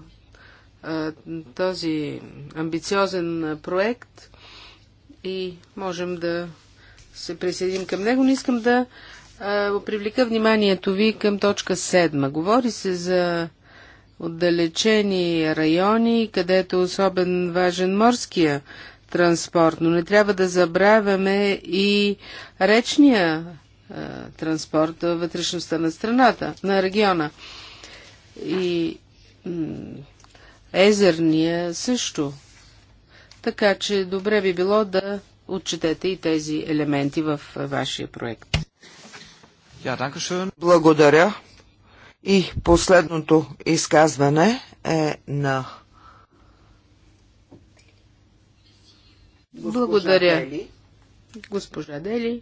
а, този амбициозен проект и можем да се присъединим към него. Но искам да а, привлека вниманието ви към точка 7. Говори се за отдалечени райони, където е особен важен морския транспорт, но не трябва да забравяме и речния е, транспорт във вътрешността на страната, на региона. И езерния също. Така че добре би било да отчетете и тези елементи в е, вашия проект. Благодаря. И последното изказване е на Благодаря. Госпожа Дели. Госпожа Дели.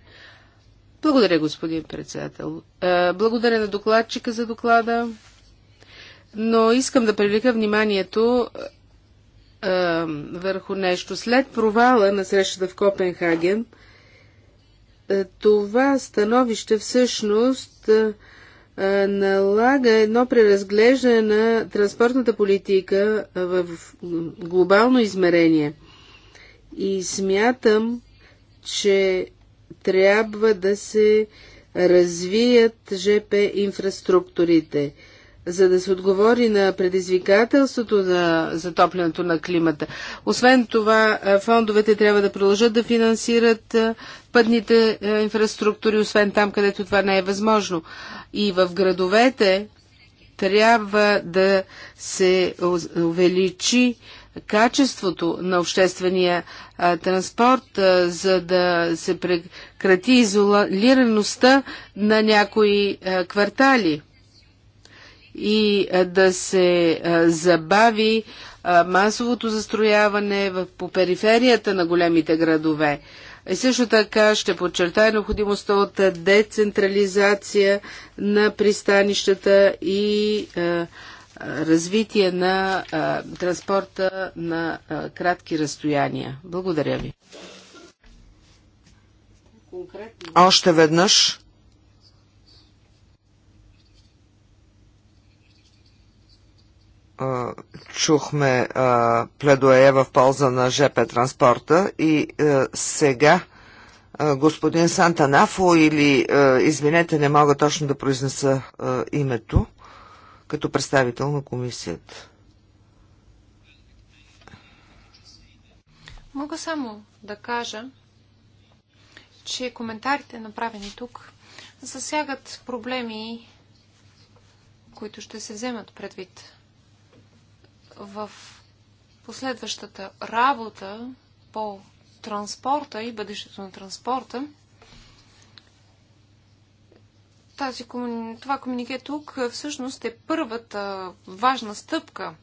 Благодаря, господин председател. Е, благодаря на докладчика за доклада, но искам да привлека вниманието е, върху нещо. След провала на срещата в Копенхаген, е, това становище всъщност налага едно преразглеждане на транспортната политика в глобално измерение. И смятам, че трябва да се развият ЖП инфраструктурите, за да се отговори на предизвикателството на затоплянето на климата. Освен това, фондовете трябва да продължат да финансират пътните инфраструктури, освен там, където това не е възможно. И в градовете трябва да се увеличи качеството на обществения а, транспорт, а, за да се прекрати изолираността на някои а, квартали и да се забави масовото застрояване в, по периферията на големите градове. И също така ще подчертая необходимостта от децентрализация на пристанищата и а, развитие на а, транспорта на а, кратки разстояния. Благодаря ви. Конкретно. Още веднъж. чухме пледоея в полза на ЖП транспорта и сега господин Сантанафо или, извинете, не мога точно да произнеса името, като представител на комисията. Мога само да кажа, че коментарите, направени тук, засягат проблеми, които ще се вземат предвид в последващата работа по транспорта и бъдещето на транспорта тази, това комунике тук е, всъщност е първата важна стъпка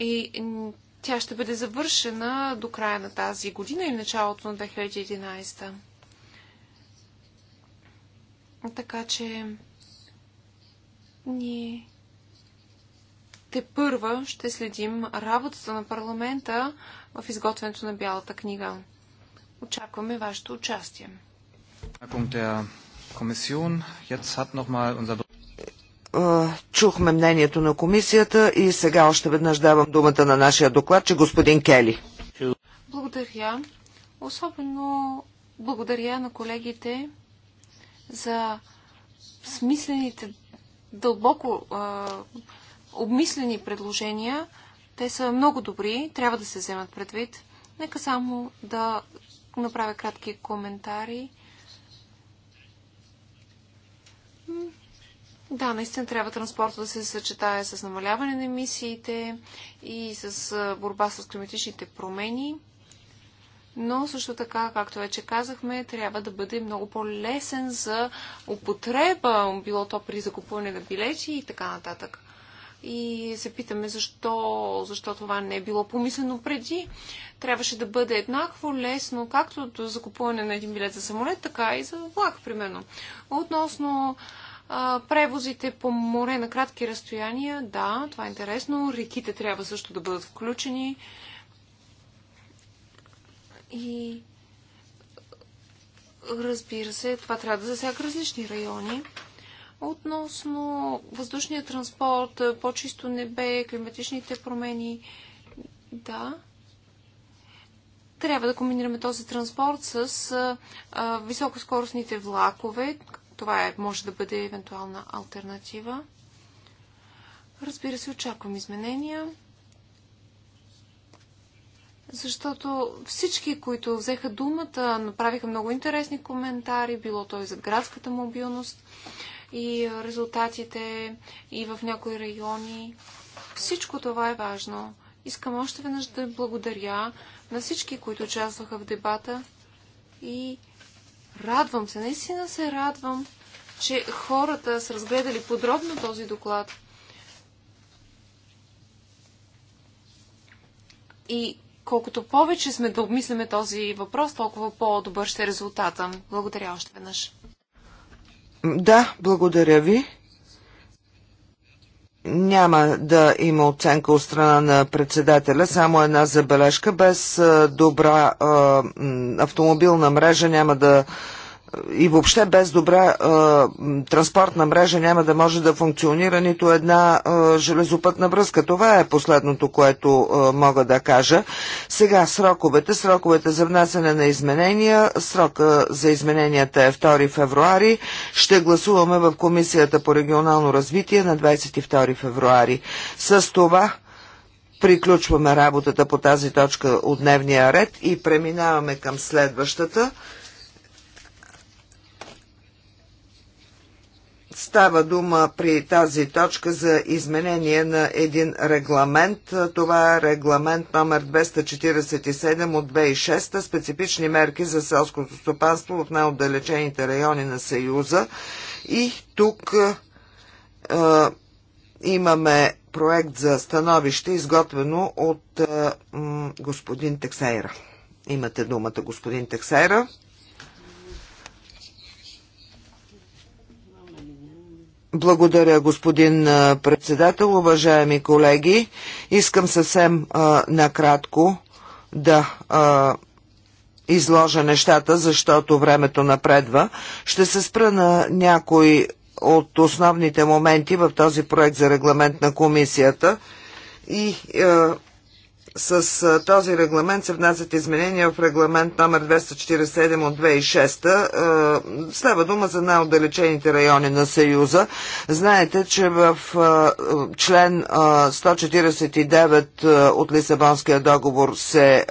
и тя ще бъде завършена до края на тази година или началото на 2011. Така че ние те първа ще следим работата на парламента в изготвянето на Бялата книга. Очакваме вашето участие. Е, чухме мнението на комисията и сега още веднъж давам думата на нашия доклад, че господин Кели. Благодаря. Особено благодаря на колегите за смислените, дълбоко а, е, обмислени предложения. Те са много добри, трябва да се вземат предвид. Нека само да направя кратки коментари Да, наистина трябва транспорта да се съчетае с намаляване на емисиите и с борба с климатичните промени. Но също така, както вече казахме, трябва да бъде много по-лесен за употреба, било то при закупуване на билети и така нататък. И се питаме защо, защо това не е било помислено преди. Трябваше да бъде еднакво лесно, както до закупуване на един билет за самолет, така и за влак, примерно. Относно а, превозите по море на кратки разстояния, да, това е интересно. Реките трябва също да бъдат включени. И разбира се, това трябва да засяга различни райони. Относно въздушния транспорт, по-чисто небе, климатичните промени, да. Трябва да комбинираме този транспорт с а, високоскоростните влакове, това е, може да бъде евентуална альтернатива. Разбира се, очаквам изменения, защото всички, които взеха думата, направиха много интересни коментари, било то и за градската мобилност и резултатите и в някои райони. Всичко това е важно. Искам още веднъж да благодаря на всички, които участваха в дебата и Радвам се, наистина се радвам, че хората са разгледали подробно този доклад. И колкото повече сме да обмисляме този въпрос, толкова по-добър ще е резултата. Благодаря още веднъж. Да, благодаря ви няма да има оценка от страна на председателя, само една забележка. Без добра автомобилна мрежа няма да и въобще без добра е, транспортна мрежа няма да може да функционира нито една е, железопътна връзка. Това е последното, което е, мога да кажа. Сега сроковете, сроковете за внасяне на изменения, срока за измененията е 2 февруари. Ще гласуваме в Комисията по регионално развитие на 22 февруари. С това приключваме работата по тази точка от дневния ред и преминаваме към следващата. Става дума при тази точка за изменение на един регламент. Това е регламент номер 247 от 2006, специфични мерки за селското стопанство от най-отдалечените райони на Съюза. И тук е, имаме проект за становище, изготвено от е, господин Тексейра. Имате думата, господин Тексейра. Благодаря, господин председател. Уважаеми колеги, искам съвсем а, накратко да а, изложа нещата, защото времето напредва. Ще се спра на някои от основните моменти в този проект за регламент на комисията и а, с този регламент се внасят изменения в регламент номер 247 от 2006. Става дума за най-отдалечените райони на Съюза. Знаете, че в член 149 от Лисабонския договор се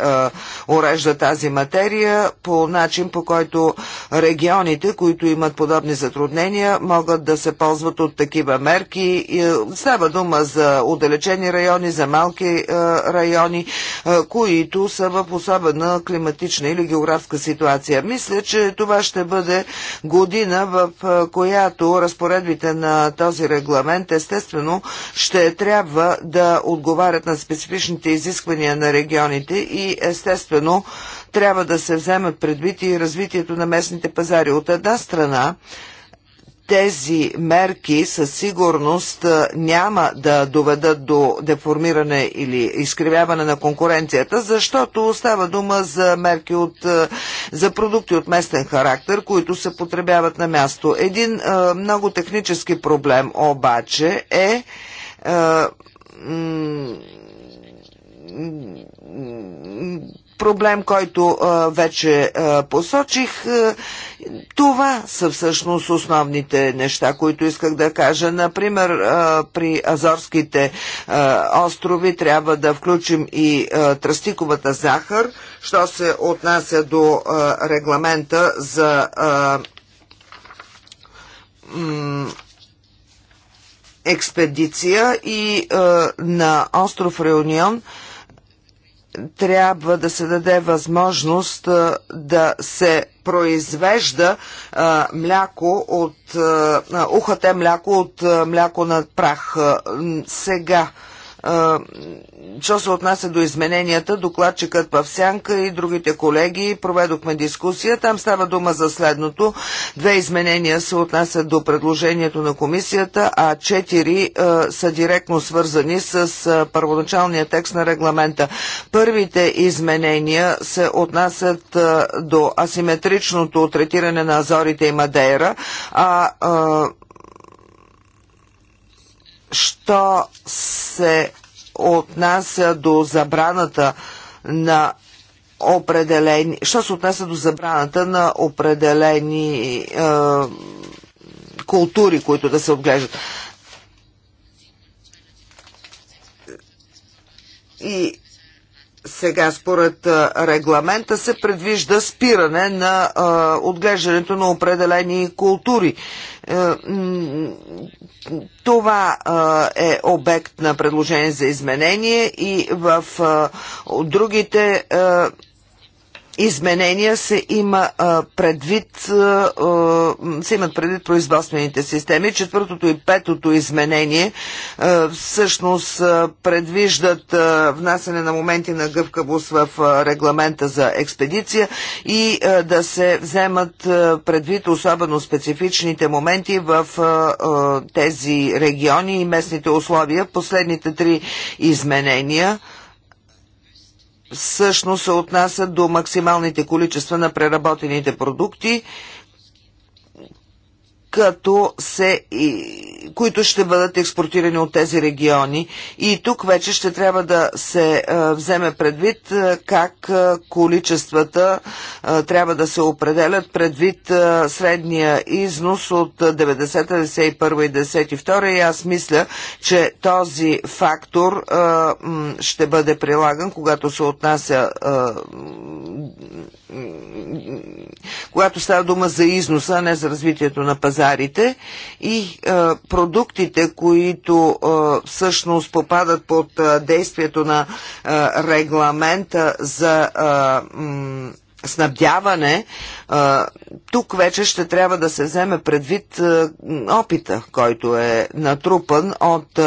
урежда тази материя по начин, по който регионите, които имат подобни затруднения, могат да се ползват от такива мерки. Става дума за отдалечени райони, за малки райони региони, които са в особена климатична или географска ситуация. Мисля, че това ще бъде година, в която разпоредбите на този регламент естествено ще трябва да отговарят на специфичните изисквания на регионите и естествено трябва да се вземат предвид и развитието на местните пазари. От една страна, тези мерки със сигурност няма да доведат до деформиране или изкривяване на конкуренцията, защото става дума за мерки от, за продукти от местен характер, които се потребяват на място. Един много технически проблем обаче е е, проблем, който вече посочих. Това са всъщност основните неща, които исках да кажа. Например, при Азорските острови трябва да включим и тръстиковата захар, що се отнася до регламента за експедиция и на остров Реунион – трябва да се даде възможност да се произвежда мляко от ухате мляко от мляко на прах. Сега Що се отнася до измененията, докладчикът в Сянка и другите колеги проведохме дискусия. Там става дума за следното. Две изменения се отнасят до предложението на комисията, а четири а, са директно свързани с а, първоначалния текст на регламента. Първите изменения се отнасят а, до асиметричното третиране на Азорите и Мадейра, а що се отнася до забраната на определени, що се отнася до забраната на определени е, култури, които да се отглеждат. И сега според регламента се предвижда спиране на а, отглеждането на определени култури. Е, това а, е обект на предложение за изменение и в а, другите а, изменения се има предвид, се имат предвид производствените системи. Четвъртото и петото изменение всъщност предвиждат внасяне на моменти на гъвкавост в регламента за експедиция и да се вземат предвид особено специфичните моменти в тези региони и местните условия. Последните три изменения – всъщност се отнасят до максималните количества на преработените продукти като се, и, които ще бъдат експортирани от тези региони. И тук вече ще трябва да се а, е, вземе предвид а, е, как а, е, количествата а, трябва да се определят предвид а, средния износ от 90, 91 и 92. И аз мисля, че този фактор а, м, ще бъде прилаган, когато се отнася а, когато става дума за износа, а не за развитието на пазара пазарите и а, продуктите, които а, всъщност попадат под а, действието на а, регламента за а, снабдяване, тук вече ще трябва да се вземе предвид опита, който е натрупан от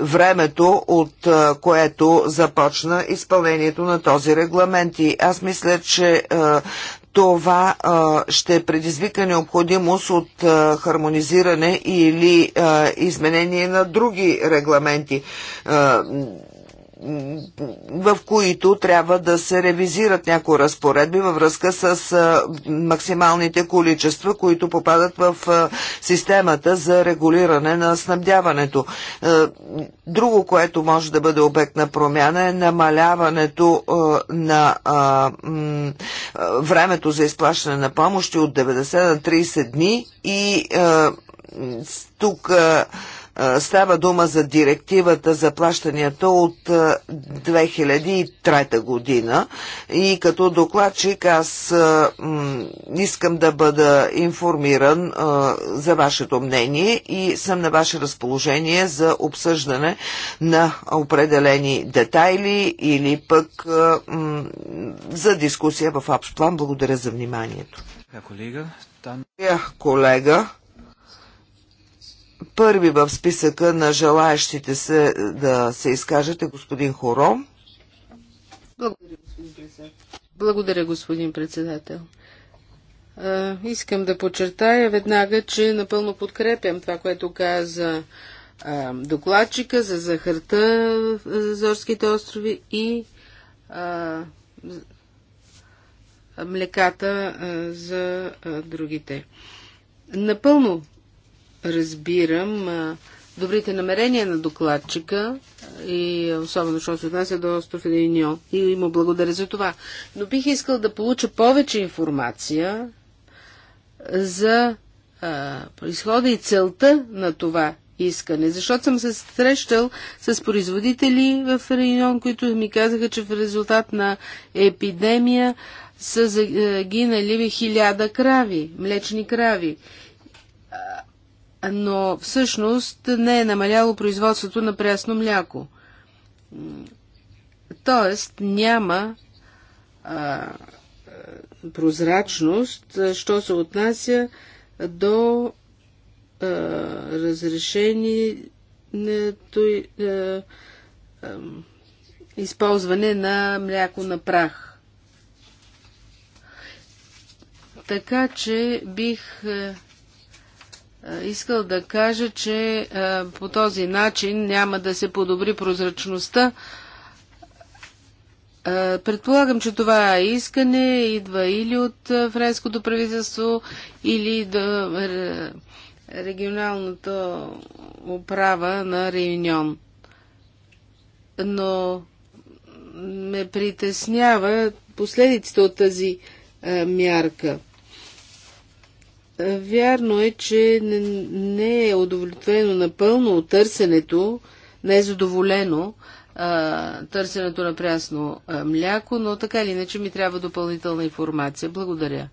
времето, от което започна изпълнението на този регламент. И аз мисля, че това а, ще предизвика необходимост от а, хармонизиране или а, изменение на други регламенти. А, в които трябва да се ревизират някои разпоредби във връзка с максималните количества, които попадат в системата за регулиране на снабдяването. Друго, което може да бъде обект на промяна е намаляването на времето за изплащане на помощи от 90 на 30 дни и тук Става дума за директивата за плащанията от 2003 година и като докладчик аз искам да бъда информиран за вашето мнение и съм на ваше разположение за обсъждане на определени детайли или пък за дискусия в общ план. Благодаря за вниманието. Колега, там... Колега, Първи в списъка на желаящите се е, да се изкажете господин Хоро. Благодаря, господин председател. Благодаря, господин председател. А, искам да подчертая веднага, че напълно подкрепям това, което каза а, докладчика за захарта за Зорските острови и а, млеката за другите. Напълно разбирам добрите намерения на докладчика и особено, що се отнася до остров Единьо и му благодаря за това. Но бих искал да получа повече информация за а, изхода и целта на това искане, защото съм се срещал с производители в район, които ми казаха, че в резултат на епидемия са загинали хиляда крави, млечни крави но всъщност не е намаляло производството на прясно мляко. Тоест няма а, прозрачност, що се отнася до а, разрешението и а, а, използване на мляко на прах. Така че бих искал да кажа, че по този начин няма да се подобри прозрачността. Предполагам, че това искане идва или от френското правителство, или до регионалната управа на Реюнион. Но ме притеснява последиците от тази мярка – Вярно е, че не е удовлетворено напълно търсенето, не е задоволено търсенето на прясно мляко, но така или иначе ми трябва допълнителна информация. Благодаря.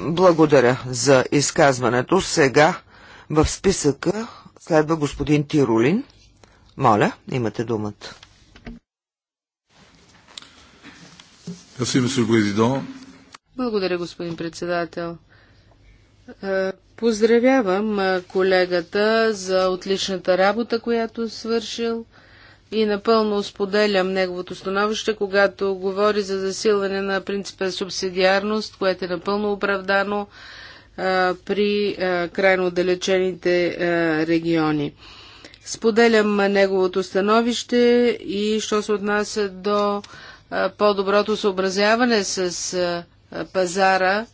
Благодаря за изказването. Сега в списъка следва господин Тиролин. Моля, имате думата. Благодаря, господин председател. Е, поздравявам е, колегата за отличната работа, която е свършил и напълно споделям неговото становище, когато говори за засилване на принципа субсидиарност, което е напълно оправдано при крайно отдалечените региони. Споделям неговото становище и що се отнася до по-доброто съобразяване с пазара.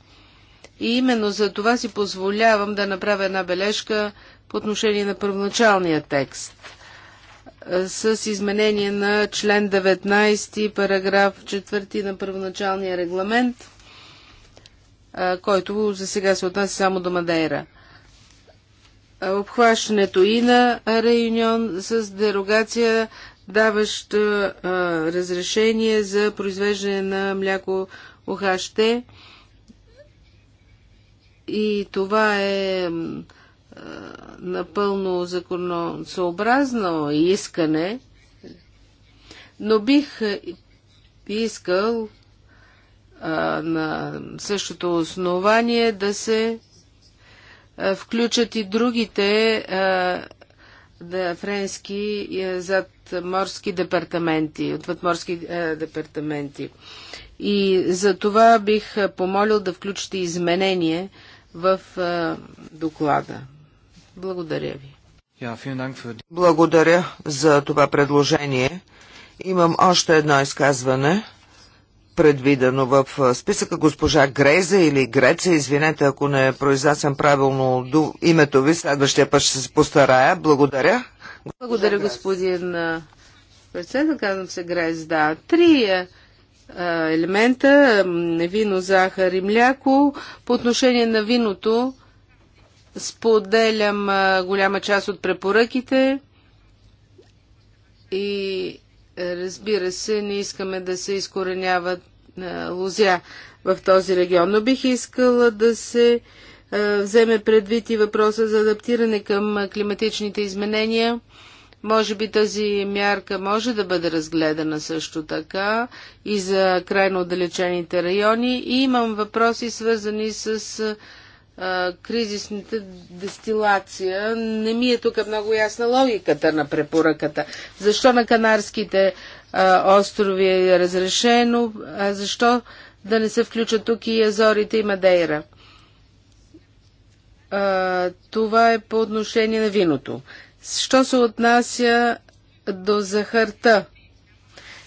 И именно за това си позволявам да направя една бележка по отношение на първоначалния текст с изменение на член 19, параграф 4 на първоначалния регламент, който за сега се отнася само до Мадейра. Обхващането и на Реюнион с дерогация даваща а, разрешение за произвеждане на мляко ОХТ. И това е а, напълно законосъобразно искане, но бих искал а, на същото основание да се включат и другите да, френски зад морски департаменти, отвъдморски е, департаменти. И за това бих е, помолил да включите изменение в е, доклада. Благодаря ви. Благодаря за това предложение. Имам още едно изказване, предвидено в е, списъка госпожа Грейза или Греца. Извинете, ако не е произнасям правилно името ви, следващия път ще се постарая. Благодаря. Благодаря, господин председател. Казвам се Грайс. Да, три елемента вино, захар и мляко. По отношение на виното споделям голяма част от препоръките и разбира се, не искаме да се изкореняват лузя в този регион, но бих искала да се е, вземе предвид и въпроса за адаптиране към климатичните изменения. Може би тази мярка може да бъде разгледана също така и за крайно отдалечените райони. И имам въпроси свързани с а, е, кризисната дестилация. Не ми е тук много ясна логиката на препоръката. Защо на Канарските а, е, острови е разрешено, а защо да не се включат тук и Азорите и Мадейра? А, това е по отношение на виното. Що се отнася до захарта?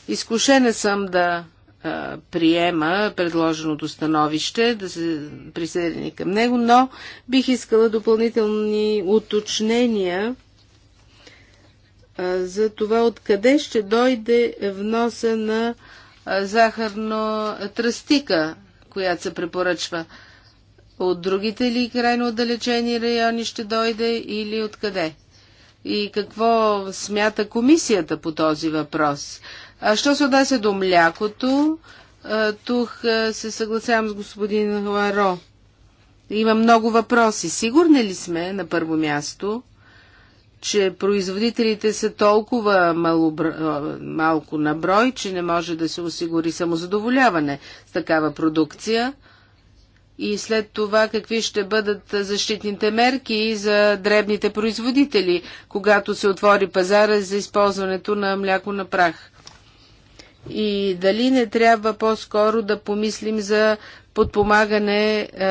Изкушена съм да а, приема предложеното становище, да се присъедини към него, но бих искала допълнителни уточнения а, за това откъде ще дойде вноса на захарно тръстика, която се препоръчва. От другите ли крайно отдалечени райони ще дойде или откъде? И какво смята комисията по този въпрос? А що се отнася до млякото, тук се съгласявам с господин Ларо. Има много въпроси. Сигурни ли сме на първо място, че производителите са толкова мало, малко на брой, че не може да се осигури самозадоволяване с такава продукция? и след това какви ще бъдат защитните мерки за дребните производители, когато се отвори пазара за използването на мляко на прах. И дали не трябва по-скоро да помислим за подпомагане а,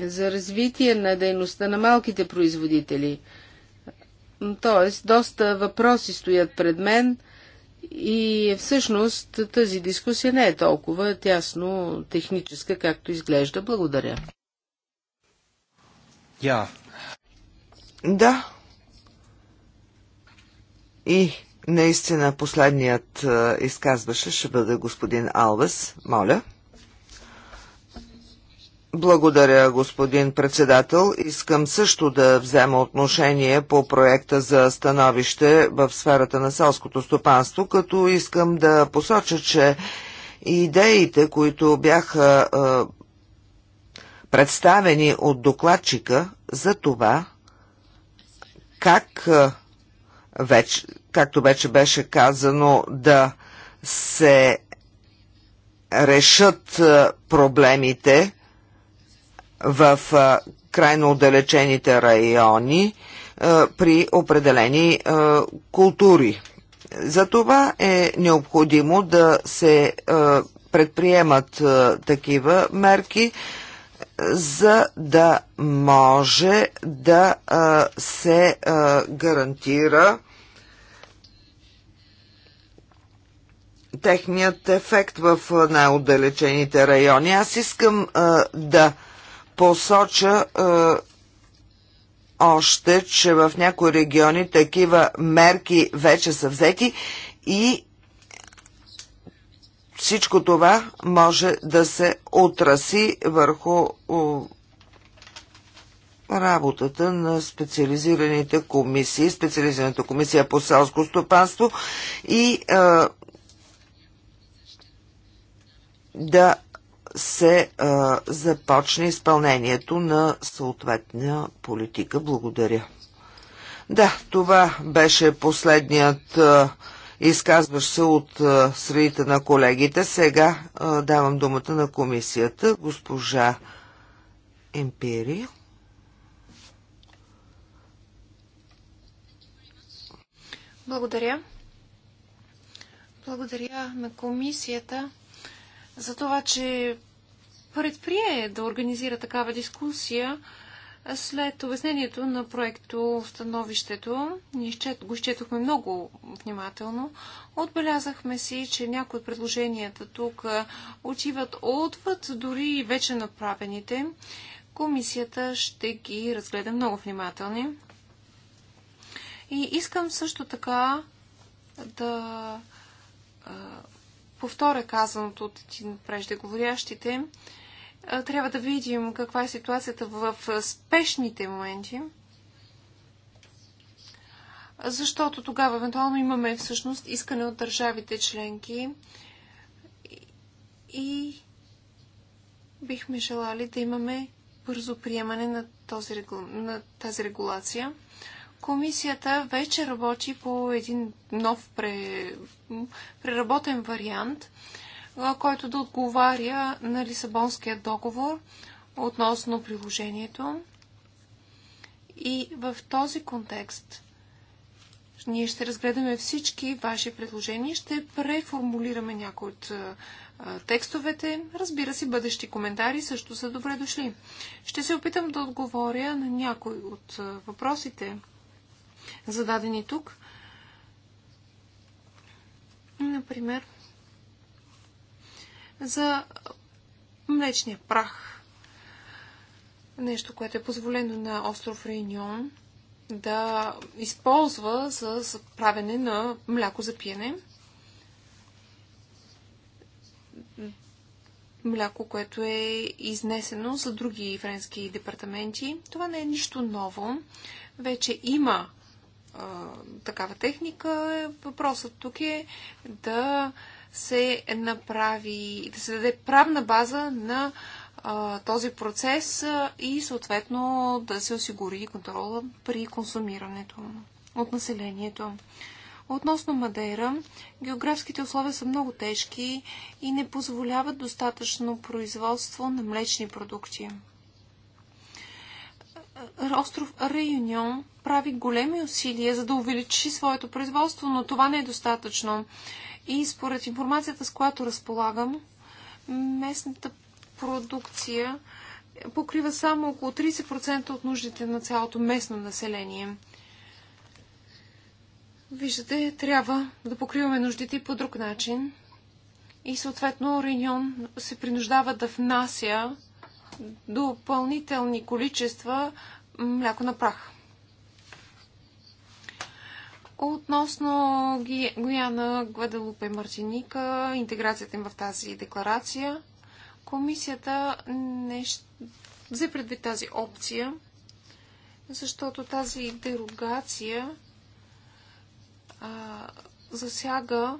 за развитие на дейността на малките производители. Тоест, доста въпроси стоят пред мен – и всъщност тази дискусия не е толкова тясно техническа, както изглежда. Благодаря. Yeah. Да. И наистина последният изказваше ще бъде господин Алвес. Моля. Благодаря, господин председател. Искам също да взема отношение по проекта за становище в сферата на селското стопанство, като искам да посоча, че идеите, които бяха е, представени от докладчика за това, как е, вече, както вече беше казано, да се решат е, проблемите, в крайно отдалечените райони при определени култури. За това е необходимо да се предприемат такива мерки, за да може да се гарантира техният ефект в най-отдалечените райони. Аз искам а, да посоча е, още, че в някои региони такива мерки вече са взети и всичко това може да се отраси върху работата на специализираните комисии, специализираната комисия по селско стопанство и е, да се а, започне изпълнението на съответна политика. Благодаря. Да, това беше последният а, изказващ се от а, средите на колегите. Сега а, давам думата на комисията, госпожа Емпири. Благодаря. Благодаря на комисията за това, че предприе да организира такава дискусия след обяснението на проекто становището. Ние го изчетохме много внимателно. Отбелязахме си, че някои от предложенията тук отиват отвъд дори вече направените. Комисията ще ги разгледа много внимателни. И искам също така да повторя казаното от един преждеговорящите. Трябва да видим каква е ситуацията в спешните моменти, защото тогава евентуално имаме всъщност искане от държавите членки и бихме желали да имаме бързо приемане на, този, на тази регулация. Комисията вече работи по един нов пре... преработен вариант, който да отговаря на Лисабонския договор относно приложението. И в този контекст ние ще разгледаме всички ваши предложения, ще преформулираме някои от текстовете. Разбира се, бъдещи коментари също са добре дошли. Ще се опитам да отговоря на някои от въпросите, зададени тук. Например, за млечния прах. Нещо, което е позволено на остров Рейньон, да използва за правене на мляко за пиене. Мляко, което е изнесено за други френски департаменти. Това не е нищо ново. Вече има а, такава техника. Е. Въпросът тук е да се направи, да се даде правна база на а, този процес а, и съответно да се осигури контрола при консумирането от населението. Относно Мадейра, географските условия са много тежки и не позволяват достатъчно производство на млечни продукти остров Реюнион прави големи усилия за да увеличи своето производство, но това не е достатъчно. И според информацията, с която разполагам, местната продукция покрива само около 30% от нуждите на цялото местно население. Виждате, трябва да покриваме нуждите по друг начин. И съответно Реюнион се принуждава да внася допълнителни количества мляко на прах. Относно Гояна, Гваделупе и Мартиника, интеграцията им в тази декларация, комисията не взе предвид тази опция, защото тази дерогация а, засяга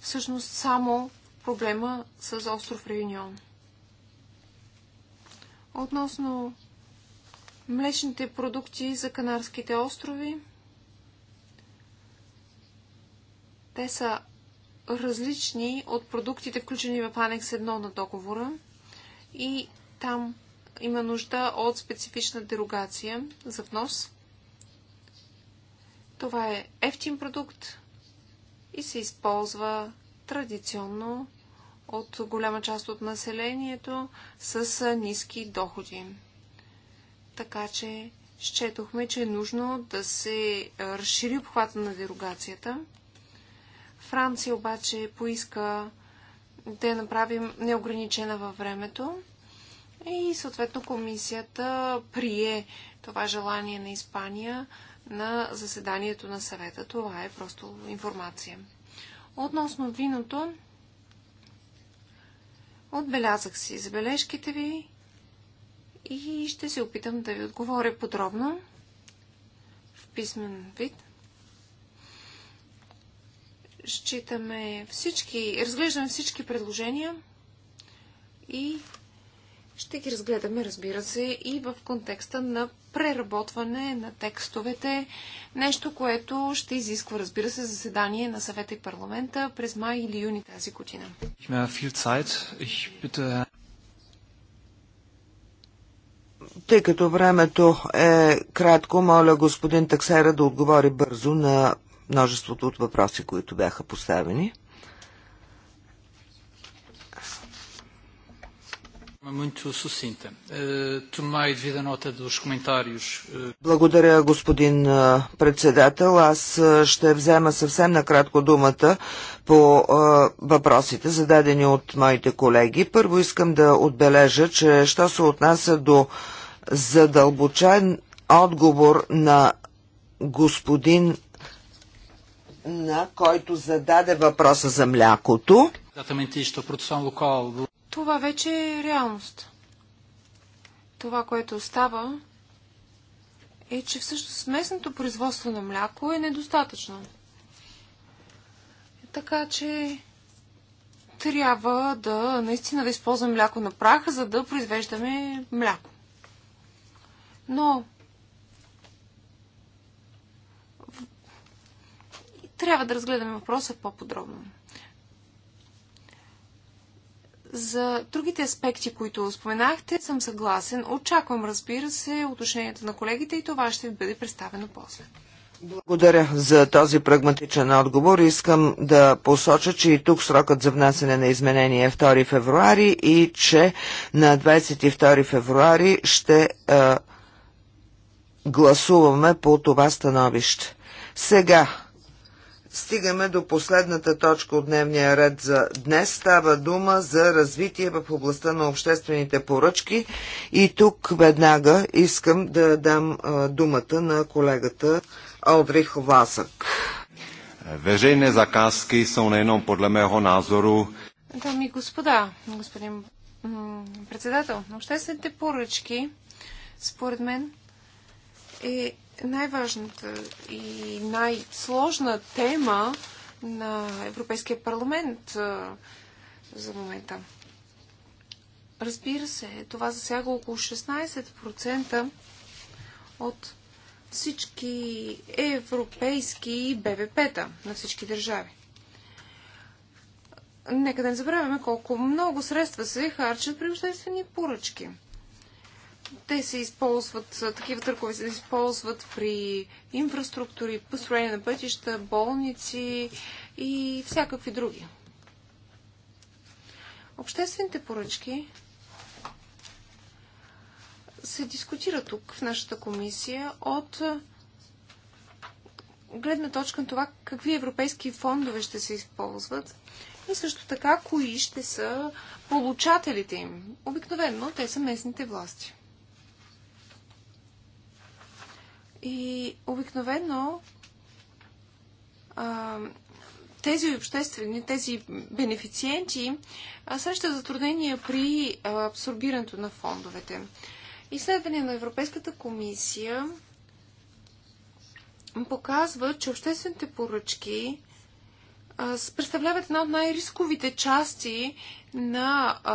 всъщност само проблема с остров Реюнион. Относно млечните продукти за Канарските острови, те са различни от продуктите, включени в Анекс 1 на договора и там има нужда от специфична дерогация за внос. Това е ефтин продукт и се използва традиционно от голяма част от населението с ниски доходи. Така че счетохме, че е нужно да се разшири обхвата на дерогацията. Франция обаче поиска да я направим неограничена във времето и съответно комисията прие това желание на Испания на заседанието на съвета. Това е просто информация. Относно виното, Отбелязах си забележките ви и ще се опитам да ви отговоря подробно в писмен вид. Считаме всички, разглеждаме всички предложения и ще ги разгледаме, разбира се, и в контекста на преработване на текстовете. Нещо, което ще изисква, разбира се, заседание на съвета и парламента през май или юни тази година. Тъй като времето е кратко, моля господин Таксера да отговори бързо на множеството от въпроси, които бяха поставени. Eh, eh. Благодаря, господин председател. Аз ще взема съвсем накратко думата по въпросите, зададени от моите колеги. Първо искам да отбележа, че що се отнася до задълбочен отговор на господин на който зададе въпроса за млякото това вече е реалност. Това, което остава е, че всъщност местното производство на мляко е недостатъчно. Така че трябва да наистина да използвам мляко на праха, за да произвеждаме мляко. Но трябва да разгледаме въпроса по-подробно. За другите аспекти, които споменахте, съм съгласен. Очаквам, разбира се, уточнението на колегите и това ще ви бъде представено после. Благодаря за този прагматичен отговор. Искам да посоча, че и тук срокът за внасене на изменение е 2 февруари и че на 22 февруари ще е, гласуваме по това становище. Сега стигаме до последната точка от дневния ред за днес. Става дума за развитие в областта на обществените поръчки и тук веднага искам да дам думата на колегата Олдрих Васък. Veřejné zakázky jsou nejenom подле mého назору. Дами и господа, господин председател, обществените поръчки, според мен, е най-важната и най-сложна тема на Европейския парламент за момента. Разбира се, това засяга около 16% от всички европейски БВП-та на всички държави. Нека да не забравяме колко много средства се харчат при обществени поръчки – те се използват, такива търгове се използват при инфраструктури, построение на пътища, болници и всякакви други. Обществените поръчки се дискутира тук в нашата комисия от гледна точка на това какви европейски фондове ще се използват и също така кои ще са получателите им. Обикновено те са местните власти. И обикновено тези обществени, тези бенефициенти срещат затруднения при абсорбирането на фондовете. Изследване на Европейската комисия показва, че обществените поръчки представляват една от най-рисковите части на а,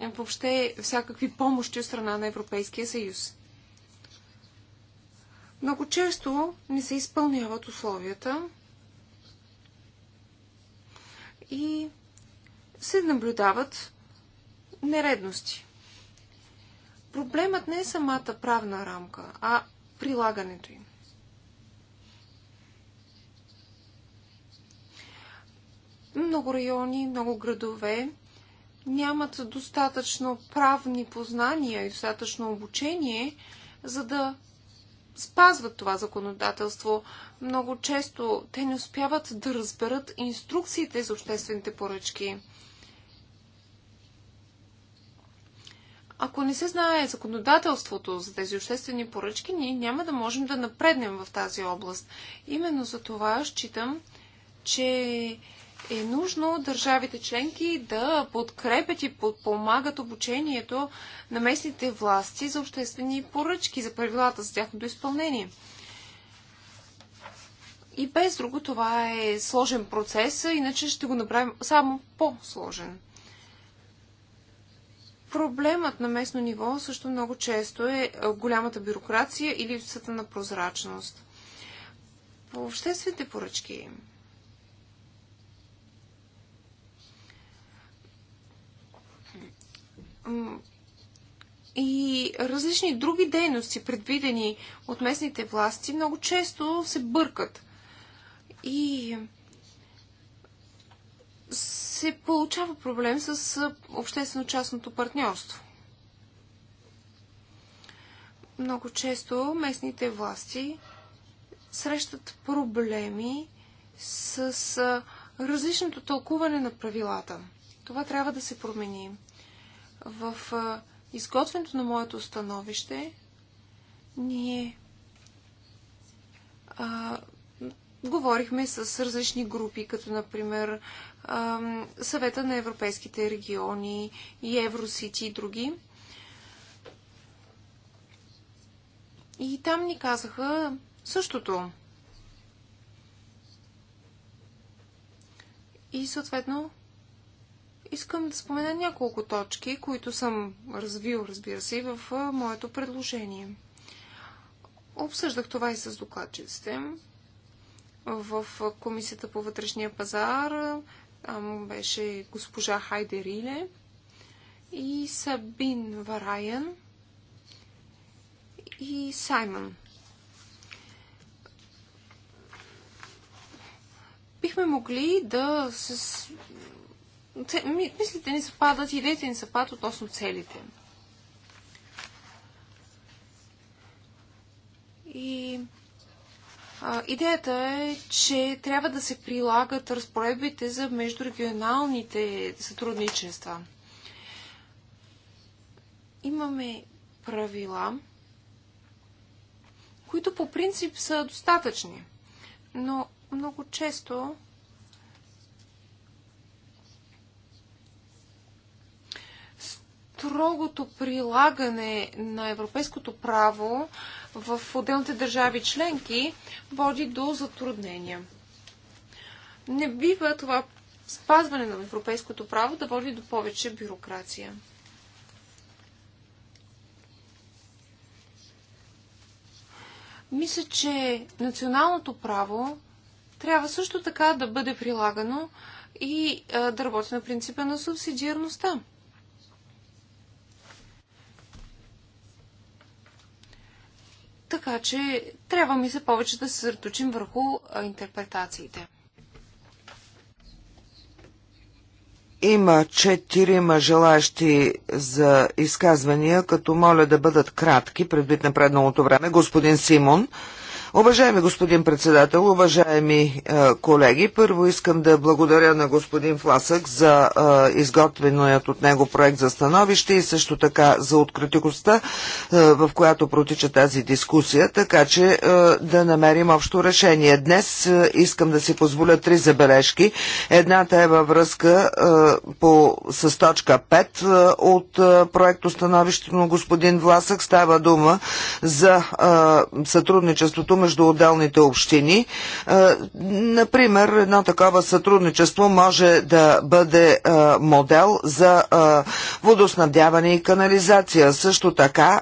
въобще всякакви помощи от страна на Европейския съюз. Много често не се изпълняват условията и се наблюдават нередности. Проблемът не е самата правна рамка, а прилагането им. Много райони, много градове нямат достатъчно правни познания и достатъчно обучение, за да спазват това законодателство. Много често те не успяват да разберат инструкциите за обществените поръчки. Ако не се знае законодателството за тези обществени поръчки, ние няма да можем да напреднем в тази област. Именно за това считам, че е нужно държавите членки да подкрепят и подпомагат обучението на местните власти за обществени поръчки, за правилата за тяхното изпълнение. И без друго това е сложен процес, иначе ще го направим само по-сложен. Проблемът на местно ниво също много често е голямата бюрокрация или липсата на прозрачност. По обществените поръчки и различни други дейности, предвидени от местните власти, много често се бъркат. И се получава проблем с обществено-частното партньорство. Много често местните власти срещат проблеми с различното тълкуване на правилата. Това трябва да се промени. В изготвянето на моето становище ние а, говорихме с различни групи, като например а, Съвета на европейските региони и Евросити и други. И там ни казаха същото. И съответно искам да спомена няколко точки, които съм развил, разбира се, и в моето предложение. Обсъждах това и с докладчиците. В Комисията по вътрешния пазар там беше госпожа Хайдериле и Сабин Вараян и Саймън. Бихме могли да се мислите ни съвпадат, идеите ни съвпадат относно целите. И а, идеята е, че трябва да се прилагат разпоредбите за междурегионалните сътрудничества. Имаме правила, които по принцип са достатъчни, но много често строгото прилагане на европейското право в отделните държави членки води до затруднения. Не бива това спазване на европейското право да води до повече бюрокрация. Мисля, че националното право трябва също така да бъде прилагано и да работи на принципа на субсидиарността. Така че трябва ми се повече да се съсредоточим върху интерпретациите. Има четирима желащи за изказвания, като моля да бъдат кратки, предвид на предналото време. Господин Симон, Уважаеми господин председател, уважаеми е, колеги, първо искам да благодаря на господин Фласък за е, изготвеният от него проект за становище и също така за откритикостта, е, в която протича тази дискусия, така че е, да намерим общо решение. Днес е, искам да си позволя три забележки. Едната е във връзка е, по, с точка 5 от проекто становище, на господин Власък. Става дума за сътрудничеството между отделните общини. Е, например, едно такова сътрудничество може да бъде е, модел за е, водоснабдяване и канализация. Също така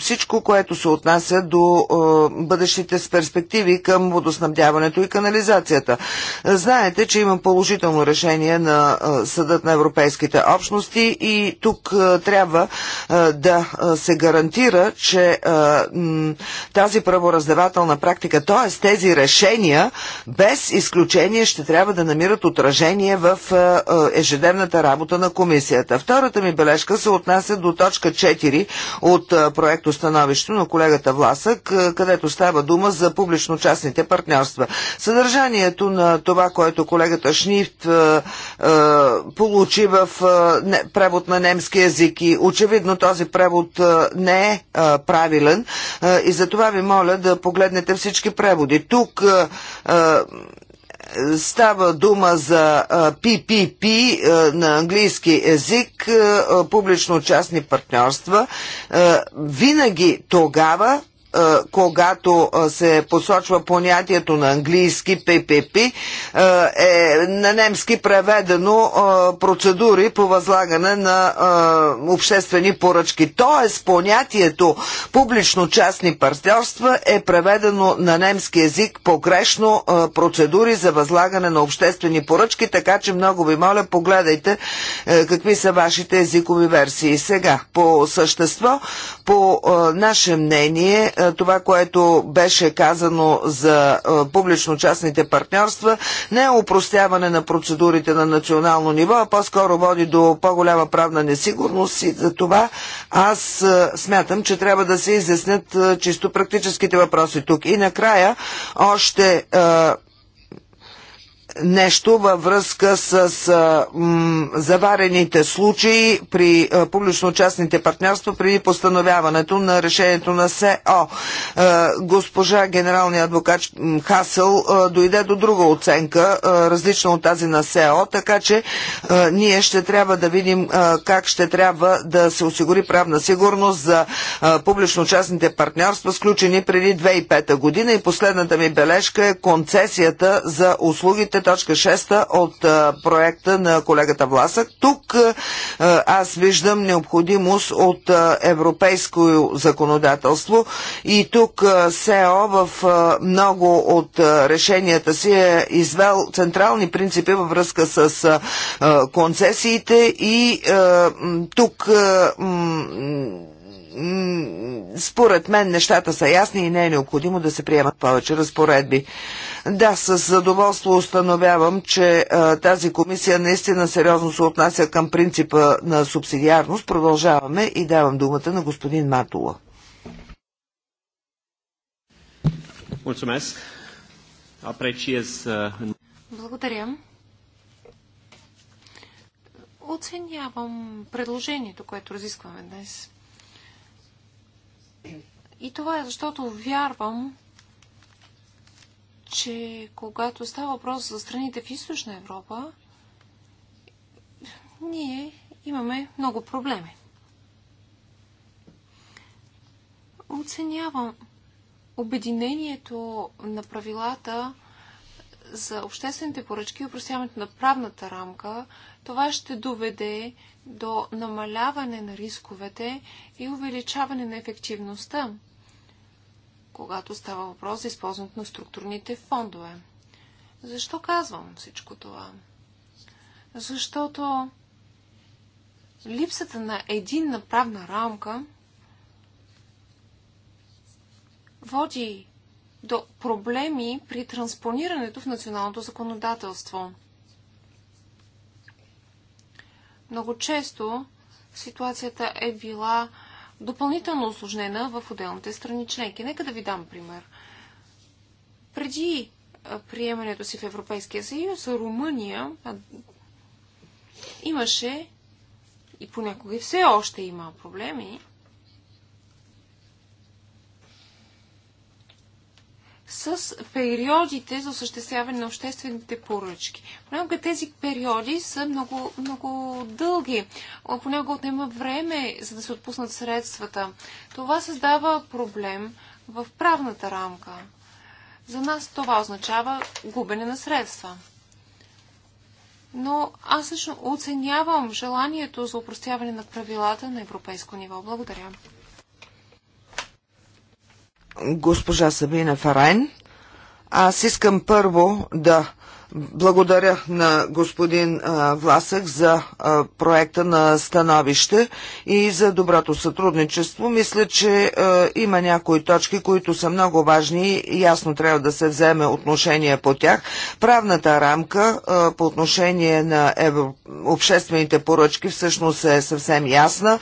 всичко, което се отнася до бъдещите с перспективи към водоснабдяването и канализацията. Знаете, че има положително решение на Съдът на Европейските общности и тук трябва да се гарантира, че тази правораздавателна законодателна практика. Т.е. тези решения без изключение ще трябва да намират отражение в е, е, ежедневната работа на комисията. Втората ми бележка се отнася до точка 4 от е, проекто становището на колегата Власък, където става дума за публично-частните партньорства. Съдържанието на това, което колегата Шнифт получи в превод на немски язик и очевидно този превод не е правилен и за това ви моля да покажете погледнете всички преводи. Тук става дума за PPP на английски език, публично-частни партньорства. Винаги тогава, когато се посочва понятието на английски ППП, е на немски преведено процедури по възлагане на обществени поръчки. Тоест понятието публично-частни партньорства е преведено на немски език погрешно процедури за възлагане на обществени поръчки, така че много ви моля, погледайте какви са вашите езикови версии. Сега, по същество, по наше мнение, е, това, което беше казано за е, публично-частните партньорства, не е упростяване на процедурите на национално ниво, а по-скоро води до по-голяма правна несигурност и за това аз е, смятам, че трябва да се изяснят чисто практическите въпроси тук. И накрая още нещо във връзка с а, м, заварените случаи при публично-частните партньорства при постановяването на решението на СЕО. А, госпожа генералния адвокат Хасъл а, дойде до друга оценка, а, различна от тази на СЕО, така че а, ние ще трябва да видим а, как ще трябва да се осигури правна сигурност за публично-частните партньорства, сключени преди 2005 година и последната ми бележка е концесията за услугите точка 6 от проекта на колегата Власък. Тук аз виждам необходимост от европейско законодателство и тук СЕО в много от решенията си е извел централни принципи във връзка с концесиите и тук според мен нещата са ясни и не е необходимо да се приемат повече разпоредби. Да, с задоволство установявам, че а, тази комисия наистина сериозно се отнася към принципа на субсидиарност. Продължаваме и давам думата на господин Матула. Благодаря. Оценявам предложението, което разискваме днес. И това е защото вярвам, че когато става въпрос за страните в Източна Европа, ние имаме много проблеми. Оценявам обединението на правилата за обществените поръчки и упростяването на правната рамка, това ще доведе до намаляване на рисковете и увеличаване на ефективността, когато става въпрос за използването на структурните фондове. Защо казвам всичко това? Защото липсата на единна правна рамка води до проблеми при транспонирането в националното законодателство. Много често ситуацията е била допълнително осложнена в отделните страни членки. Нека да ви дам пример. Преди приемането си в Европейския съюз, Румъния имаше и понякога и все още има проблеми с периодите за осъществяване на обществените поръчки. Понякога тези периоди са много, много дълги. Понякога отнема време, за да се отпуснат средствата. Това създава проблем в правната рамка. За нас това означава губене на средства. Но аз лично оценявам желанието за упростяване на правилата на европейско ниво. Благодаря госпожа Сабина Фарайн. Аз искам първо да благодаря на господин Власък за проекта на становище и за доброто сътрудничество. Мисля, че има някои точки, които са много важни и ясно трябва да се вземе отношение по тях. Правната рамка по отношение на обществените поръчки всъщност е съвсем ясна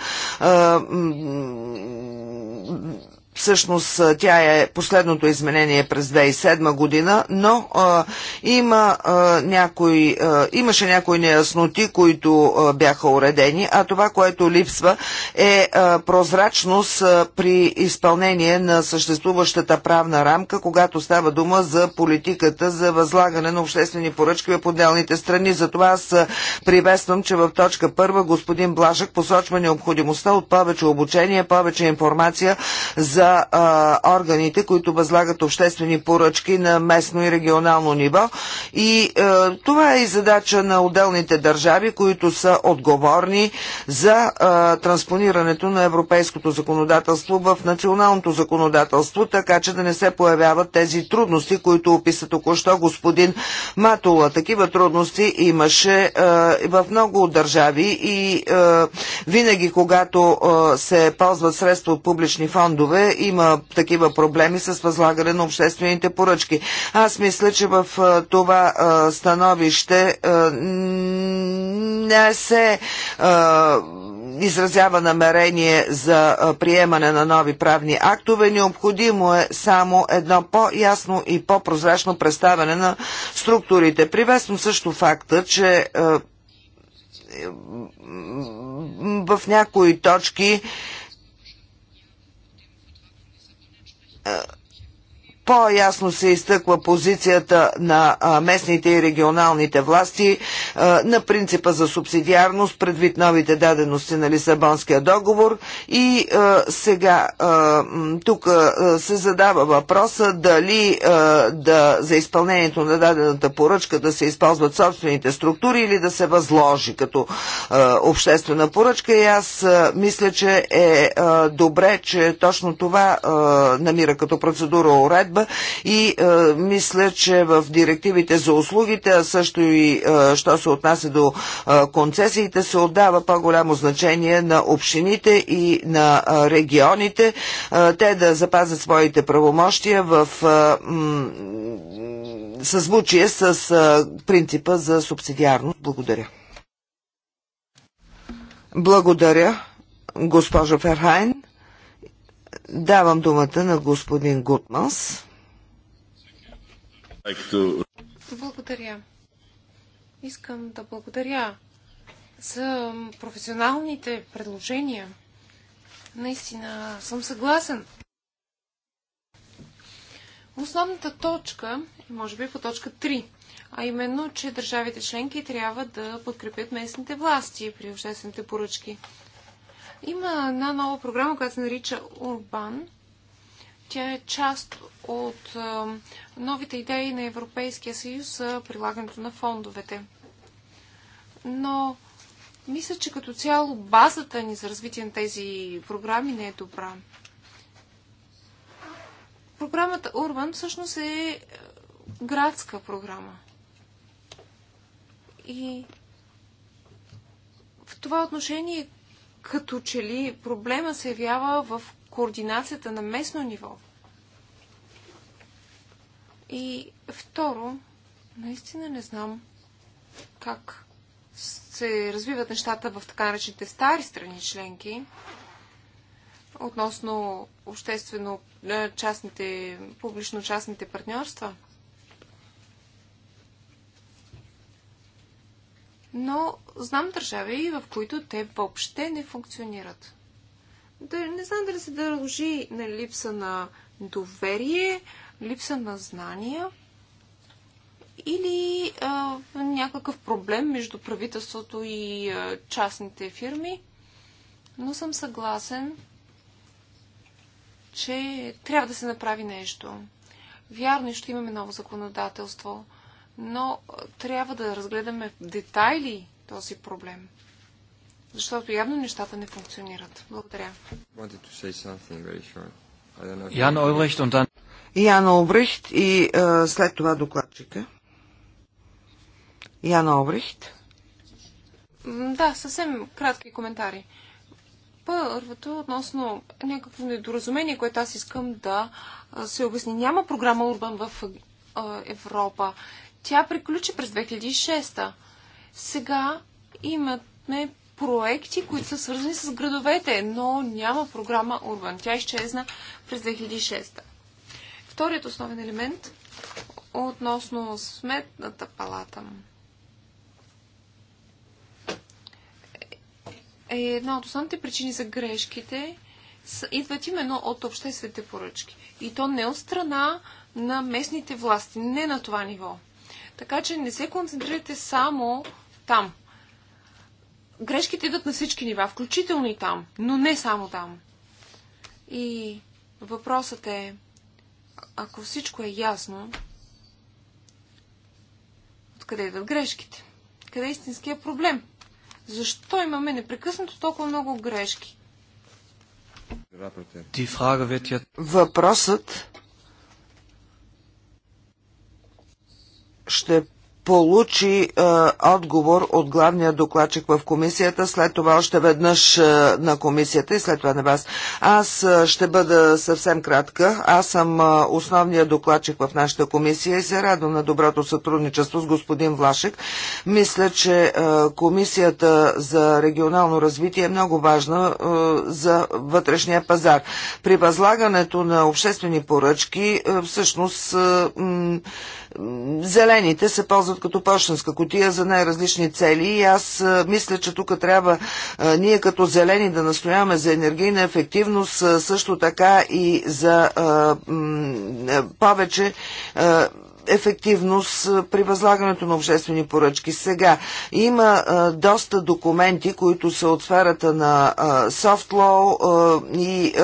Всъщност тя е последното изменение през 2007 година, но а, има, а, някой, а, имаше някои неясноти, които а, бяха уредени, а това, което липсва е а, прозрачност а, при изпълнение на съществуващата правна рамка, когато става дума за политиката за възлагане на обществени поръчки в отделните страни. Затова аз приветствам, че в точка първа господин Блажък посочва необходимостта от повече обучение, повече информация за а, органите, които възлагат обществени поръчки на местно и регионално ниво. И а, това е и задача на отделните държави, които са отговорни за а, транспонирането на европейското законодателство в националното законодателство, така че да не се появяват тези трудности, които описа току-що господин Матула. Такива трудности имаше а, в много държави и а, винаги, когато а, се ползват средства от публични фондове, има такива проблеми с възлагане на обществените поръчки. Аз мисля, че в това становище не се изразява намерение за приемане на нови правни актове. Необходимо е само едно по-ясно и по-прозрачно представяне на структурите. Привестно също факта, че в някои точки Uh по-ясно се изтъква позицията на местните и регионалните власти на принципа за субсидиарност предвид новите дадености на Лисабонския договор и сега тук се задава въпроса дали да, за изпълнението на дадената поръчка да се използват собствените структури или да се възложи като обществена поръчка и аз мисля, че е добре, че точно това намира като процедура уредба уредба и е, мисля, че в директивите за услугите, а също и е, що се отнася до е, концесиите, се отдава по-голямо значение на общините и на регионите, те да запазят своите правомощия в съзвучие с принципа за субсидиарност. Благодаря. Благодаря, госпожо Ферхайн. Давам думата на господин Гутманс. Благодаря. Искам да благодаря за професионалните предложения. Наистина съм съгласен. Основната точка, може би по точка 3, а именно, че държавите членки трябва да подкрепят местните власти при обществените поръчки. Има една нова програма, която се нарича Урбан. Тя е част от новите идеи на Европейския съюз за прилагането на фондовете. Но мисля, че като цяло базата ни за развитие на тези програми не е добра. Програмата Урбан всъщност е, е градска програма. И в това отношение, като че ли проблема се явява в координацията на местно ниво – и второ, наистина не знам как се развиват нещата в така наречените стари страни членки относно обществено е, частните, публично-частните партньорства. Но знам държави, в които те въобще не функционират. не знам дали се дължи на липса на доверие, липса на знания или а, някакъв проблем между правителството и а, частните фирми. Но съм съгласен, че трябва да се направи нещо. Вярно, е, ще имаме ново законодателство, но трябва да разгледаме в детайли този проблем. Защото явно нещата не функционират. Благодаря. Ян Олрихт и Яна Обрехт и а, след това докладчика. Яна Обрехт. Да, съвсем кратки коментари. Първото относно някакво недоразумение, което аз искам да се обясни. Няма програма Урбан в а, Европа. Тя приключи през 2006. Сега имаме проекти, които са свързани с градовете, но няма програма Урбан. Тя изчезна през 2006. Вторият основен елемент относно сметната палата е, е една от основните причини за грешките идват именно от обществените поръчки. И то не от страна на местните власти, не на това ниво. Така че не се концентрирайте само там. Грешките идват на всички нива, включително и там, но не само там. И въпросът е, ако всичко е ясно, откъде идват грешките? Къде е истинския проблем? Защо имаме непрекъснато толкова много грешки? Въпросът ще получи е, отговор от главния докладчик в комисията, след това още веднъж е, на комисията и след това на вас. Аз е, ще бъда съвсем кратка. Аз съм е, основният докладчик в нашата комисия и се радвам на доброто сътрудничество с господин Влашек. Мисля, че е, комисията за регионално развитие е много важна е, за вътрешния пазар. При възлагането на обществени поръчки е, всъщност е, Зелените се ползват като почтенска котия за най-различни цели и аз мисля, че тук трябва ние като зелени да настояваме за енергийна ефективност, също така и за повече ефективност при възлагането на обществени поръчки. Сега има а, доста документи, които са от сферата на софтлоу и а,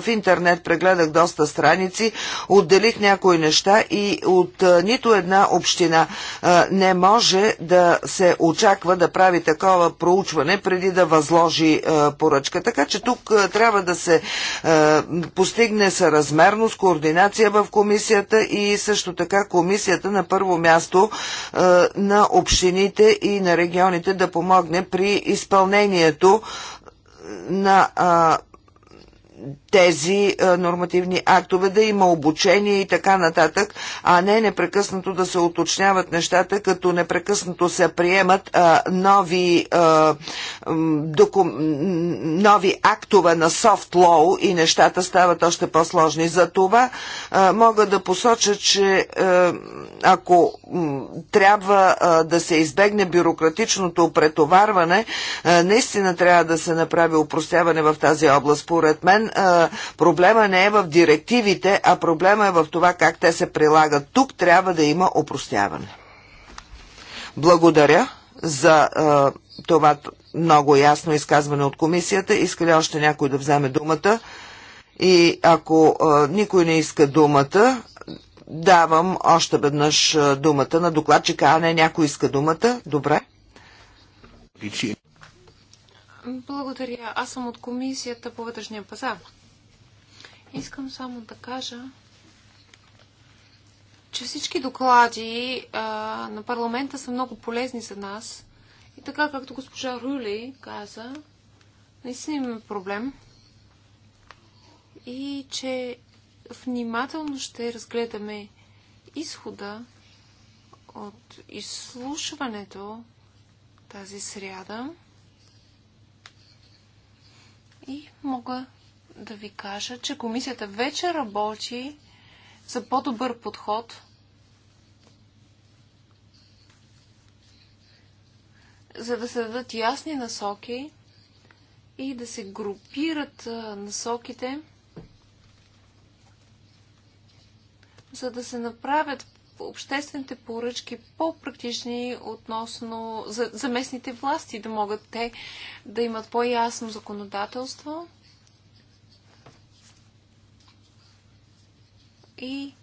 в интернет прегледах доста страници, отделих някои неща и от а, нито една община а, не може да се очаква да прави такова проучване преди да възложи а, поръчка. Така че тук а, трябва да се а, постигне съразмерност, координация в комисията и също така така комисията на първо място е, на общините и на регионите да помогне при изпълнението на е, тези нормативни актове, да има обучение и така нататък, а не непрекъснато да се уточняват нещата, като непрекъснато се приемат а, нови, а, докум, нови актове на софт лоу и нещата стават още по-сложни. За това а, мога да посоча, че а, ако трябва а, да се избегне бюрократичното претоварване, а, наистина трябва да се направи упростяване в тази област. Според мен а, Проблема не е в директивите, а проблема е в това как те се прилагат. Тук трябва да има опростяване. Благодаря за е, това много ясно изказване от комисията. Иска ли още някой да вземе думата? И ако е, никой не иска думата, давам още веднъж думата на докладчика. А не, някой иска думата. Добре. Благодаря. Аз съм от комисията по вътрешния пазар. Искам само да кажа, че всички доклади а, на парламента са много полезни за нас. И така, както госпожа Рули каза, наистина имаме проблем. И че внимателно ще разгледаме изхода от изслушването тази сряда. И мога да ви кажа, че комисията вече работи за по-добър подход за да се дадат ясни насоки и да се групират насоките, за да се направят обществените поръчки по-практични относно за, за местните власти, да могат те да имат по-ясно законодателство и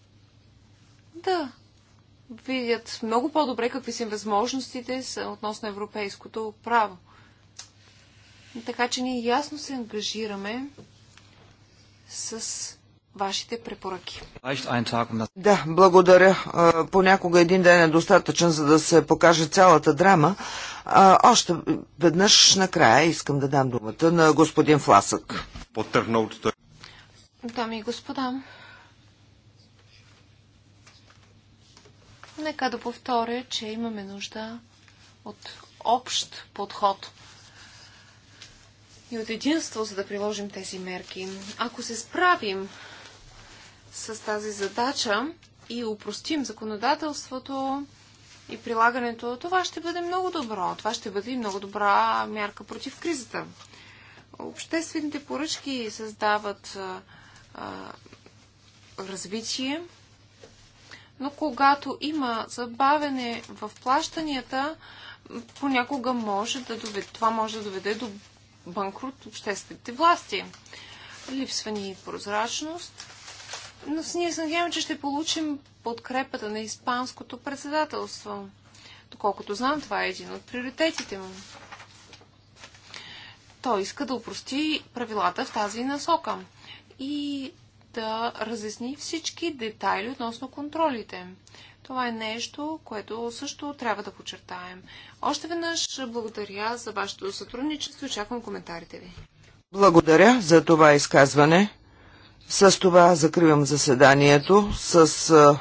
да видят много по-добре какви са възможностите са относно европейското право. Така че ние ясно се ангажираме с вашите препоръки. Um да, благодаря. Понякога един ден е достатъчен, за да се покаже цялата драма. Още веднъж накрая искам да дам думата на господин Фласък. Дами и господа, Нека да повторя, че имаме нужда от общ подход и от единство, за да приложим тези мерки. Ако се справим с тази задача и упростим законодателството и прилагането, това ще бъде много добро. Това ще бъде и много добра мярка против кризата. Обществените поръчки създават а, развитие но когато има забавене в плащанията, понякога може да доведе, това може да доведе до банкрут обществените власти. Липсва ни прозрачност, но с ние се надяваме, че ще получим подкрепата на Испанското председателство. Доколкото знам, това е един от приоритетите му. Той иска да упрости правилата в тази насока. И да разясни всички детайли относно контролите. Това е нещо, което също трябва да почертаем. Още веднъж благодаря за вашето сътрудничество и очаквам коментарите ви. Благодаря за това изказване. С това закривам заседанието с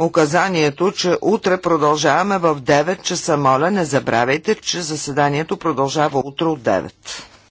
указанието, че утре продължаваме в 9 часа. Моля, не забравяйте, че заседанието продължава утре от 9.